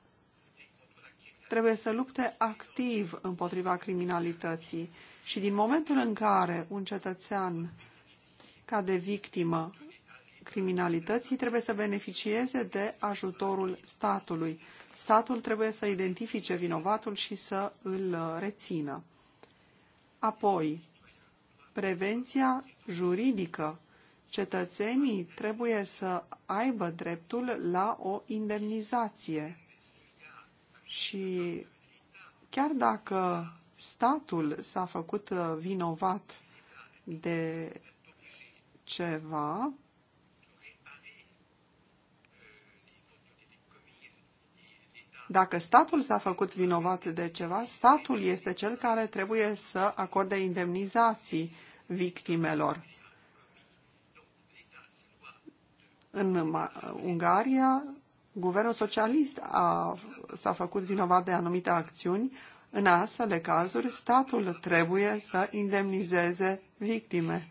Speaker 2: Trebuie să lupte activ împotriva criminalității. Și din momentul în care un cetățean cade victimă criminalității, trebuie să beneficieze de ajutorul statului. Statul trebuie să identifice vinovatul și să îl uh, rețină. Apoi, prevenția juridică. Cetățenii trebuie să aibă dreptul la o indemnizație. Și chiar dacă statul s-a făcut uh, vinovat de ceva, Dacă statul s-a făcut vinovat de ceva, statul este cel care trebuie să acorde indemnizații victimelor. În Ungaria, guvernul socialist s-a făcut vinovat de anumite acțiuni, în astfel de cazuri, statul trebuie să indemnizeze victime.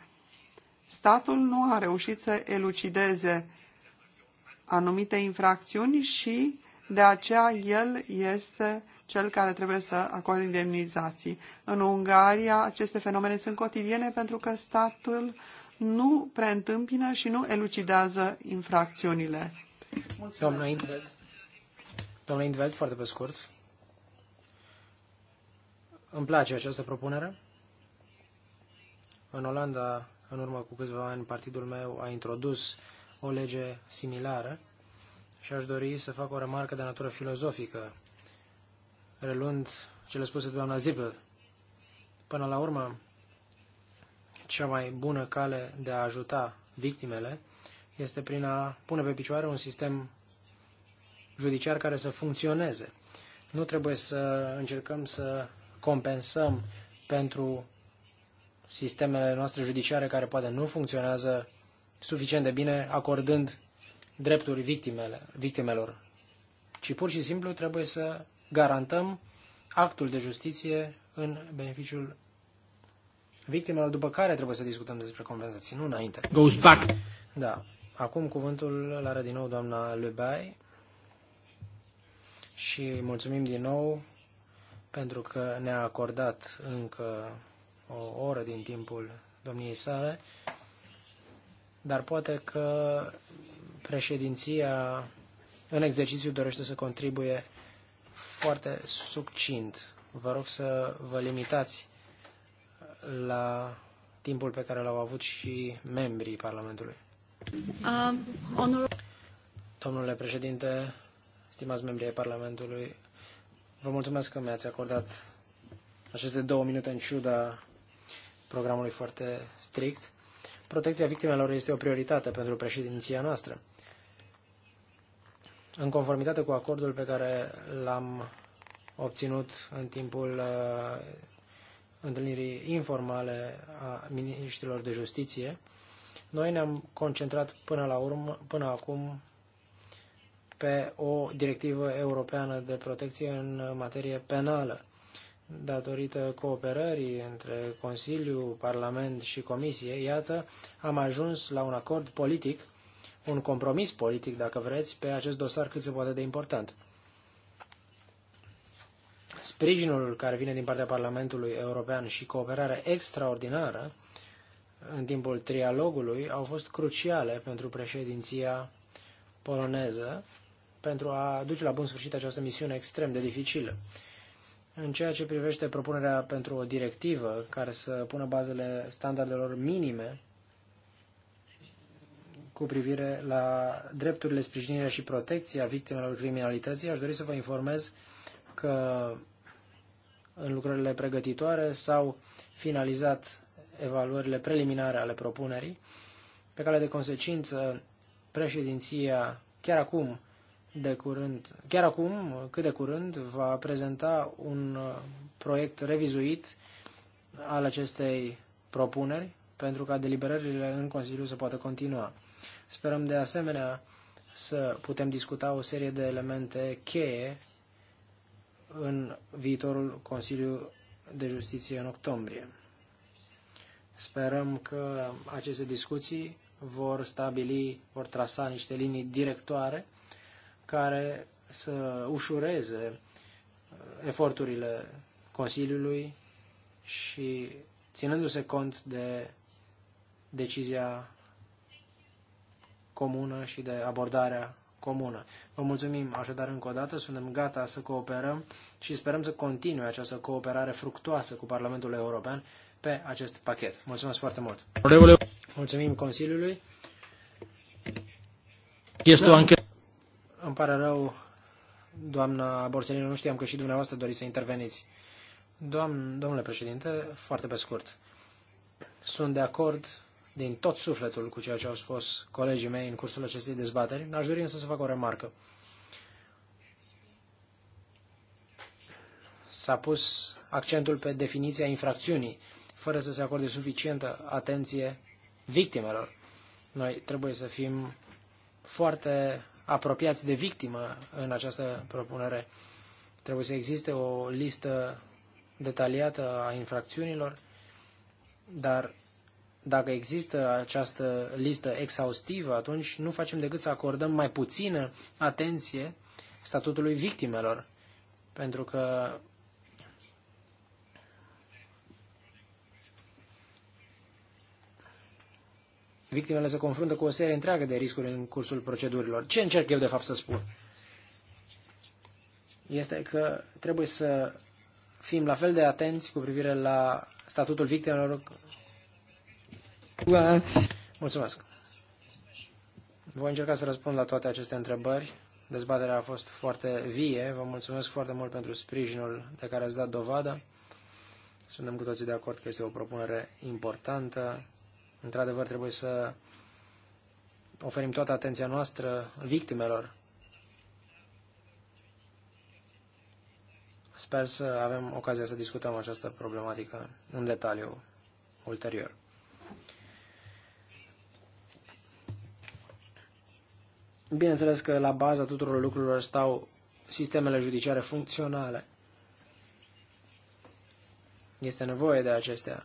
Speaker 2: Statul nu a reușit să elucideze anumite infracțiuni și de aceea el este cel care trebuie să acorde indemnizații. În Ungaria aceste fenomene sunt cotidiene pentru că statul nu preîntâmpină și nu elucidează infracțiunile. Mulțumesc. Domnul Indveld, foarte pe scurt. Îmi place această
Speaker 1: propunere. În Olanda, în urmă cu câțiva ani, partidul meu a introdus o lege similară și aș dori să fac o remarcă de natură filozofică, relând cele spuse doamna Zipel. Până la urmă, cea mai bună cale de a ajuta victimele este prin a pune pe picioare un sistem judiciar care să funcționeze. Nu trebuie să încercăm să compensăm pentru sistemele noastre judiciare care poate nu funcționează suficient de bine, acordând drepturi victimele, victimelor, ci pur și simplu trebuie să garantăm actul de justiție în beneficiul victimelor, după care trebuie să discutăm despre compensații, nu înainte. Goes back. Da. Acum cuvântul la are din nou doamna Lebai și mulțumim din nou pentru că ne-a acordat încă o oră din timpul domniei sale, dar poate că președinția în exercițiu dorește să contribuie foarte succint. Vă rog să vă limitați la timpul pe care l-au avut și membrii Parlamentului.
Speaker 2: Um, onor...
Speaker 1: Domnule președinte, stimați membrii Parlamentului, Vă mulțumesc că mi-ați acordat aceste două minute în ciuda programului foarte strict. Protecția victimelor este o prioritate pentru președinția noastră. În conformitate cu acordul pe care l-am obținut în timpul uh, întâlnirii informale a ministrilor de justiție, noi ne-am concentrat până la urmă, până acum pe o directivă europeană de protecție în materie penală. Datorită cooperării între Consiliu, Parlament și Comisie, iată, am ajuns la un acord politic, un compromis politic, dacă vreți, pe acest dosar cât se poate de important. Sprijinul care vine din partea Parlamentului European și cooperarea extraordinară în timpul trialogului au fost cruciale pentru președinția poloneză pentru a duce la bun sfârșit această misiune extrem de dificilă. În ceea ce privește propunerea pentru o directivă care să pună bazele standardelor minime cu privire la drepturile, sprijinirea și protecția victimelor criminalității, aș dori să vă informez că în lucrările pregătitoare s-au finalizat evaluările preliminare ale propunerii. Pe cale de consecință, președinția chiar acum de curând, chiar acum, cât de curând, va prezenta un uh, proiect revizuit al acestei propuneri pentru ca deliberările în Consiliu să poată continua. Sperăm de asemenea să putem discuta o serie de elemente cheie în viitorul Consiliu de Justiție în octombrie. Sperăm că aceste discuții vor stabili, vor trasa niște linii directoare care să ușureze uh, eforturile Consiliului și ținându-se cont de decizia comună și de abordarea comună. Vă mulțumim așadar încă o dată, suntem gata să cooperăm și sperăm să continue această cooperare fructoasă cu Parlamentul European pe acest pachet. Mulțumesc foarte mult! Mulțumim Consiliului! Este o anchetă. Îmi pare rău, doamna Borselino, nu știam că și dumneavoastră doriți să interveniți. Doamn, domnule președinte, foarte pe scurt. Sunt de acord din tot sufletul cu ceea ce au spus colegii mei în cursul acestei dezbateri. Aș dori însă să fac o remarcă. S-a pus accentul pe definiția infracțiunii, fără să se acorde suficientă atenție victimelor. Noi trebuie să fim foarte apropiați de victimă în această propunere. Trebuie să existe o listă detaliată a infracțiunilor, dar dacă există această listă exhaustivă, atunci nu facem decât să acordăm mai puțină atenție statutului victimelor, pentru că victimele se confruntă cu o serie întreagă de riscuri în cursul procedurilor. Ce încerc eu de fapt să spun? Este că trebuie să fim la fel de atenți cu privire la statutul victimelor. Mulțumesc. Voi încerca să răspund la toate aceste întrebări. Dezbaterea a fost foarte vie. Vă mulțumesc foarte mult pentru sprijinul de care ați dat dovadă. Suntem cu toții de acord că este o propunere importantă Într-adevăr, trebuie să oferim toată atenția noastră victimelor. Sper să avem ocazia să discutăm această problematică în detaliu ulterior. Bineînțeles că la baza tuturor lucrurilor stau sistemele judiciare funcționale. Este nevoie de acestea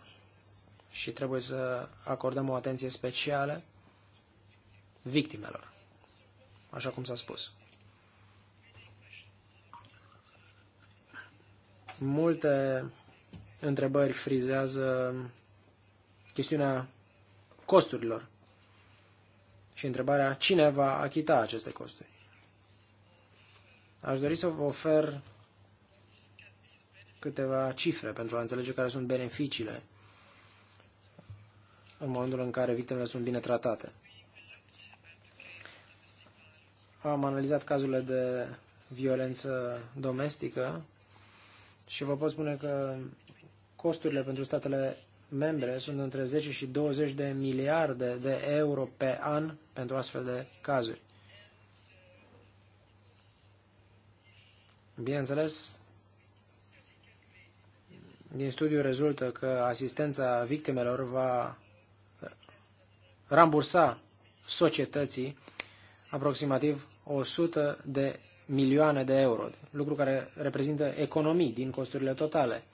Speaker 1: și trebuie să acordăm o atenție specială victimelor, așa cum s-a spus. Multe întrebări frizează chestiunea costurilor și întrebarea cine va achita aceste costuri. Aș dori să vă ofer câteva cifre pentru a înțelege care sunt beneficiile în momentul în care victimele sunt bine tratate. Am analizat cazurile de violență domestică și vă pot spune că costurile pentru statele membre sunt între 10 și 20 de miliarde de euro pe an pentru astfel de cazuri. Bineînțeles, din studiu rezultă că asistența victimelor va rambursa societății aproximativ 100 de milioane de euro, lucru care reprezintă economii din costurile totale.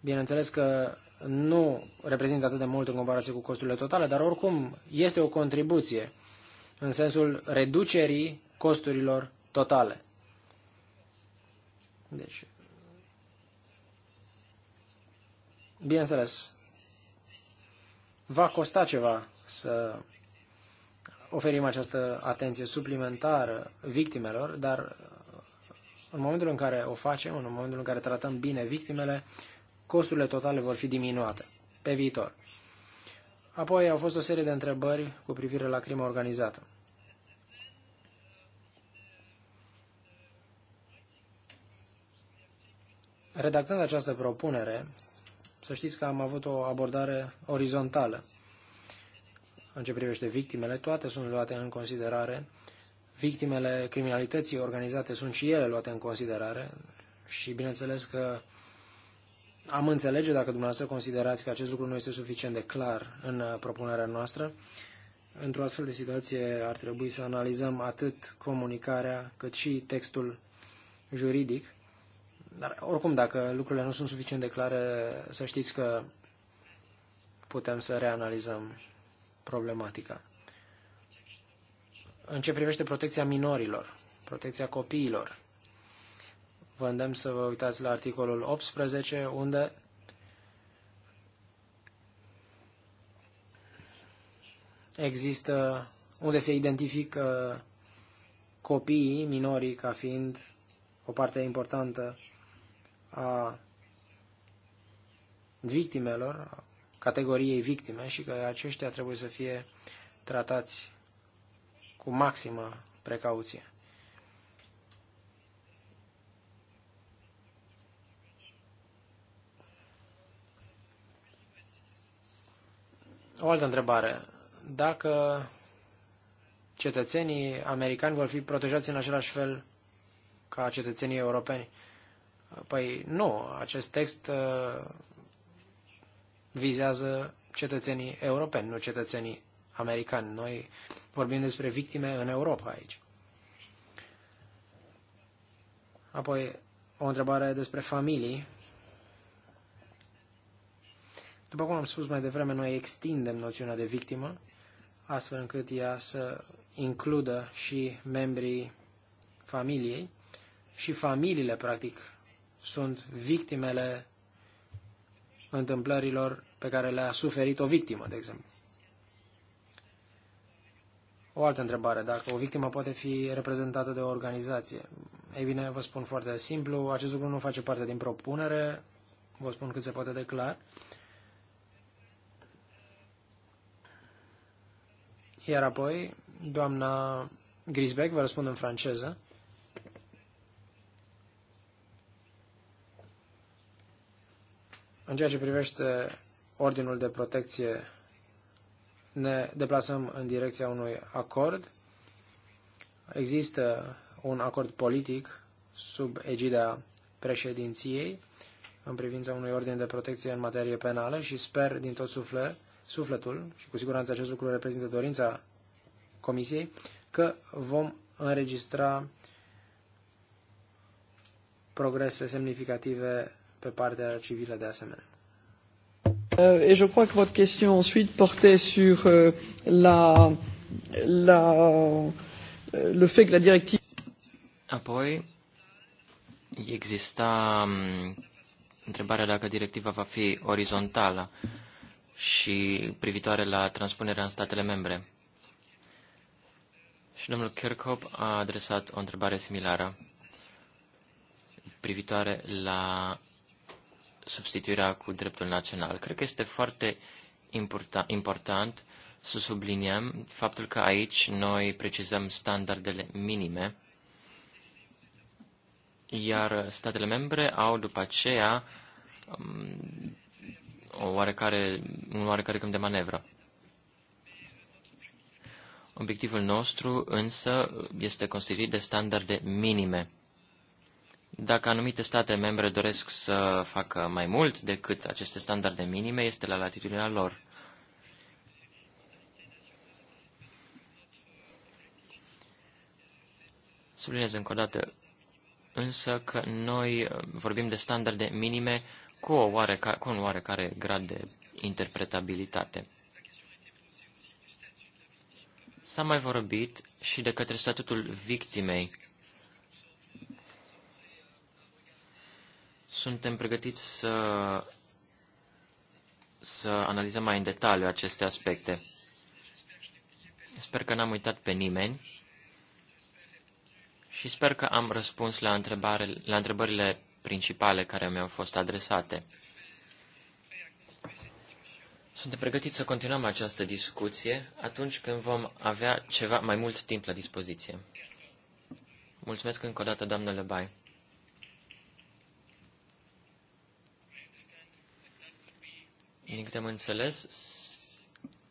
Speaker 1: Bineînțeles că nu reprezintă atât de mult în comparație cu costurile totale, dar oricum este o contribuție în sensul reducerii costurilor totale. Deci, bineînțeles, va costa ceva să oferim această atenție suplimentară victimelor, dar în momentul în care o facem, în momentul în care tratăm bine victimele, costurile totale vor fi diminuate pe viitor. Apoi au fost o serie de întrebări cu privire la crimă organizată. Redactând această propunere, să știți că am avut o abordare orizontală. În ce privește victimele, toate sunt luate în considerare. Victimele criminalității organizate sunt și ele luate în considerare și bineînțeles că am înțelege dacă dumneavoastră considerați că acest lucru nu este suficient de clar în uh, propunerea noastră. Într-o astfel de situație ar trebui să analizăm atât comunicarea cât și textul juridic. Dar oricum, dacă lucrurile nu sunt suficient de clare, să știți că putem să reanalizăm problematica. În ce privește protecția minorilor, protecția copiilor, vă îndemn să vă uitați la articolul 18, unde există, unde se identifică copiii, minorii, ca fiind o parte importantă a victimelor, categoriei victime și că aceștia trebuie să fie tratați cu maximă precauție. O altă întrebare. Dacă cetățenii americani vor fi protejați în același fel ca cetățenii europeni? Păi nu, acest text vizează cetățenii europeni, nu cetățenii americani. Noi vorbim despre victime în Europa aici. Apoi, o întrebare despre familii. După cum am spus mai devreme, noi extindem noțiunea de victimă, astfel încât ea să includă și membrii familiei și familiile, practic, sunt victimele întâmplărilor pe care le-a suferit o victimă, de exemplu. O altă întrebare, dacă o victimă poate fi reprezentată de o organizație. Ei bine, vă spun foarte simplu, acest lucru nu face parte din propunere, vă spun cât se poate de clar. Iar apoi, doamna Grisbeck vă răspund în franceză. În ceea ce privește ordinul de protecție, ne deplasăm în direcția unui acord. Există un acord politic sub egida președinției în privința unui ordin de protecție în materie penală și sper din tot suflet, sufletul, și cu siguranță acest lucru reprezintă dorința Comisiei, că vom înregistra progrese semnificative pe partea civilă de asemenea.
Speaker 2: Euh, et je crois que votre question ensuite portait sur euh, la, la, le fait que la directive.
Speaker 4: Apoi, exista mm, întrebarea dacă directiva va fi orizontală și privitoare la transpunerea în statele membre. Și domnul Kirchhoff a adresat o întrebare similară privitoare la substituirea cu dreptul național. Cred că este foarte important, important să subliniem faptul că aici noi precizăm standardele minime, iar statele membre au după aceea um, o oarecare, un oarecare câmp de manevră. Obiectivul nostru însă este constituit de standarde minime. Dacă anumite state membre doresc să facă mai mult decât aceste standarde minime, este la latitudinea lor. Sublinez încă o dată, însă că noi vorbim de standarde minime cu, o oareca, cu un oarecare grad de interpretabilitate. S-a mai vorbit și de către statutul victimei Suntem pregătiți să, să analizăm mai în detaliu aceste aspecte. Sper că n-am uitat pe nimeni și sper că am răspuns la, întrebare, la întrebările principale care mi-au fost adresate. Suntem pregătiți să continuăm această discuție atunci când vom avea ceva mai mult timp la dispoziție. Mulțumesc încă o dată, doamnele Lebai. Din câte am înțeles,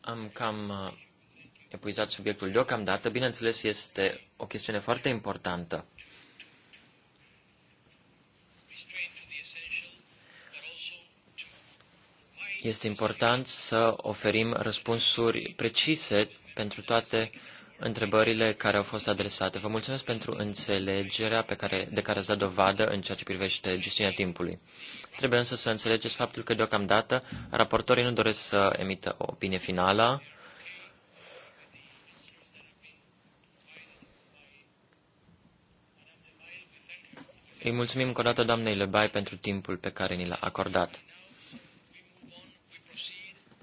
Speaker 4: am cam uh, epuizat subiectul deocamdată. Bineînțeles, este o chestiune foarte importantă. Este important să oferim răspunsuri precise pentru toate întrebările care au fost adresate. Vă mulțumesc pentru înțelegerea pe care, de care ați dat dovadă în ceea ce privește gestiunea timpului. Trebuie însă să înțelegeți faptul că deocamdată raportorii nu doresc să emită o opinie finală. Îi mulțumim încă o dată doamnei Lebai pentru timpul pe care ni l-a acordat.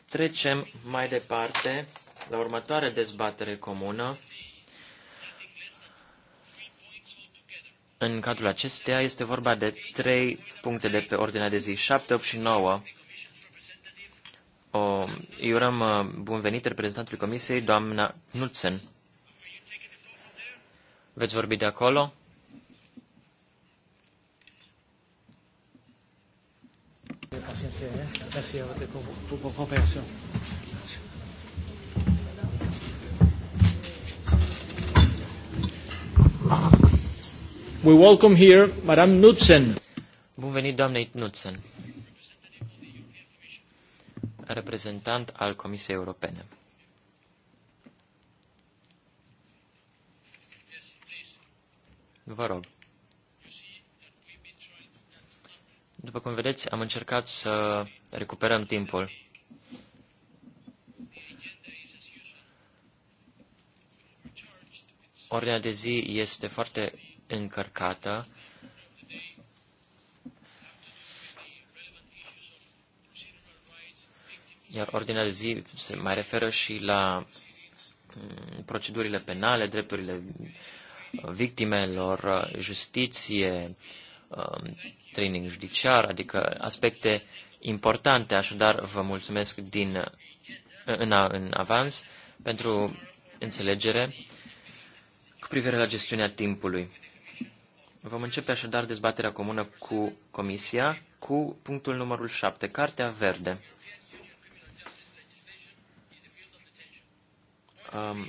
Speaker 4: Trecem mai departe la următoarea dezbatere comună, în cadrul acesteia este vorba de trei puncte de pe ordinea de zi, 7, 8 și 9. O, îi urăm bun venit reprezentantului Comisiei, doamna Nutzen. Veți vorbi de acolo?
Speaker 1: Gracias a te, eh? grazie a te, We
Speaker 4: welcome here Madame Knudsen. Bun venit, doamnei Knudsen, reprezentant al Comisiei Europene. Vă rog. După cum vedeți, am încercat să recuperăm timpul. Ordinea de zi este foarte încărcată Iar ordinea de zi se mai referă și la mm, procedurile penale, drepturile victimelor, justiție, um, training judiciar, adică aspecte importante. Așadar, vă mulțumesc din, în, în avans pentru înțelegere cu privire la gestiunea timpului. Vom începe așadar dezbaterea comună cu Comisia cu punctul numărul 7, Cartea Verde. Um,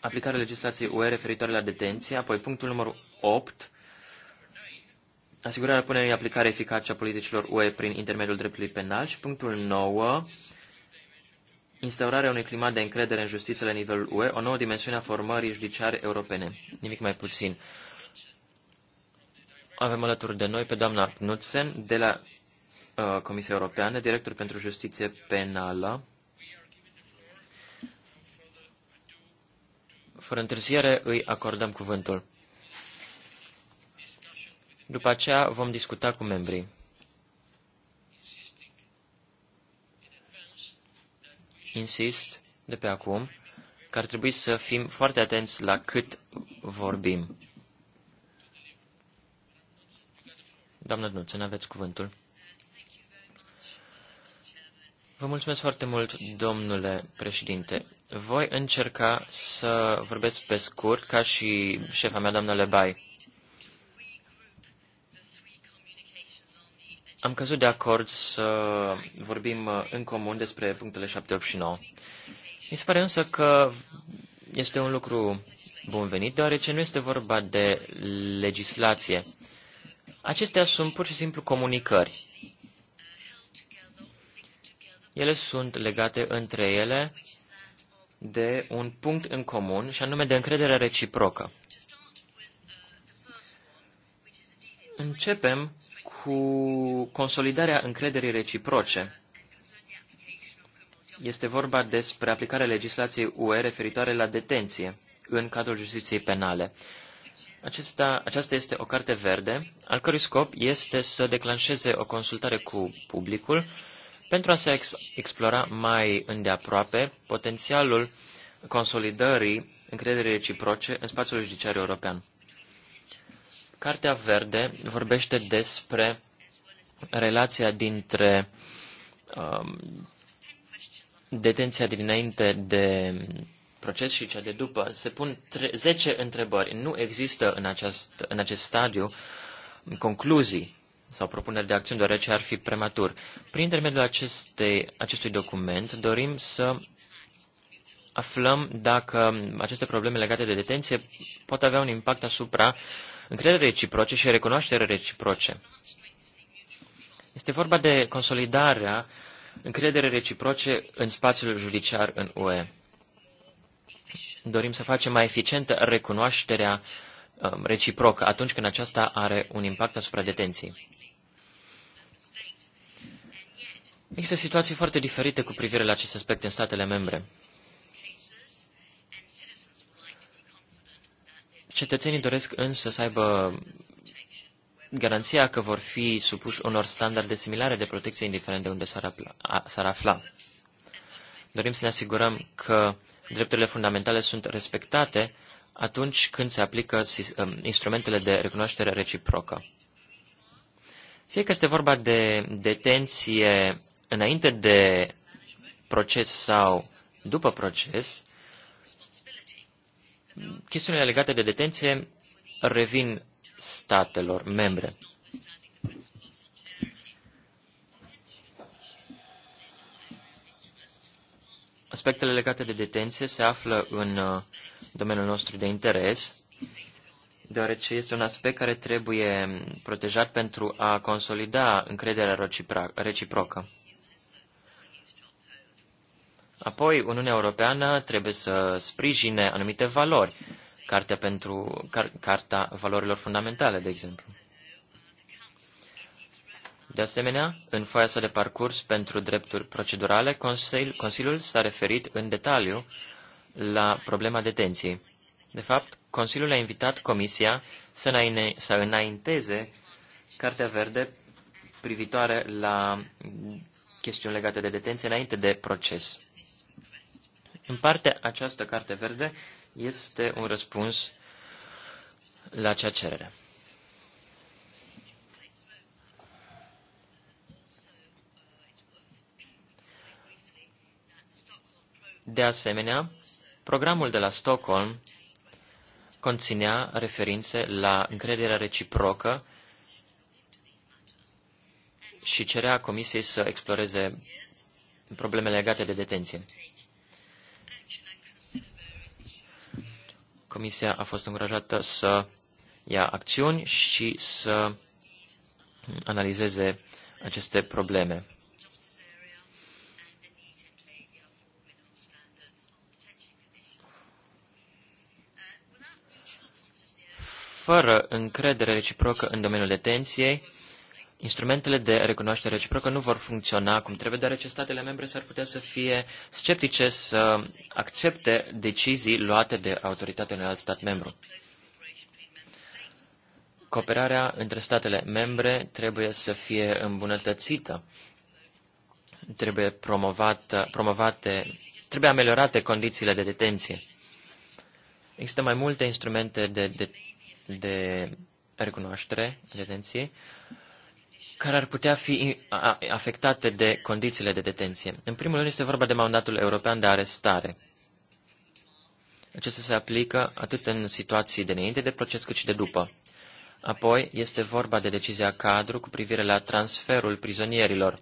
Speaker 4: aplicarea legislației UE referitoare la detenție, apoi punctul numărul 8, asigurarea punerii aplicare eficace a politicilor UE prin intermediul dreptului penal și punctul 9, instaurarea unui climat de încredere în justiție la nivelul UE, o nouă dimensiune a formării judiciare europene. Nimic mai puțin. Avem alături de noi pe doamna Knudsen de la uh, Comisia Europeană, director pentru justiție penală. Fără întârziere îi acordăm cuvântul. După aceea vom discuta cu membrii. Insist de pe acum că ar trebui să fim foarte atenți la cât vorbim. Doamnă ne aveți cuvântul. Vă mulțumesc foarte mult, domnule președinte. Voi încerca să vorbesc pe scurt, ca și șefa mea, doamna Lebai. Am căzut de acord să vorbim în comun despre punctele 7, 8 și 9. Mi se pare însă că este un lucru bun venit, deoarece nu este vorba de legislație. Acestea sunt pur și simplu comunicări. Ele sunt legate între ele de un punct în comun, și anume de încredere reciprocă. Începem cu consolidarea încrederii reciproce. Este vorba despre aplicarea legislației UE referitoare la detenție în cadrul justiției penale. Acesta, aceasta este o carte verde, al cărui scop este să declanșeze o consultare cu publicul pentru a se ex explora mai îndeaproape potențialul consolidării încrederii reciproce în spațiul judiciar european. Cartea verde vorbește despre relația dintre um, detenția dinainte de proces și cea de după, se pun 10 întrebări. Nu există în acest, în acest stadiu concluzii sau propuneri de acțiuni, deoarece ar fi prematur. Prin intermediul acestei, acestui document dorim să aflăm dacă aceste probleme legate de detenție pot avea un impact asupra încrederii reciproce și recunoașterii reciproce. Este vorba de consolidarea încrederii reciproce în spațiul judiciar în UE dorim să facem mai eficientă recunoașterea um, reciprocă atunci când aceasta are un impact asupra detenției. Există situații foarte diferite cu privire la acest aspect în statele membre. Cetățenii doresc însă să aibă garanția că vor fi supuși unor standarde similare de protecție, indiferent de unde s-ar afla. Dorim să ne asigurăm că drepturile fundamentale sunt respectate atunci când se aplică um, instrumentele de recunoaștere reciprocă. Fie că este vorba de detenție înainte de proces sau după proces, chestiunile legate de detenție revin statelor membre. Aspectele legate de detenție se află în uh, domeniul nostru de interes, deoarece este un aspect care trebuie protejat pentru a consolida încrederea reciprocă. Apoi, Uniunea Europeană trebuie să sprijine anumite valori, Cartea, pentru, car, Carta Valorilor Fundamentale, de exemplu. De asemenea, în foaia sa de parcurs pentru drepturi procedurale, Consiliul s-a referit în detaliu la problema detenției. De fapt, Consiliul a invitat Comisia să, înaine, să înainteze Cartea Verde privitoare la chestiuni legate de detenție înainte de proces. În parte, această Carte Verde este un răspuns la acea cerere. De asemenea, programul de la Stockholm conținea referințe la încrederea reciprocă și cerea Comisiei să exploreze probleme legate de detenție. Comisia a fost încurajată să ia acțiuni și să analizeze aceste probleme. fără încredere reciprocă în domeniul detenției, instrumentele de recunoaștere reciprocă nu vor funcționa cum trebuie, deoarece statele membre s-ar putea să fie sceptice să accepte decizii luate de autoritatea unui alt stat membru. Cooperarea între statele membre trebuie să fie îmbunătățită, trebuie promovată, promovate, trebuie ameliorate condițiile de detenție. Există mai multe instrumente de, de de recunoaștere de detenție, care ar putea fi afectate de condițiile de detenție. În primul rând este vorba de mandatul european de arestare. Acesta se aplică atât în situații de înainte de proces cât și de după. Apoi este vorba de decizia cadru cu privire la transferul prizonierilor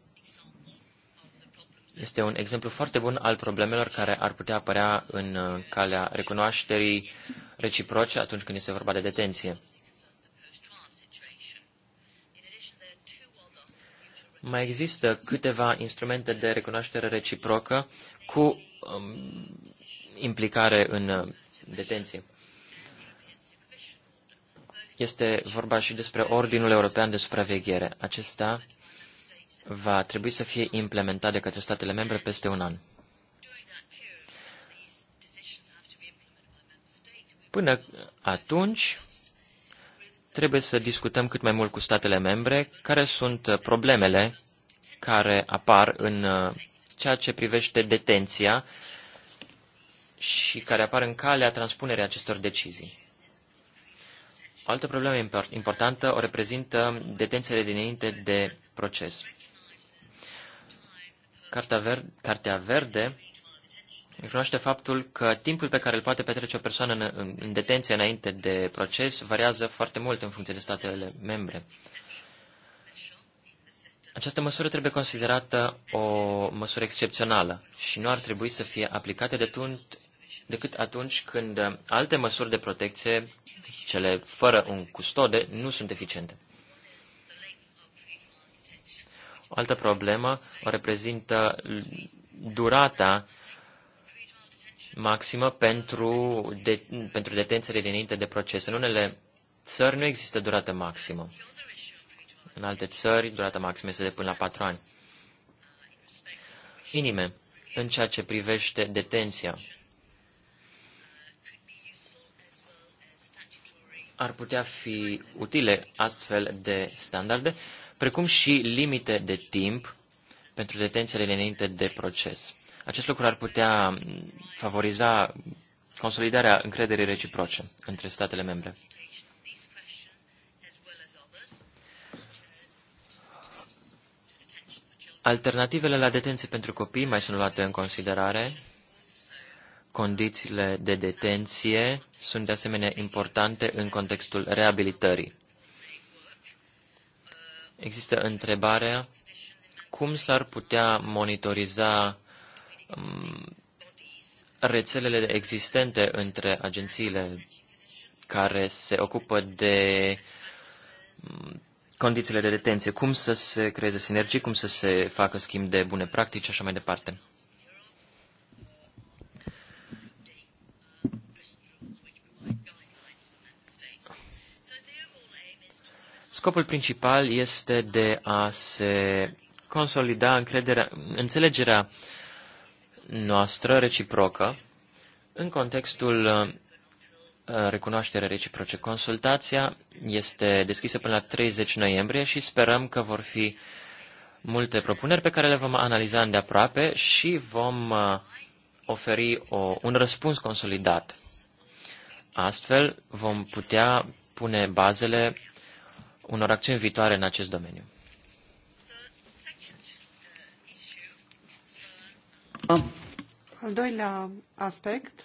Speaker 4: este un exemplu foarte bun al problemelor care ar putea apărea în uh, calea recunoașterii reciproce atunci când este vorba de detenție. Mai există câteva instrumente de recunoaștere reciprocă cu um, implicare în uh, detenție. Este vorba și despre Ordinul European de Supraveghere. Acesta va trebui să fie implementat de către statele membre peste un an. Până atunci, trebuie să discutăm cât mai mult cu statele membre care sunt problemele care apar în uh, ceea ce privește detenția și care apar în calea transpunerii acestor decizii. O altă problemă importantă o reprezintă detențiile dinainte de proces. Cartea Verde, Cartea Verde recunoaște faptul că timpul pe care îl poate petrece o persoană în, în, în detenție înainte de proces variază foarte mult în funcție de statele membre. Această măsură trebuie considerată o măsură excepțională și nu ar trebui să fie aplicată de tunt, decât atunci când alte măsuri de protecție, cele fără un custode, nu sunt eficiente. O altă problemă o reprezintă durata maximă pentru, de, pentru detențiile dinainte de proces. În unele țări nu există durată maximă. În alte țări, durata maximă este de până la patru ani. Inime, în ceea ce privește detenția, ar putea fi utile astfel de standarde precum și limite de timp pentru detențiile înainte de proces. Acest lucru ar putea favoriza consolidarea încrederii reciproce între statele membre. Alternativele la detenție pentru copii mai sunt luate în considerare. Condițiile de detenție sunt de asemenea importante în contextul reabilitării există întrebarea cum s-ar putea monitoriza mm, rețelele existente între agențiile care se ocupă de mm, condițiile de detenție, cum să se creeze sinergii, cum să se facă schimb de bune practici și așa mai departe. Scopul principal este de a se consolida încrederea, înțelegerea noastră reciprocă în contextul uh, recunoaștere reciproce. Consultația este deschisă până la 30 noiembrie și sperăm că vor fi multe propuneri pe care le vom analiza îndeaproape și vom uh, oferi o, un răspuns consolidat. Astfel vom putea pune bazele unor acțiuni viitoare în acest domeniu.
Speaker 2: Al doilea aspect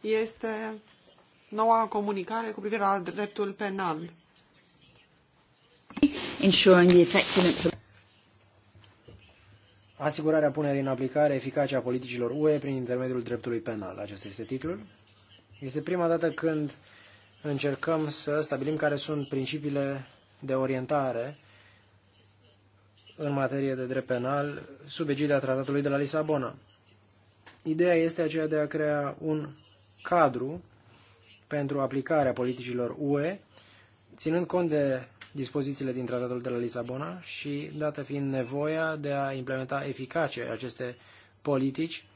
Speaker 2: este noua comunicare cu privire la dreptul penal.
Speaker 1: Asigurarea punerii în aplicare eficace a politicilor UE prin intermediul dreptului penal. Acesta este titlul. Este prima dată când încercăm să stabilim care sunt principiile de orientare în materie de drept penal sub egida tratatului de la Lisabona. Ideea este aceea de a crea un cadru pentru aplicarea politicilor UE, ținând cont de dispozițiile din tratatul de la Lisabona și dată fiind nevoia de a implementa eficace aceste politici,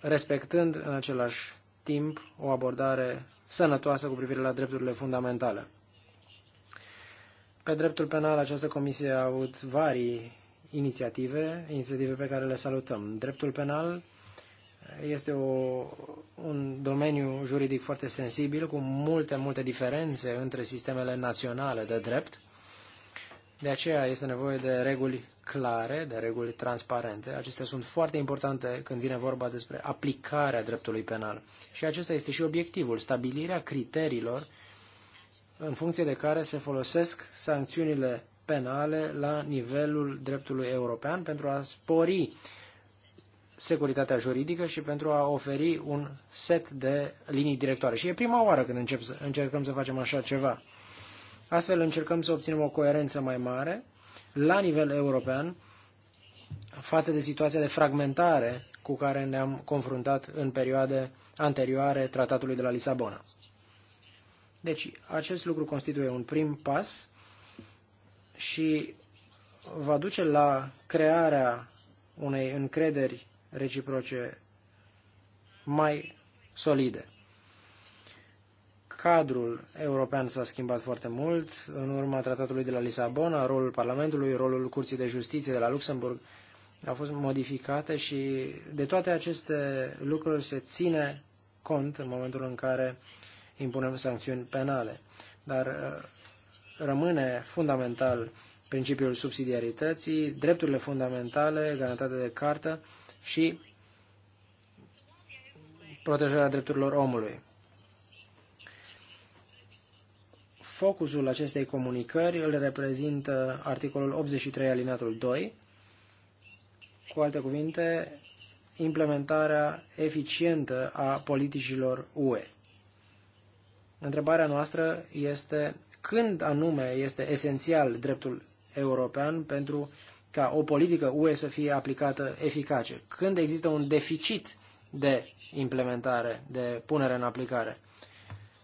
Speaker 1: respectând în același timp o abordare sănătoasă cu privire la drepturile fundamentale. Pe dreptul penal, această comisie a avut vari inițiative, inițiative pe care le salutăm. Dreptul penal este o, un domeniu juridic foarte sensibil, cu multe, multe diferențe între sistemele naționale de drept. De aceea este nevoie de reguli clare, de reguli transparente. Acestea sunt foarte importante când vine vorba despre aplicarea dreptului penal. Și acesta este și obiectivul, stabilirea criteriilor în funcție de care se folosesc sancțiunile penale la nivelul dreptului european pentru a spori securitatea juridică și pentru a oferi un set de linii directoare. Și e prima oară când încep să, încercăm să facem așa ceva. Astfel încercăm să obținem o coerență mai mare la nivel european față de situația de fragmentare cu care ne-am confruntat în perioade anterioare tratatului de la Lisabona. Deci, acest lucru constituie un prim pas și va duce la crearea unei încrederi reciproce mai solide cadrul european s-a schimbat foarte mult. În urma tratatului de la Lisabona, rolul Parlamentului, rolul Curții de Justiție de la Luxemburg au fost modificate și de toate aceste lucruri se ține cont în momentul în care impunem sancțiuni penale. Dar uh, rămâne fundamental principiul subsidiarității, drepturile fundamentale garantate de cartă și protejarea drepturilor omului. Focusul acestei comunicări îl reprezintă articolul 83 alinatul 2, cu alte cuvinte, implementarea eficientă a politicilor UE. Întrebarea noastră este când anume este esențial dreptul european pentru ca o politică UE să fie aplicată eficace, când există un deficit de implementare, de punere în aplicare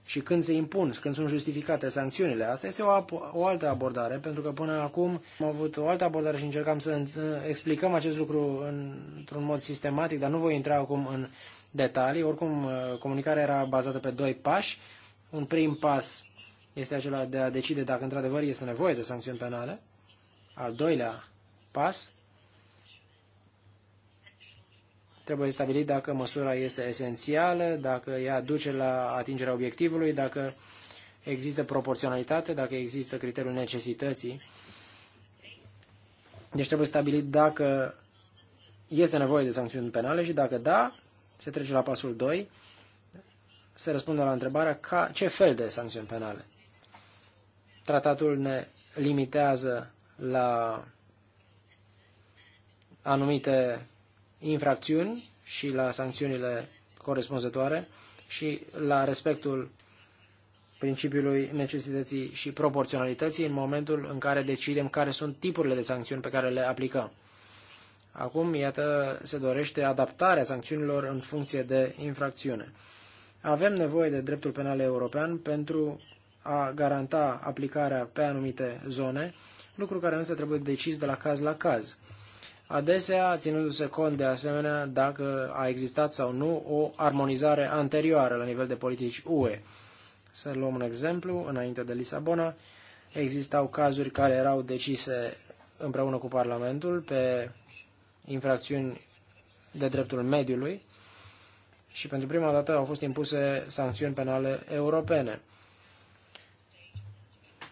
Speaker 1: și când se impun, când sunt justificate sancțiunile. Asta este o, o altă abordare, pentru că până acum am avut o altă abordare și încercam să explicăm acest lucru în, într-un mod sistematic, dar nu voi intra acum în detalii. Oricum, uh, comunicarea era bazată pe doi pași. Un prim pas este acela de a decide dacă într-adevăr este nevoie de sancțiuni penale. Al doilea pas Trebuie stabilit dacă măsura este esențială, dacă ea duce la atingerea obiectivului, dacă există proporționalitate, dacă există criteriul necesității. Deci trebuie stabilit dacă este nevoie de sancțiuni penale și dacă da, se trece la pasul 2, se răspunde la întrebarea ca, ce fel de sancțiuni penale. Tratatul ne limitează la anumite infracțiuni și la sancțiunile corespunzătoare și la respectul principiului necesității și proporționalității în momentul în care decidem care sunt tipurile de sancțiuni pe care le aplicăm. Acum, iată, se dorește adaptarea sancțiunilor în funcție de infracțiune. Avem nevoie de dreptul penal european pentru a garanta aplicarea pe anumite zone, lucru care însă trebuie decis de la caz la caz adesea ținându-se cont de asemenea dacă a existat sau nu o armonizare anterioară la nivel de politici UE. Să luăm un exemplu, înainte de Lisabona, existau cazuri care erau decise împreună cu Parlamentul pe infracțiuni de dreptul mediului și pentru prima dată au fost impuse sancțiuni penale europene.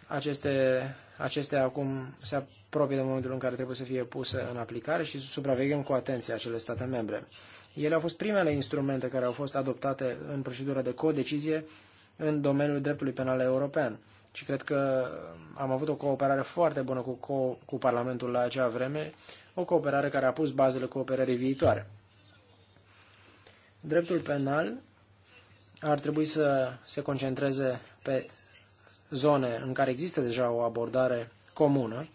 Speaker 1: Aceste, acestea acum se proprie de momentul în care trebuie să fie pusă în aplicare și supraveghem cu atenție acele state membre. Ele au fost primele instrumente care au fost adoptate în procedura de codecizie în domeniul dreptului penal european. Și cred că am avut o cooperare foarte bună cu, co- cu Parlamentul la acea vreme, o cooperare care a pus bazele cooperării viitoare. Dreptul penal ar trebui să se concentreze pe zone în care există deja o abordare comună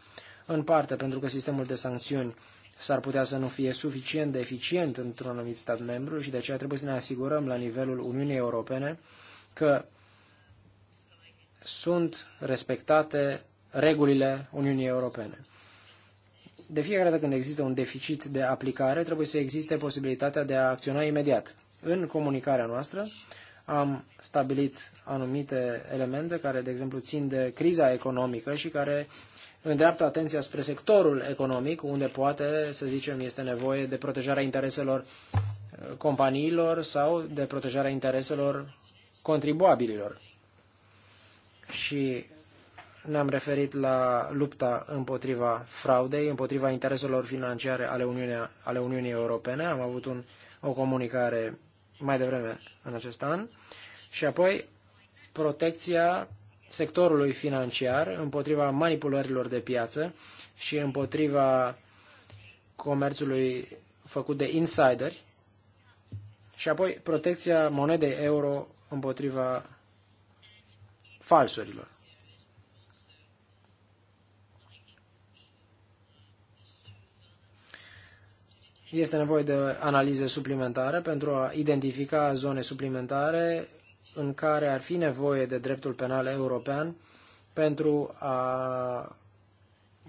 Speaker 1: în parte pentru că sistemul de sancțiuni s-ar putea să nu fie suficient de eficient într-un anumit stat membru și de aceea trebuie să ne asigurăm la nivelul Uniunii Europene că sunt respectate regulile Uniunii Europene. De fiecare dată când există un deficit de aplicare, trebuie să existe posibilitatea de a acționa imediat. În comunicarea noastră am stabilit anumite elemente care, de exemplu, țin de criza economică și care îndreaptă atenția spre sectorul economic, unde poate, să zicem, este nevoie de protejarea intereselor uh, companiilor sau de protejarea intereselor contribuabililor. Și ne-am referit la lupta împotriva fraudei, împotriva intereselor financiare ale Uniunii, ale Uniunii Europene. Am avut un, o comunicare mai devreme în acest an. Și apoi protecția sectorului financiar, împotriva manipulărilor de piață și împotriva comerțului făcut de insideri și apoi protecția monedei euro împotriva falsurilor. Este nevoie de analize suplimentare pentru a identifica zone suplimentare în care ar fi nevoie de dreptul penal european pentru a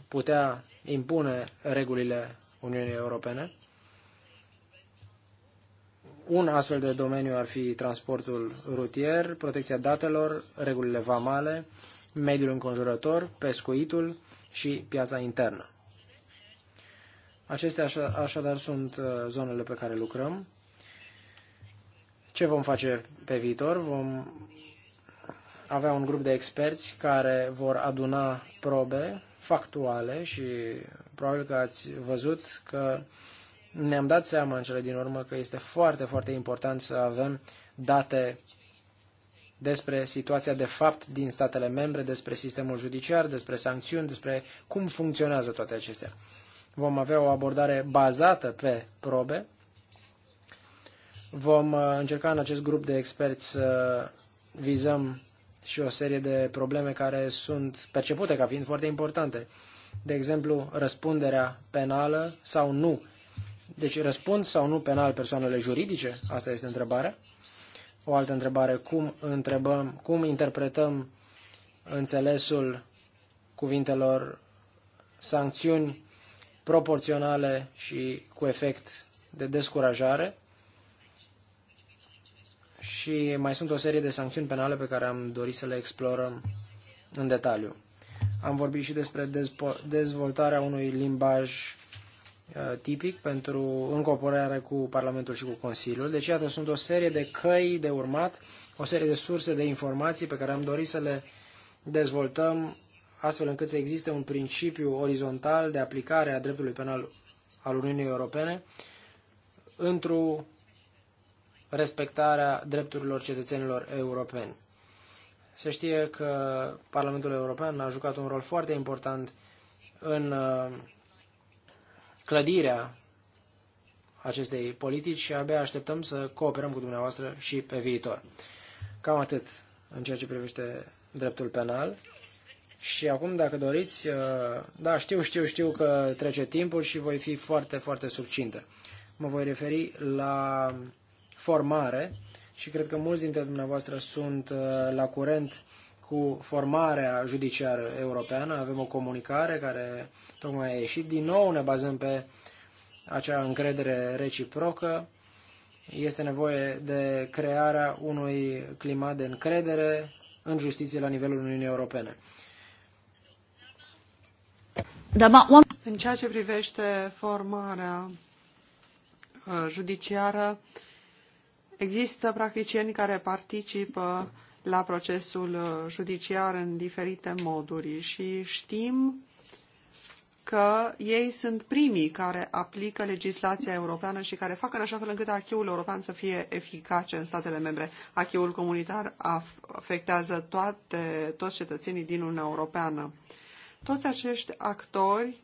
Speaker 1: putea impune regulile Uniunii Europene. Un astfel de domeniu ar fi transportul rutier, protecția datelor, regulile vamale, mediul înconjurător, pescuitul și piața internă. Acestea așadar sunt uh, zonele pe care lucrăm. Ce vom face pe viitor? Vom avea un grup de experți care vor aduna probe factuale și probabil că ați văzut că ne-am dat seama în cele din urmă că este foarte, foarte important să avem date despre situația de fapt din statele membre, despre sistemul judiciar, despre sancțiuni, despre cum funcționează toate acestea. Vom avea o abordare bazată pe probe Vom uh, încerca în acest grup de experți să vizăm și o serie de probleme care sunt percepute ca fiind foarte importante. De exemplu, răspunderea penală sau nu. Deci răspund sau nu penal persoanele juridice? Asta este întrebarea. O altă întrebare, cum întrebăm, cum interpretăm înțelesul cuvintelor sancțiuni proporționale și cu efect de descurajare? și mai sunt o serie de sancțiuni penale pe care am dorit să le explorăm în detaliu. Am vorbit și despre dezvoltarea unui limbaj uh, tipic pentru încorporare cu Parlamentul și cu Consiliul. Deci, iată, sunt o serie de căi de urmat, o serie de surse de informații pe care am dorit să le dezvoltăm astfel încât să existe un principiu orizontal de aplicare a dreptului penal al Uniunii Europene într-o respectarea drepturilor cetățenilor europeni. Se știe că Parlamentul European a jucat un rol foarte important în uh, clădirea acestei politici și abia așteptăm să cooperăm cu dumneavoastră și pe viitor. Cam atât în ceea ce privește dreptul penal. Și acum, dacă doriți, uh, da, știu, știu, știu că trece timpul și voi fi foarte, foarte succintă. Mă voi referi la formare și cred că mulți dintre dumneavoastră sunt uh, la curent cu formarea judiciară europeană. Avem o comunicare care tocmai a ieșit. Din nou ne bazăm pe acea încredere reciprocă. Este nevoie de crearea unui climat de încredere în justiție la nivelul Uniunii Europene.
Speaker 2: În ceea ce privește formarea uh, judiciară, Există practicieni care participă la procesul uh, judiciar în diferite moduri și știm că ei sunt primii care aplică legislația europeană și care fac în așa fel încât acheul european să fie eficace în statele membre. Acheul comunitar afectează toate, toți cetățenii din Uniunea Europeană. Toți acești actori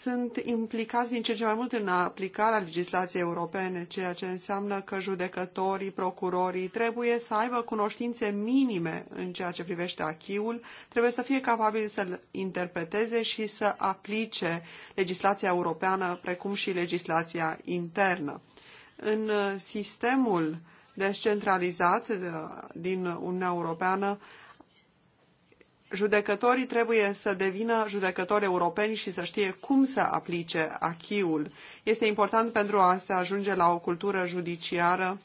Speaker 2: sunt implicați din ce ce mai mult în aplicarea legislației europene, ceea ce înseamnă că judecătorii, procurorii trebuie să aibă cunoștințe minime în ceea ce privește achiul, trebuie să fie capabili să-l interpreteze și să aplice legislația europeană, precum și legislația internă. În sistemul descentralizat uh, din Uniunea Europeană, judecătorii trebuie să devină judecători europeni și să știe cum să aplice achiul. Este important pentru a se ajunge la o cultură judiciară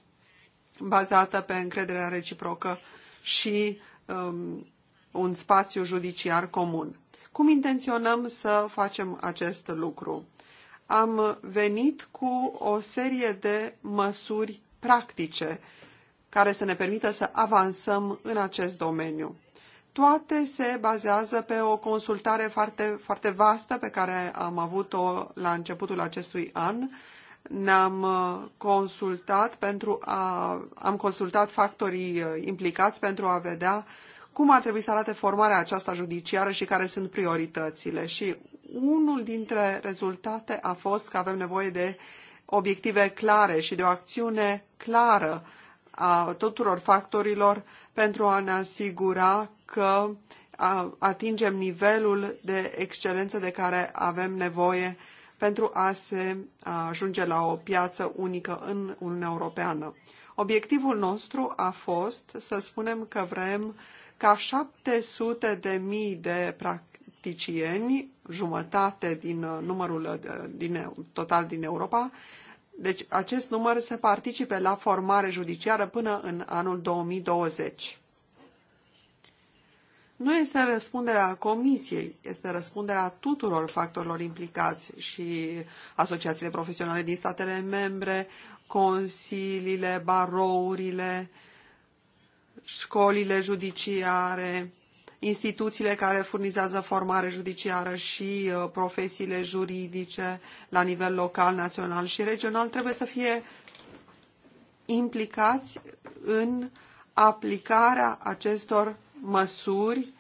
Speaker 2: bazată pe încrederea reciprocă și um, un spațiu judiciar comun. Cum intenționăm să facem acest lucru? Am venit cu o serie de măsuri practice care să ne permită să avansăm în acest domeniu. Toate se bazează pe o consultare foarte, foarte vastă pe care am avut-o la începutul acestui an. Ne-am uh, consultat pentru a, am consultat factorii uh, implicați pentru a vedea cum ar trebui să arate formarea aceasta judiciară și care sunt prioritățile. Și unul dintre rezultate a fost că avem nevoie de obiective clare și de o acțiune clară a tuturor factorilor pentru a ne asigura că atingem nivelul de excelență de care avem nevoie pentru a se ajunge la o piață unică în Uniunea Europeană. Obiectivul nostru a fost să spunem că vrem ca 700 de mii de practicieni, jumătate din uh, numărul uh, din, uh, total din Europa, deci acest număr să participe la formare judiciară până în anul 2020. Nu este răspunderea comisiei, este răspunderea tuturor factorilor implicați și asociațiile profesionale din statele membre, consiliile, barourile, școlile judiciare, instituțiile care furnizează formare judiciară și uh, profesiile juridice la nivel local, național și regional trebuie să fie implicați în aplicarea acestor măsuri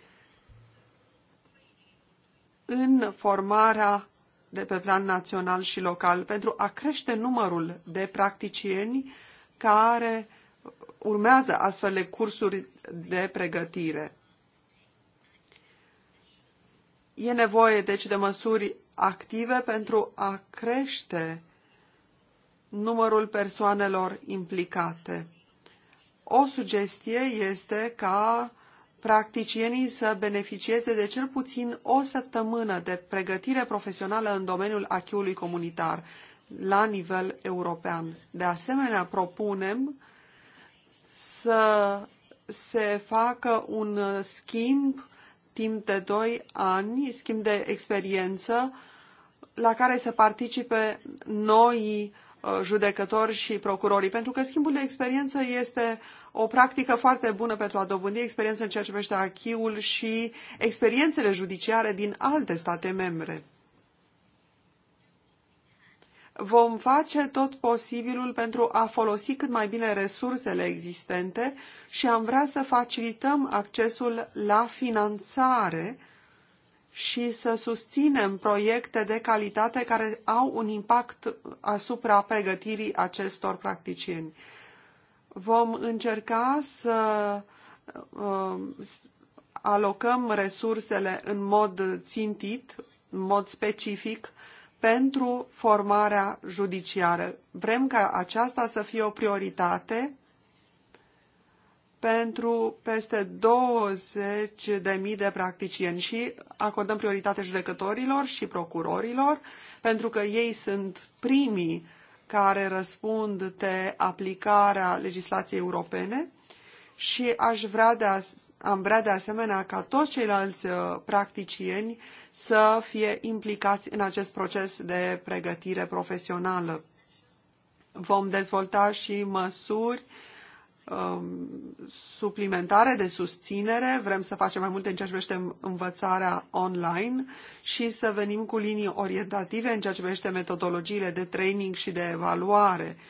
Speaker 2: în formarea de pe plan național și local pentru a crește numărul de practicieni care urmează astfel de cursuri de pregătire. E nevoie, deci, de măsuri active pentru a crește numărul persoanelor implicate. O sugestie este ca practicienii să beneficieze de cel puțin o săptămână de pregătire profesională în domeniul achiului comunitar la nivel european. De asemenea, propunem să se facă un schimb timp de 2 ani, schimb de experiență, la care să participe noi uh, judecători și procurorii, pentru că schimbul de experiență este o practică foarte bună pentru a dobândi experiență în ceea ce privește achiul și experiențele judiciare din alte state membre vom face tot posibilul pentru a folosi cât mai bine resursele existente și am vrea să facilităm accesul la finanțare și să susținem proiecte de calitate care au un impact asupra pregătirii acestor practicieni. Vom încerca să uh, alocăm resursele în mod țintit, în mod specific, uh, pentru formarea judiciară. Vrem ca aceasta să fie o prioritate pentru peste 20.000 de mii de practicieni și acordăm prioritate judecătorilor și procurorilor, pentru că ei sunt primii care răspund de aplicarea legislației europene și aș vrea de am vrea de asemenea ca toți ceilalți uh, practicieni să fie implicați în acest proces de pregătire profesională. Vom dezvolta și măsuri um, suplimentare de susținere, vrem să facem mai multe în ceea ce privește învățarea online și să venim cu linii orientative în ceea ce privește metodologiile de training și de evaluare. Uh,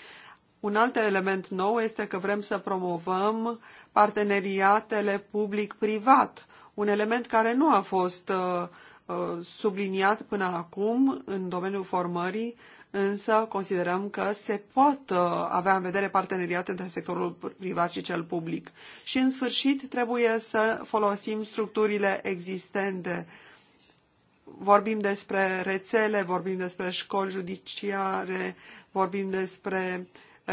Speaker 2: un alt element nou este că vrem să promovăm parteneriatele public-privat, un element care nu a fost uh, uh, subliniat până acum în domeniul formării, însă considerăm că se pot uh, avea în vedere parteneriate între sectorul privat și cel public. Și, în sfârșit, trebuie să folosim structurile existente. Vorbim despre rețele, vorbim despre școli judiciare, vorbim despre uh,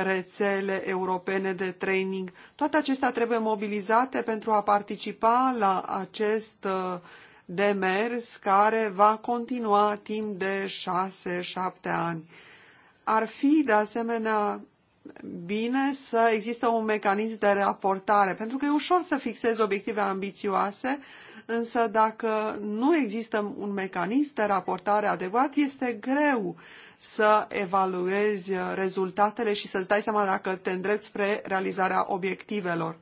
Speaker 2: rețele europene de training. Toate acestea trebuie mobilizate pentru a participa la acest uh, demers care va continua timp de șase-șapte ani. Ar fi, de asemenea, bine să există un mecanism de raportare, pentru că e ușor să fixezi obiective ambițioase, însă dacă nu există un mecanism de raportare adecvat, este greu uh, să evaluezi uh, rezultatele și să-ți dai seama dacă te îndrepți spre realizarea obiectivelor.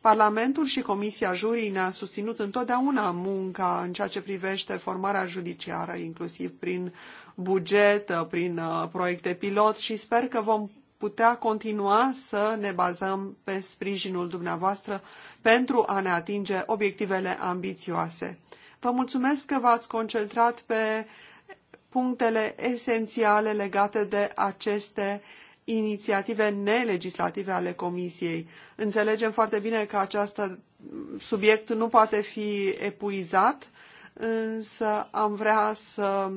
Speaker 2: Parlamentul și Comisia Jurii ne-a susținut întotdeauna munca în ceea ce privește formarea judiciară, inclusiv prin buget, uh, prin uh, proiecte pilot și sper că vom putea continua să ne bazăm pe sprijinul dumneavoastră pentru a ne atinge obiectivele ambițioase. Vă mulțumesc că v-ați concentrat pe punctele esențiale legate de aceste inițiative nelegislative ale Comisiei. Înțelegem foarte bine că acest mm, subiect nu poate fi epuizat, însă am vrea să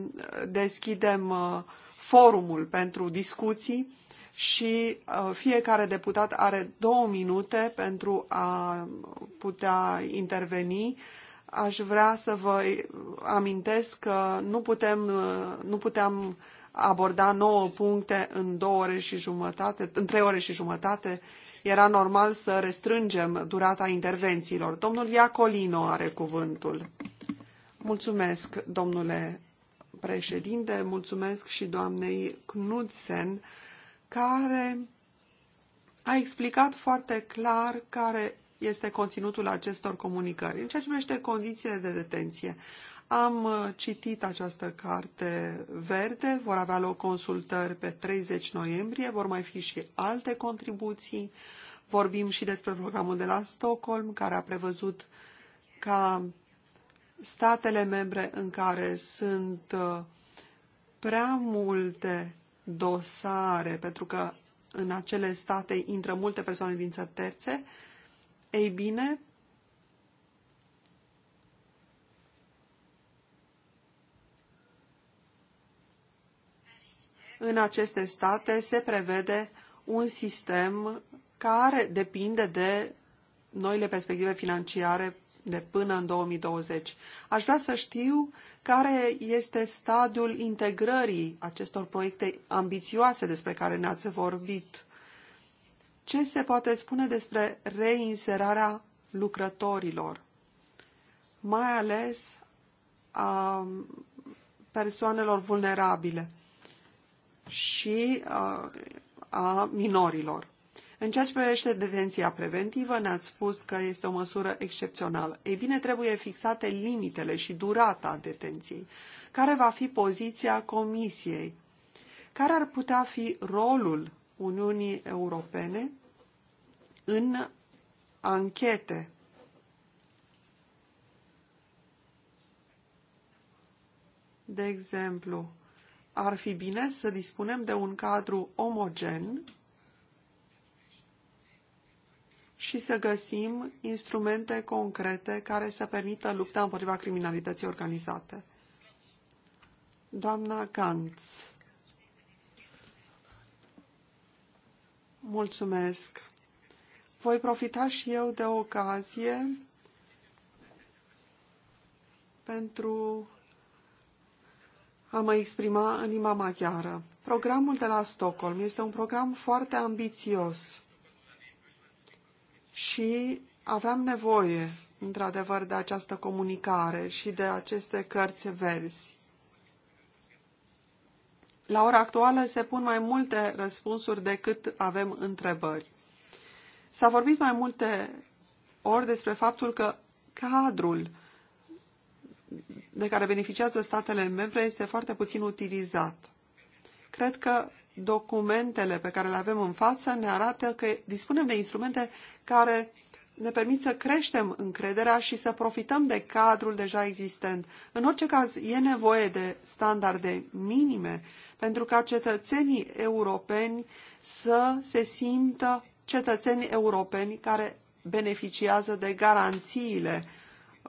Speaker 2: deschidem uh, forumul pentru discuții și uh, fiecare deputat are două minute pentru a putea interveni aș vrea să vă amintesc că nu, putem, nu puteam aborda nouă puncte în două ore și jumătate, în trei ore și jumătate. Era normal să restrângem durata intervențiilor. Domnul Iacolino are cuvântul. Mulțumesc, domnule președinte, mulțumesc și doamnei Knudsen, care a explicat foarte clar care este conținutul acestor comunicări. În ceea ce privește condițiile de detenție, am uh, citit această carte verde, vor avea loc consultări pe 30 noiembrie, vor mai fi și alte contribuții. Vorbim și despre programul de la Stockholm, care a prevăzut ca statele membre în care sunt uh, prea multe dosare, pentru că în acele state intră multe persoane din țări terțe, ei bine, în aceste state se prevede un sistem care depinde de noile perspective financiare de până în 2020. Aș vrea să știu care este stadiul integrării acestor proiecte ambițioase despre care ne-ați vorbit. Ce se poate spune despre reinserarea lucrătorilor, mai ales a persoanelor vulnerabile și uh, a minorilor? În ceea ce privește detenția preventivă, ne-ați spus că este o măsură excepțională. Ei bine, trebuie fixate limitele și durata detenției. Care va fi poziția Comisiei? Care ar putea fi rolul Uniunii Europene în anchete. De exemplu, ar fi bine să dispunem de un cadru omogen și să găsim instrumente concrete care să permită lupta împotriva criminalității organizate. Doamna Gantz. Mulțumesc. Voi profita și eu de ocazie pentru a mă exprima în limba maghiară. Programul de la Stockholm este un program foarte ambițios și aveam nevoie, într-adevăr, de această comunicare și de aceste cărți verzi. La ora actuală se pun mai multe răspunsuri decât avem întrebări. S-a vorbit mai multe ori despre faptul că cadrul de care beneficiază statele membre este foarte puțin utilizat. Cred că documentele pe care le avem în față ne arată că dispunem de instrumente care ne permit să creștem încrederea și să profităm de cadrul deja existent. În orice caz, e nevoie de standarde minime pentru ca cetățenii europeni să se simtă cetățeni europeni care beneficiază de garanțiile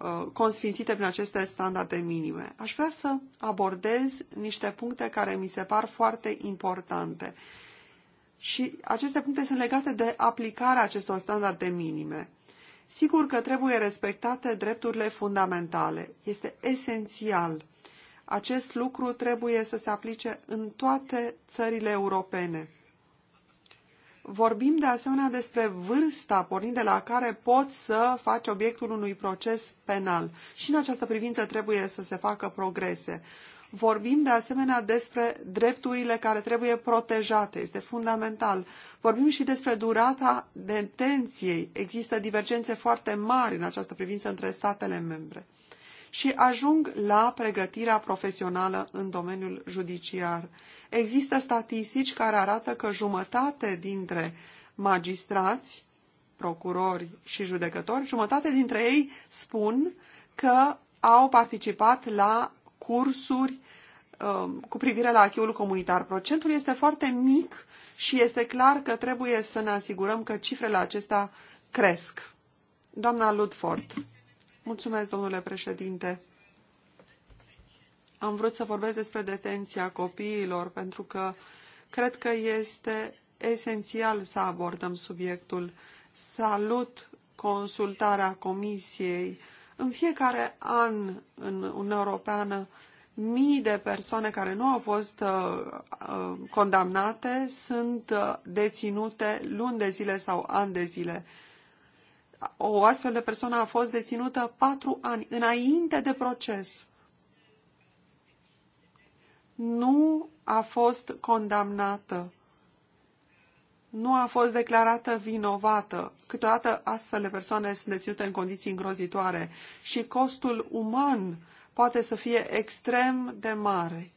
Speaker 2: uh, consfințite prin aceste standarde minime. Aș vrea să abordez niște puncte care mi se par foarte importante. Și aceste puncte sunt legate de aplicarea acestor standarde minime. Sigur că trebuie respectate drepturile fundamentale. Este esențial. Acest lucru trebuie să se aplice în toate țările europene. Vorbim de asemenea despre vârsta pornind de la care poți să faci obiectul unui proces penal și în această privință trebuie să se facă progrese. Vorbim de asemenea despre drepturile care trebuie protejate, este fundamental. Vorbim și despre durata detenției. Există divergențe foarte mari în această privință între statele membre și ajung la pregătirea profesională în domeniul judiciar. Există statistici care arată că jumătate dintre magistrați, procurori și judecători, jumătate dintre ei spun că au participat la cursuri um, cu privire la achiul comunitar. Procentul este foarte mic și este clar că trebuie să ne asigurăm că cifrele acestea cresc. Doamna Ludford. Mulțumesc, domnule președinte. Am vrut să vorbesc despre detenția copiilor, pentru că cred că este esențial să abordăm subiectul. Salut consultarea Comisiei. În fiecare an în Uniunea Europeană, mii de persoane care nu au fost uh, uh condamnate sunt uh, deținute luni de zile sau ani de zile o astfel de persoană a fost deținută patru ani înainte de proces. Nu a fost condamnată. Nu a fost declarată vinovată. Câteodată astfel de persoane sunt deținute în condiții îngrozitoare și costul uman poate să fie extrem de mare.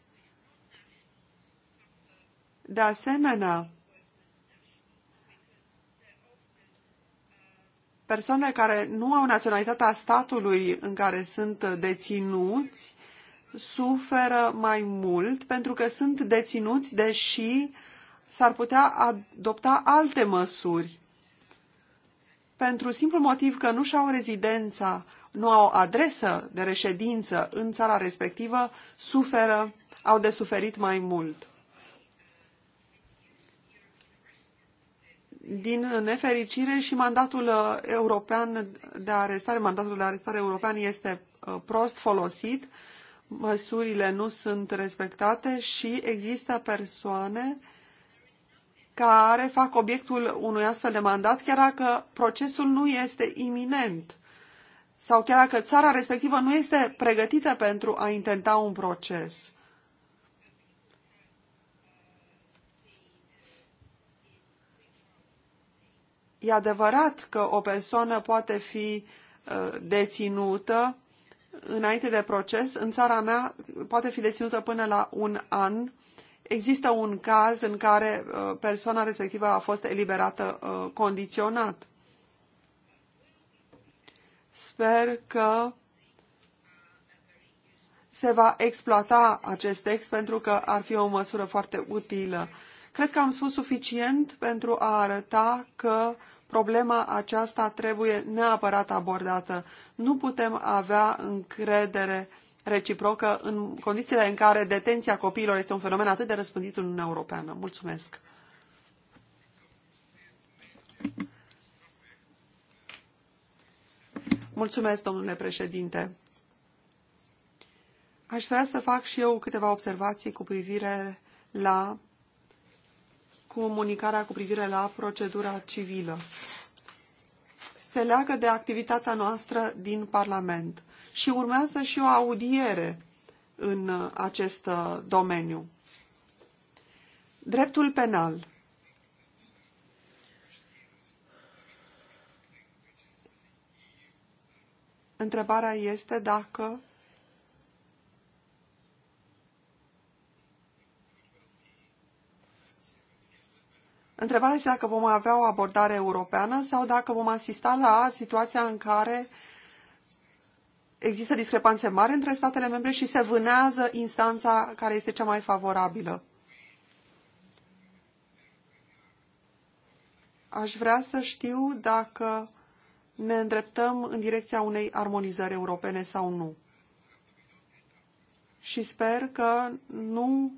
Speaker 2: De asemenea, persoanele care nu au naționalitatea statului în care sunt deținuți suferă mai mult pentru că sunt deținuți deși s-ar putea adopta alte măsuri. Pentru simplu motiv că nu și-au rezidența, nu au adresă de reședință în țara respectivă, suferă, au de suferit mai mult. Din nefericire și mandatul uh, european de arestare, mandatul de arestare european este uh, prost folosit, măsurile nu sunt respectate și există persoane care fac obiectul unui astfel de mandat, chiar dacă procesul nu este iminent sau chiar dacă țara respectivă nu este pregătită pentru a intenta un proces. E adevărat că o persoană poate fi uh, deținută înainte de proces. În țara mea poate fi deținută până la un an. Există un caz în care uh, persoana respectivă a fost eliberată uh, condiționat. Sper că se va exploata acest text pentru că ar fi o măsură foarte utilă. Cred că am spus suficient pentru a arăta că problema aceasta trebuie neapărat abordată. Nu putem avea încredere reciprocă în condițiile în care detenția copiilor este un fenomen atât de răspândit în Uniunea Europeană. Mulțumesc! Mulțumesc, domnule președinte. Aș vrea să fac și eu câteva observații cu privire la comunicarea cu privire la procedura civilă. Se leagă de activitatea noastră din Parlament și urmează și o audiere în uh, acest uh, domeniu. Dreptul penal. Întrebarea este dacă Întrebarea este dacă vom avea o abordare europeană sau dacă vom asista la situația în care există discrepanțe mari între statele membre și se vânează instanța care este cea mai favorabilă. Aș vrea să știu dacă ne îndreptăm în direcția unei armonizări europene sau nu. Și sper că nu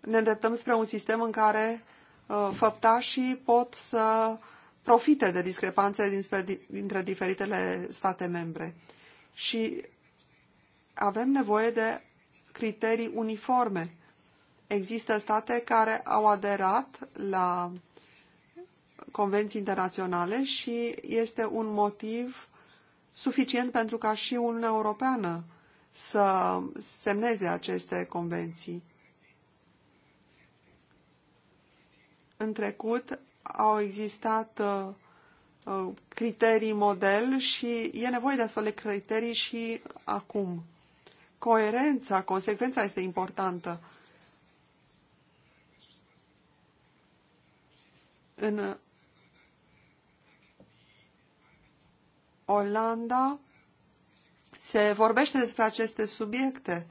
Speaker 2: ne îndreptăm spre un sistem în care Uh, făptașii pot să profite de discrepanțele dintre diferitele state membre. Și avem nevoie de criterii uniforme. Există state care au aderat la convenții internaționale și este un motiv suficient pentru ca și Uniunea Europeană să semneze aceste convenții. În trecut au existat uh, uh, criterii model și e nevoie de astfel de criterii și acum. Coerența, consecvența este importantă. În Olanda se vorbește despre aceste subiecte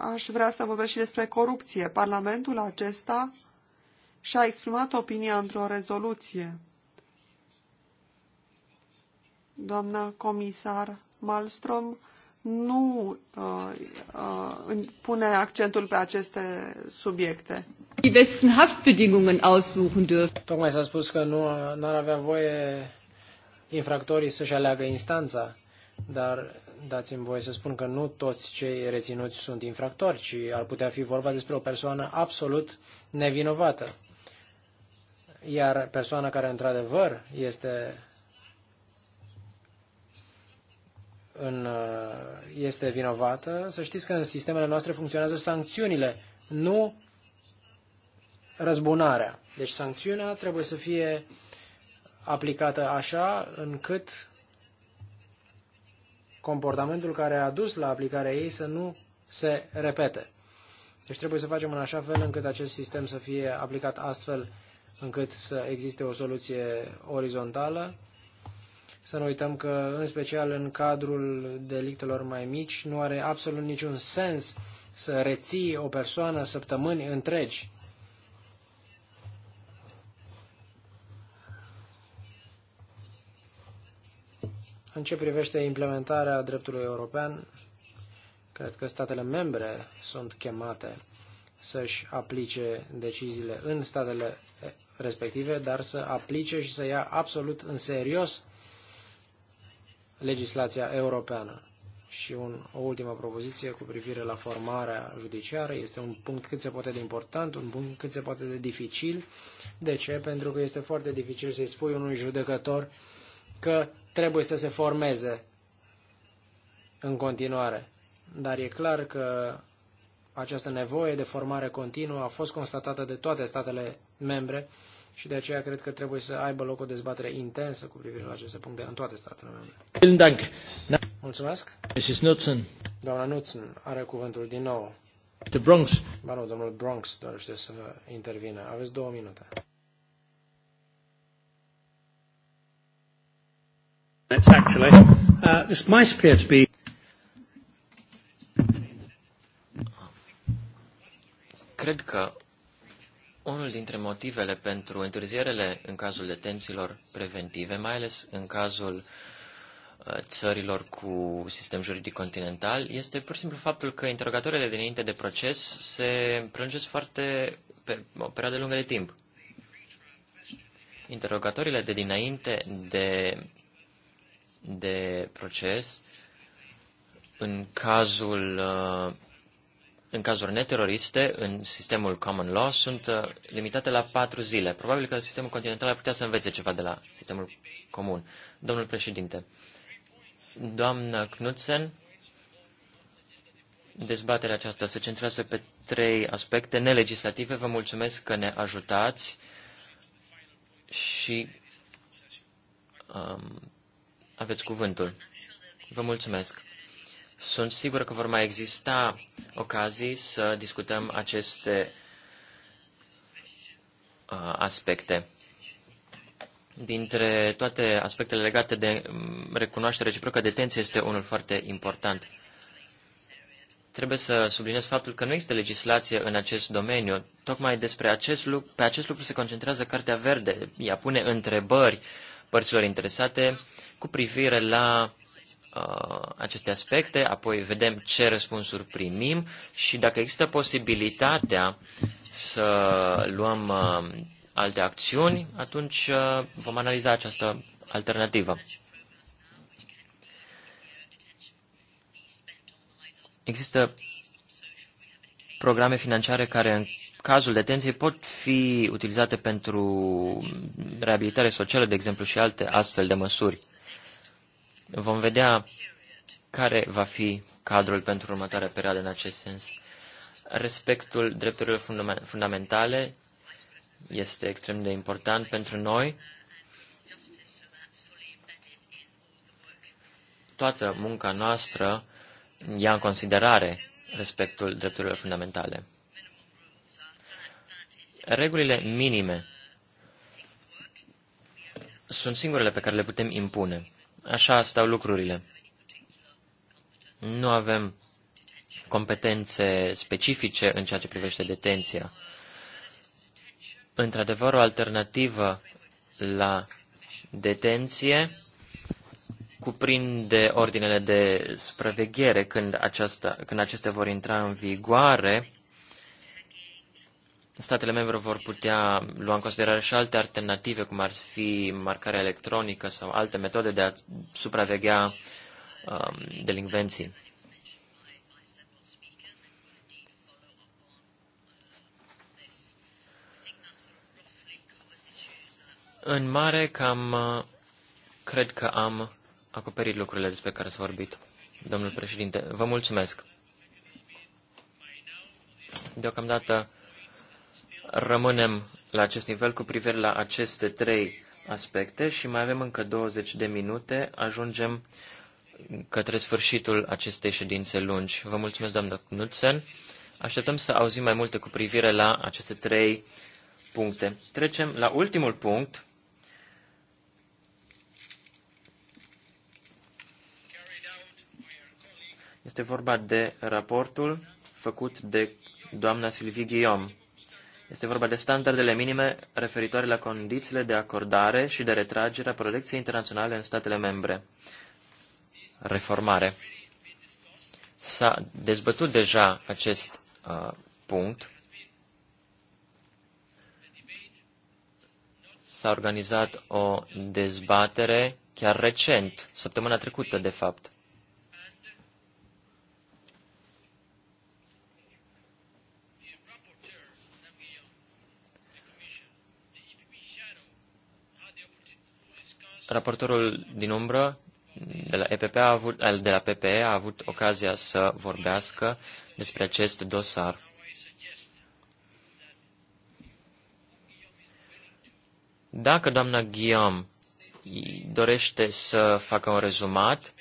Speaker 2: aș vrea să vorbesc și despre corupție. Parlamentul acesta și-a exprimat opinia într-o rezoluție. Doamna comisar Malmström nu uh, uh, pune accentul pe aceste subiecte.
Speaker 1: Tocmai s-a spus că nu ar avea voie infractorii să-și aleagă instanța, dar dați-mi voie să spun că nu toți cei reținuți sunt infractori, ci ar putea fi vorba despre o persoană absolut nevinovată. Iar persoana care într-adevăr este în, este vinovată, să știți că în sistemele noastre funcționează sancțiunile, nu răzbunarea. Deci sancțiunea trebuie să fie aplicată așa încât comportamentul care a dus la aplicarea ei să nu se repete. Deci trebuie să facem în așa fel încât acest sistem să fie aplicat astfel încât să existe o soluție orizontală. Să nu uităm că, în special în cadrul delictelor mai mici, nu are absolut niciun sens să reții o persoană săptămâni întregi În ce privește implementarea dreptului european, cred că statele membre sunt chemate să-și aplice deciziile în statele respective, dar să aplice și să ia absolut în serios legislația europeană. Și un, o ultimă propoziție cu privire la formarea judiciară este un punct cât se poate de important, un punct cât se poate de dificil. De ce? Pentru că este foarte dificil să-i spui unui judecător uh, că trebuie să se formeze în continuare. Dar e clar că această nevoie de formare continuă a fost constatată de toate statele membre și de aceea cred că trebuie să aibă loc o dezbatere intensă cu privire la aceste puncte în toate statele
Speaker 4: membre. Mulțumesc. Mrs.
Speaker 1: Doamna Nutzen are cuvântul din nou. The Bronx. Ba nu, domnul Bronx dorește să intervină. Aveți două minute.
Speaker 2: actually. Uh, this might appear to be.
Speaker 4: Cred că unul dintre motivele pentru întârzierele în cazul detențiilor preventive, mai ales în cazul uh, țărilor cu sistem juridic continental, este pur și simplu faptul că interogatoarele dinainte de proces se prelungesc foarte pe o perioadă lungă de timp. Interogatoriile de dinainte de de proces în cazul uh, în cazuri neteroriste, în sistemul common law, sunt uh, limitate la patru zile. Probabil că sistemul continental ar putea să învețe ceva de la sistemul comun. Domnul președinte, doamna Knudsen, dezbaterea aceasta se centrează pe trei aspecte nelegislative. Vă mulțumesc că ne ajutați și um, aveți cuvântul. Vă mulțumesc. Sunt sigur că vor mai exista ocazii să discutăm aceste uh, aspecte. Dintre toate aspectele legate de mm, recunoaștere reciprocă, detenție este unul foarte important. Trebuie să subliniez faptul că nu există legislație în acest domeniu. Tocmai despre acest lucru, pe acest lucru se concentrează Cartea Verde. Ea pune întrebări părților interesate cu privire la uh, aceste aspecte, apoi vedem ce răspunsuri primim și dacă există posibilitatea să luăm uh, alte acțiuni, atunci uh, vom analiza această alternativă. Există programe financiare care cazul detenției pot fi utilizate pentru reabilitare socială, de exemplu, și alte astfel de măsuri. Vom vedea care va fi cadrul pentru următoarea perioadă în acest sens. Respectul drepturilor fundamentale este extrem de important pentru noi. Toată munca noastră ia în considerare respectul drepturilor fundamentale. Regulile minime sunt singurele pe care le putem impune. Așa stau lucrurile. Nu avem competențe specifice în ceea ce privește detenția. Într-adevăr, o alternativă la detenție cuprinde ordinele de supraveghere când, aceasta, când acestea vor intra în vigoare statele membre vor putea lua în considerare și alte alternative, cum ar fi marcarea electronică sau alte metode de a supraveghea um, delinvenții. În mare, cam cred că am acoperit lucrurile despre care s-a vorbit. Domnul președinte, vă mulțumesc. Deocamdată rămânem la acest nivel cu privire la aceste trei aspecte și mai avem încă 20 de minute. Ajungem către sfârșitul acestei ședințe lungi. Vă mulțumesc, doamnă Knudsen. Așteptăm să auzim mai multe cu privire la aceste trei puncte. Trecem la ultimul punct. Este vorba de raportul făcut de doamna Sylvie Guillaume este vorba de standardele minime referitoare la condițiile de acordare și de retragere a protecției internaționale în statele membre. Reformare. S-a dezbătut deja acest uh, punct. S-a organizat o dezbatere chiar recent, săptămâna trecută, de fapt. Raportorul din umbră de la, EPP a avut, de la PPE a avut ocazia să vorbească despre acest dosar. Dacă doamna Guillaume dorește să facă un rezumat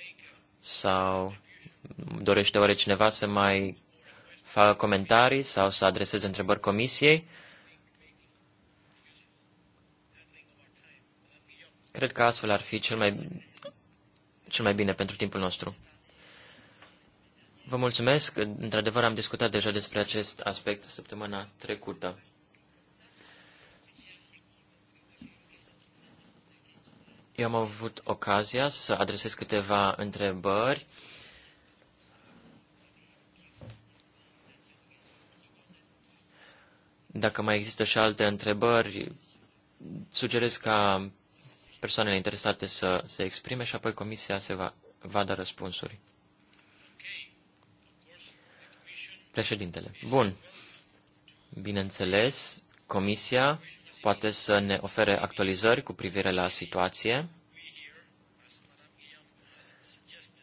Speaker 4: sau dorește oare cineva să mai facă comentarii sau să adreseze întrebări comisiei, Cred că astfel ar fi cel mai, cel mai bine pentru timpul nostru. Vă mulțumesc. Într-adevăr, am discutat deja despre acest aspect săptămâna trecută. Eu am avut ocazia să adresez câteva întrebări. Dacă mai există și alte întrebări, sugerez ca persoanele interesate să se exprime și apoi comisia se va, va da răspunsuri. Președintele. Bun. Bineînțeles, comisia poate să ne ofere actualizări cu privire la situație.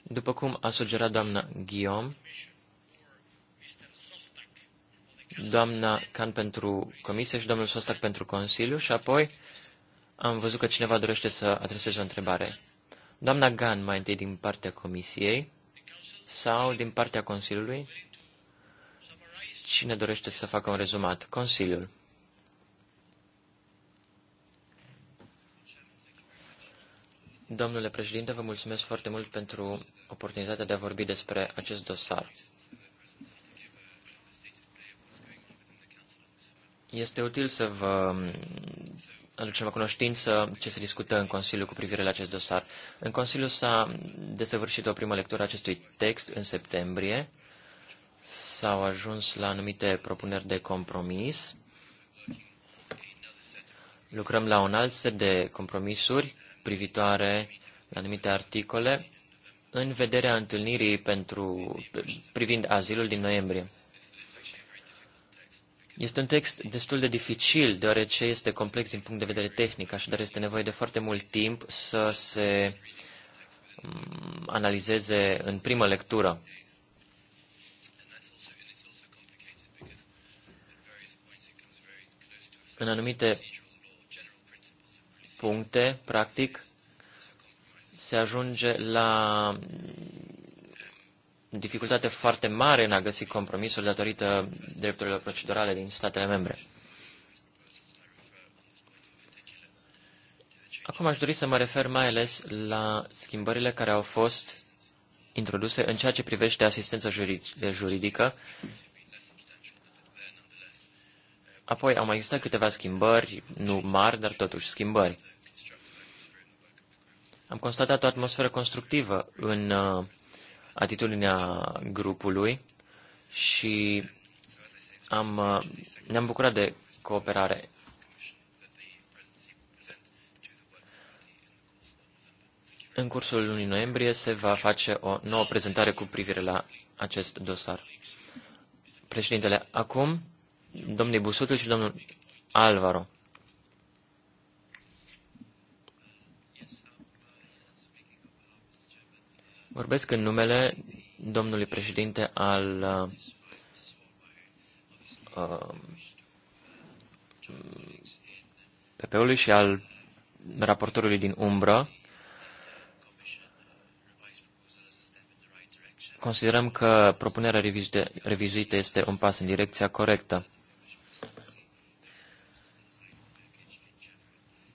Speaker 4: După cum a sugerat doamna Guillaume, doamna Can pentru Comisie și domnul Sostac pentru Consiliu și apoi am văzut că cineva dorește să adreseze o întrebare. Doamna Gan, mai întâi din partea Comisiei sau din partea Consiliului? Cine dorește să facă un rezumat? Consiliul. Domnule președinte, vă mulțumesc foarte mult pentru oportunitatea de a vorbi despre acest dosar. Este util să vă aducem la cunoștință ce se discută în Consiliu cu privire la acest dosar. În Consiliu s-a desăvârșit o primă lectură a acestui text în septembrie. S-au ajuns la anumite propuneri de compromis. Lucrăm la un alt set de compromisuri privitoare la anumite articole în vederea întâlnirii pentru, privind azilul din noiembrie. Este un text destul de dificil, deoarece este complex din punct de vedere tehnic, așadar este nevoie de foarte mult timp să se mm, analizeze în primă lectură. În anumite puncte, practic, se ajunge la dificultate foarte mare în a găsi compromisul datorită drepturilor procedurale din statele membre. Acum aș dori să mă refer mai ales la schimbările care au fost introduse în ceea ce privește asistența juridică. Apoi au mai existat câteva schimbări, nu mari, dar totuși schimbări. Am constatat o atmosferă constructivă în uh, atitudinea grupului și am, uh, ne-am bucurat de cooperare. În cursul lunii noiembrie se va face o nouă prezentare cu privire la acest dosar. Președintele, acum, domnii Busutul și domnul Alvaro. Vorbesc în numele domnului președinte al uh, PP-ului și al raportorului din umbră. Considerăm că propunerea revizuită este un pas în direcția corectă.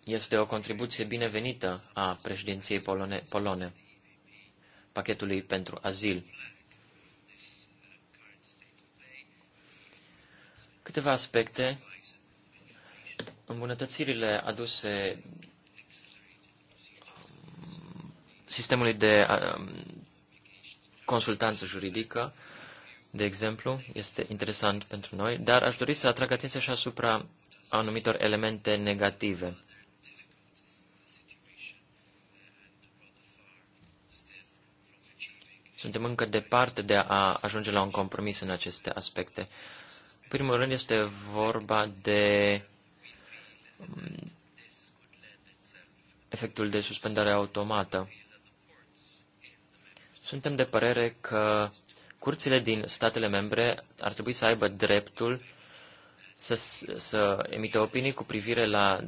Speaker 4: Este o contribuție binevenită a președinției polone. polone pachetului pentru azil. Câteva aspecte. Îmbunătățirile aduse sistemului de um, consultanță juridică, de exemplu, este interesant pentru noi, dar aș dori să atrag atenția și asupra anumitor elemente negative. Suntem încă departe de a ajunge la un compromis în aceste aspecte. În primul rând este vorba de mm, efectul de suspendare automată. Suntem de părere că curțile din statele membre ar trebui să aibă dreptul să, să emită opinii cu privire la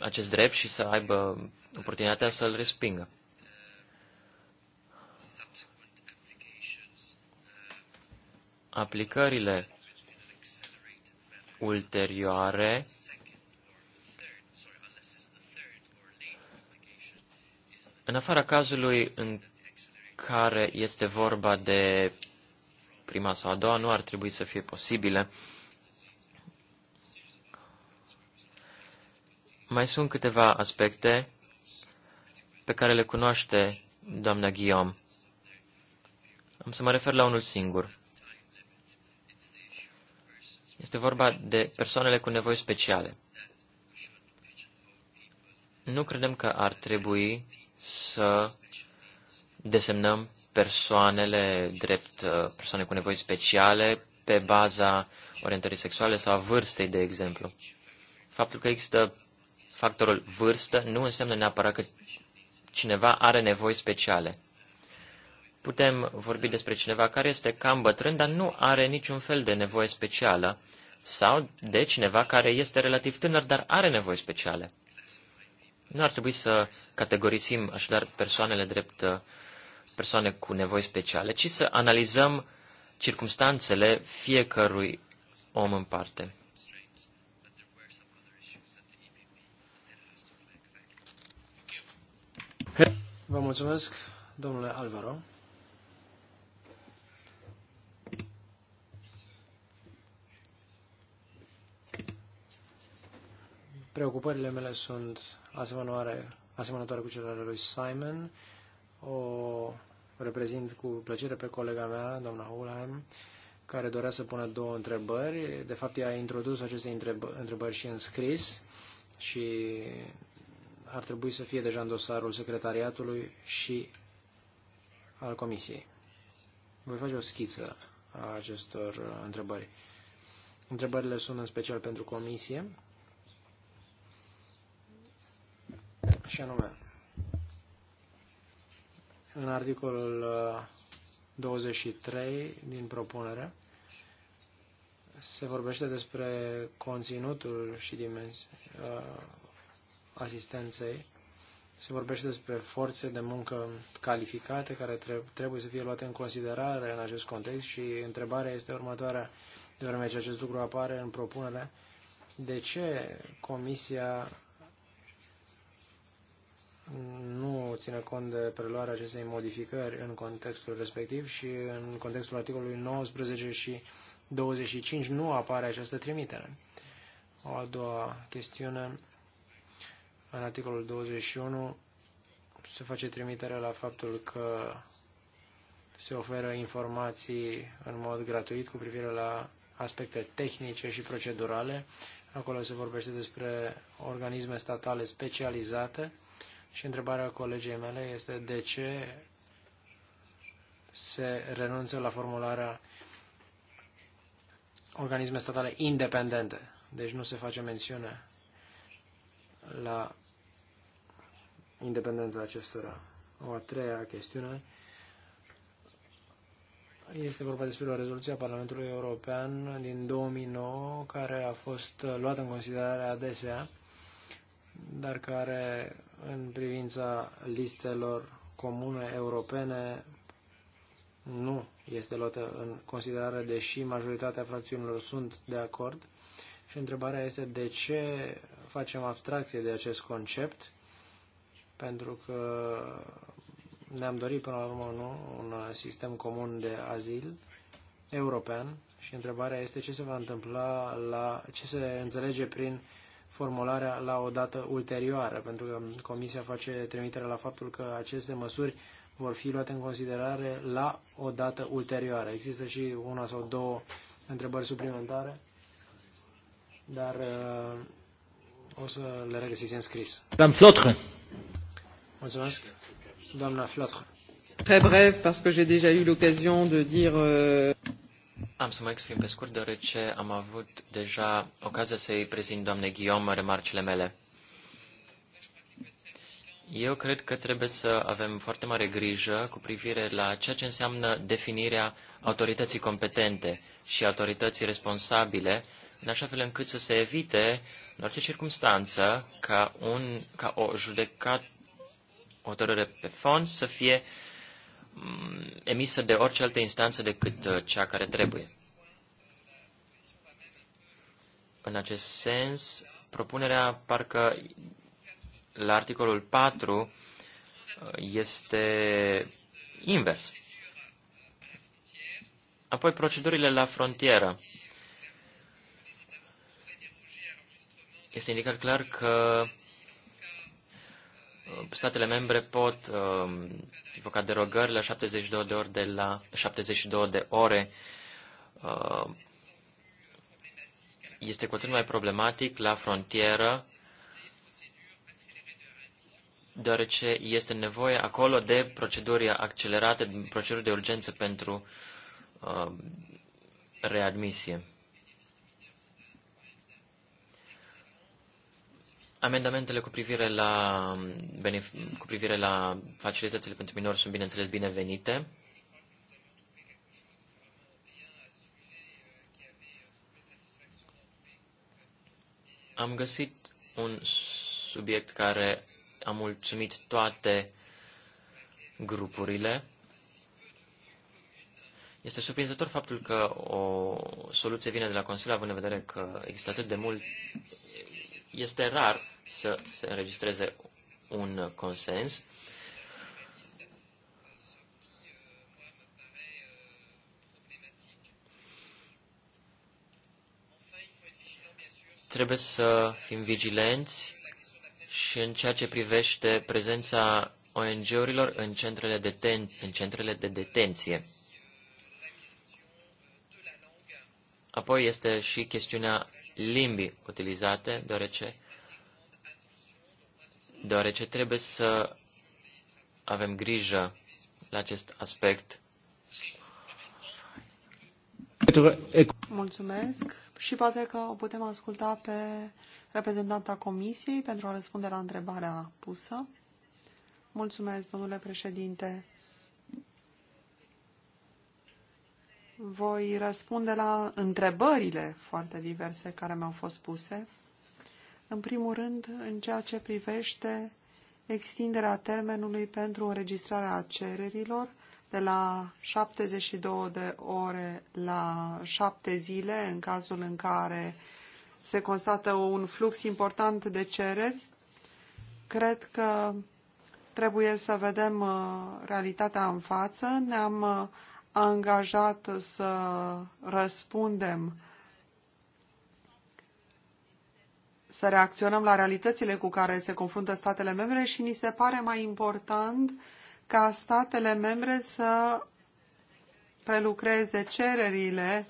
Speaker 4: acest drept și să aibă oportunitatea să-l respingă. aplicările ulterioare În afara cazului în care este vorba de prima sau a doua, nu ar trebui să fie posibile. Mai sunt câteva aspecte pe care le cunoaște doamna Guillaume. Am să mă refer la unul singur. Este vorba de persoanele cu nevoi speciale. Nu credem că ar trebui să desemnăm persoanele drept uh, persoane cu nevoi speciale pe baza orientării sexuale sau a vârstei, de exemplu. Faptul că există factorul vârstă nu înseamnă neapărat că cineva are nevoi speciale. Putem vorbi despre cineva care este cam bătrân, dar nu are niciun fel de nevoie specială sau de cineva care este relativ tânăr, dar are nevoi speciale. Nu ar trebui să categorisim așadar persoanele drept uh, persoane cu nevoi speciale, ci să analizăm circumstanțele fiecărui om în parte.
Speaker 1: Vă mulțumesc, domnule Alvaro. Preocupările mele sunt asemănătoare, asemănătoare cu cele ale lui Simon. O reprezint cu plăcere pe colega mea, doamna Ulheim, care dorea să pună două întrebări. De fapt, ea a introdus aceste întrebări și în scris și ar trebui să fie deja în dosarul secretariatului și al comisiei. Voi face o schiță a acestor uh, întrebări. Întrebările sunt în special pentru comisie. și anume, în articolul 23 uh, din propunere, se vorbește despre conținutul și dimensi uh, asistenței, se vorbește despre forțe de muncă calificate care trebuie să fie luate în considerare în acest context și întrebarea este următoarea, de vreme ce acest lucru apare în propunere, de ce Comisia nu ține cont de preluarea acestei modificări în contextul respectiv și în contextul articolului 19 și 25 nu apare această trimitere. O a doua chestiune, în articolul 21 se face trimitere la faptul că se oferă informații în mod gratuit cu privire la aspecte tehnice și procedurale. Acolo se vorbește despre organisme statale specializate și întrebarea colegii mele este de ce se renunță la formularea organisme statale independente. Deci nu se face mențiune la independența acestora. O a treia chestiune este vorba despre o rezoluție a Parlamentului European din 2009 care a fost luată în considerare adesea dar care în privința listelor comune europene nu este luată în considerare, deși majoritatea fracțiunilor sunt de acord. Și întrebarea este de ce facem abstracție de acest concept, pentru că ne-am dorit până la urmă nu, un sistem comun de azil european și întrebarea este ce se va întâmpla la ce se înțelege prin formularea la o dată ulterioară, pentru că Comisia face trimitere la faptul că aceste măsuri vor fi luate în considerare la o dată ulterioară. Există și una sau două întrebări suplimentare, dar uh, o să le regăsiți în scris. Doamna Flotre. Mulțumesc. Doamna Flotre.
Speaker 2: Très bref, parce que j'ai déjà eu l'occasion de dire... Euh...
Speaker 4: Am să mă exprim pe scurt, deoarece am avut deja ocazia să-i prezint doamne Guillaume remarcile mele. Eu cred că trebuie să avem foarte mare grijă cu privire la ceea ce înseamnă definirea autorității competente și autorității responsabile, în așa fel încât să se evite, în orice circunstanță, ca, un, ca o judecată, o pe fond să fie uh, Mm, emisă de orice altă instanță decât uh, cea care trebuie. În acest sens, propunerea parcă la articolul 4 uh, este invers. Apoi procedurile la frontieră. Este indicat clar că statele membre pot uh, um, invoca derogări la 72 de ore, de la 72 de ore. Uh, este cu atât mai problematic la frontieră, deoarece este nevoie acolo de proceduri accelerate, proceduri de urgență pentru uh, readmisie. Amendamentele cu privire la, cu privire la facilitățile pentru minori sunt, bineînțeles, binevenite. Am găsit un subiect care a mulțumit toate grupurile. Este surprinzător faptul că o soluție vine de la Consiliu, având în vedere că există atât de mult. Este rar să se înregistreze un consens. Trebuie să fim vigilenți și în ceea ce privește prezența ONG-urilor în centrele de, ten- în centrele de detenție. Apoi este și chestiunea limbii utilizate, deoarece deoarece trebuie să avem grijă la acest aspect.
Speaker 2: Mulțumesc și poate că o putem asculta pe reprezentanta Comisiei pentru a răspunde la întrebarea pusă. Mulțumesc, domnule președinte. Voi răspunde la întrebările foarte diverse care mi-au fost puse. În primul rând, în ceea ce privește extinderea termenului pentru înregistrarea cererilor de la 72 de ore la 7 zile, în cazul în care se constată un flux important de cereri. Cred că trebuie să vedem uh, realitatea în față. Ne-am uh, angajat să răspundem să reacționăm la realitățile cu care se confruntă statele membre și ni se pare mai important ca statele membre să prelucreze cererile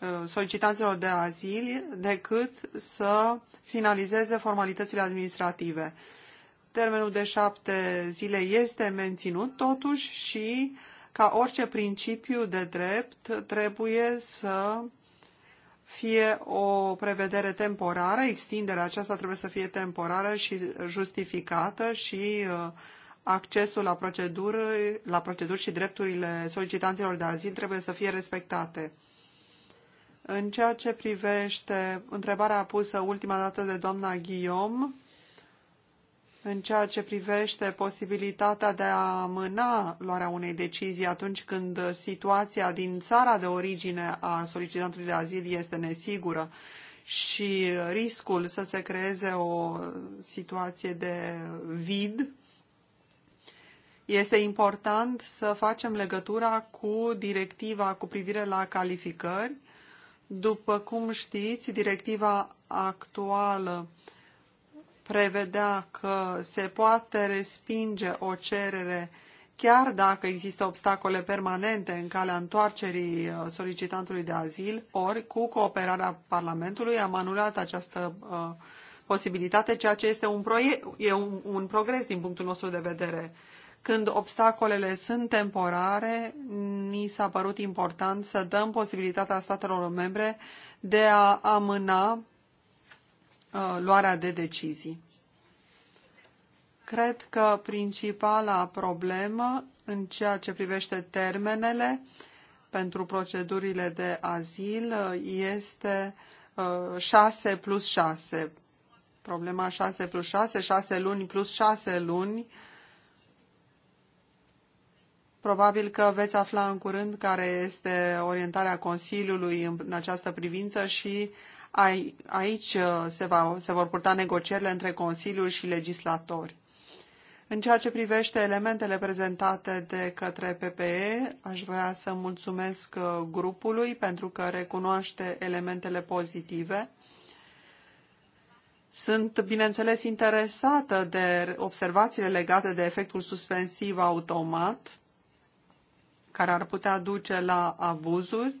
Speaker 2: uh, solicitanților de azil decât să finalizeze formalitățile administrative. Termenul de șapte zile este menținut totuși și ca orice principiu de drept trebuie să fie o prevedere temporară, extinderea aceasta trebuie să fie temporară și justificată și uh, accesul la proceduri, la proceduri și drepturile solicitanților de azil trebuie să fie respectate. În ceea ce privește întrebarea pusă ultima dată de doamna Guillaume, în ceea ce privește posibilitatea de a amâna luarea unei decizii atunci când situația din țara de origine a solicitantului de azil este nesigură și riscul să se creeze o situație de vid, este important să facem legătura cu directiva cu privire la calificări. După cum știți, directiva actuală prevedea că se poate respinge o cerere chiar dacă există obstacole permanente în calea întoarcerii uh, solicitantului de azil, ori cu cooperarea Parlamentului am anulat această uh, posibilitate, ceea ce este un, proie- e un, un progres din punctul nostru de vedere. Când obstacolele sunt temporare, ni s-a părut important să dăm posibilitatea statelor membre de a amâna Uh, luarea de decizii. Cred că principala problemă în ceea ce privește termenele pentru procedurile de azil uh, este 6 uh, plus 6. Problema 6 plus 6, 6 luni plus 6 luni. Probabil că veți afla în curând care este orientarea Consiliului în această privință și uh, Aici uh, se, va, se vor purta negocierile între Consiliu și legislatori. În ceea ce privește elementele prezentate de către PPE, aș vrea să mulțumesc uh, grupului pentru că recunoaște elementele pozitive. Sunt, bineînțeles, interesată de observațiile legate de efectul suspensiv automat, care ar putea duce la abuzuri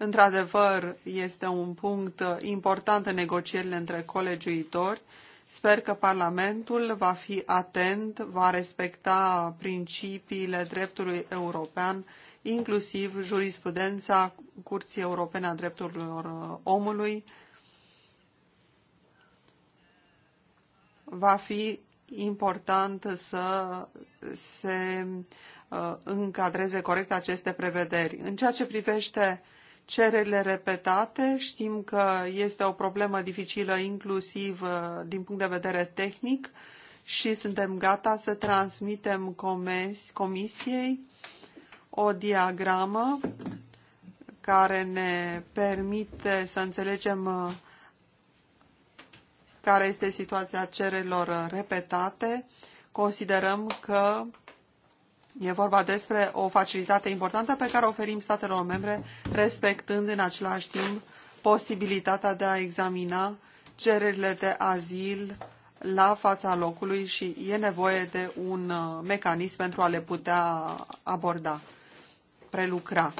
Speaker 2: Într-adevăr, este un punct important în negocierile între colegiuitori. Sper că Parlamentul va fi atent, va respecta principiile dreptului european, inclusiv jurisprudența Curții Europene a Drepturilor Omului. Va fi important să se uh, încadreze corect aceste prevederi. În ceea ce privește cererile repetate. Știm că este o problemă dificilă inclusiv uh, din punct de vedere tehnic și suntem gata să transmitem comisiei o diagramă care ne permite să înțelegem uh, care este situația cererilor uh, repetate. Considerăm că E vorba despre o facilitate importantă pe care o oferim statelor membre, respectând în același timp posibilitatea de a examina cererile de azil la fața locului și e nevoie de un uh, mecanism pentru a le putea aborda, prelucra.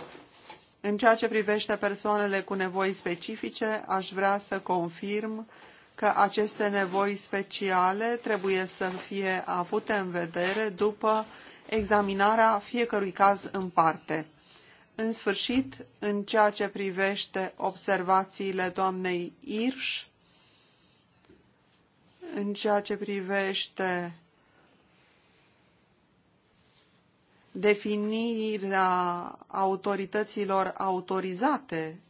Speaker 2: În ceea ce privește persoanele cu nevoi specifice, aș vrea să confirm că aceste nevoi speciale trebuie să fie avute în vedere după examinarea fiecărui caz în parte. În sfârșit, în ceea ce privește observațiile doamnei Irș, în ceea ce privește definirea autorităților autorizate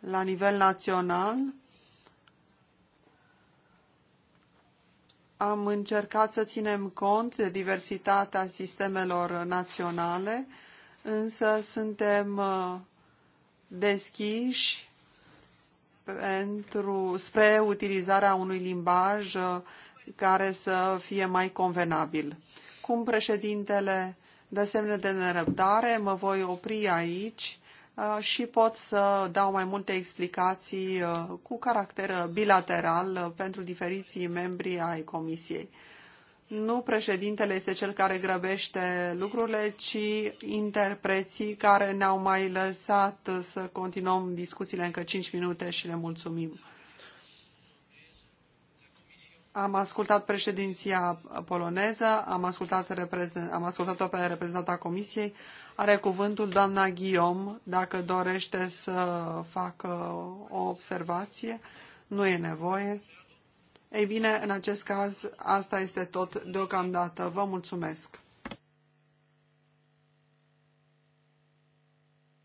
Speaker 2: la nivel național, am încercat să ținem cont de diversitatea sistemelor naționale, însă suntem uh, deschiși pentru, spre utilizarea unui limbaj uh, care să fie mai convenabil. Cum președintele dă semne de nerăbdare, mă voi opri aici Uh, și pot să dau mai multe explicații uh, cu caracter uh, bilateral pentru diferiții membri ai comisiei. Nu președintele este cel care grăbește lucrurile, ci interpreții care ne-au mai lăsat să continuăm discuțiile încă 5 minute și le mulțumim. Am ascultat președinția poloneză, am ascultat, am ascultat-o pe reprezentanta comisiei. Are cuvântul doamna Guillaume, dacă dorește să facă o observație. Nu e nevoie. Ei bine, în acest caz, asta este tot deocamdată. Vă mulțumesc.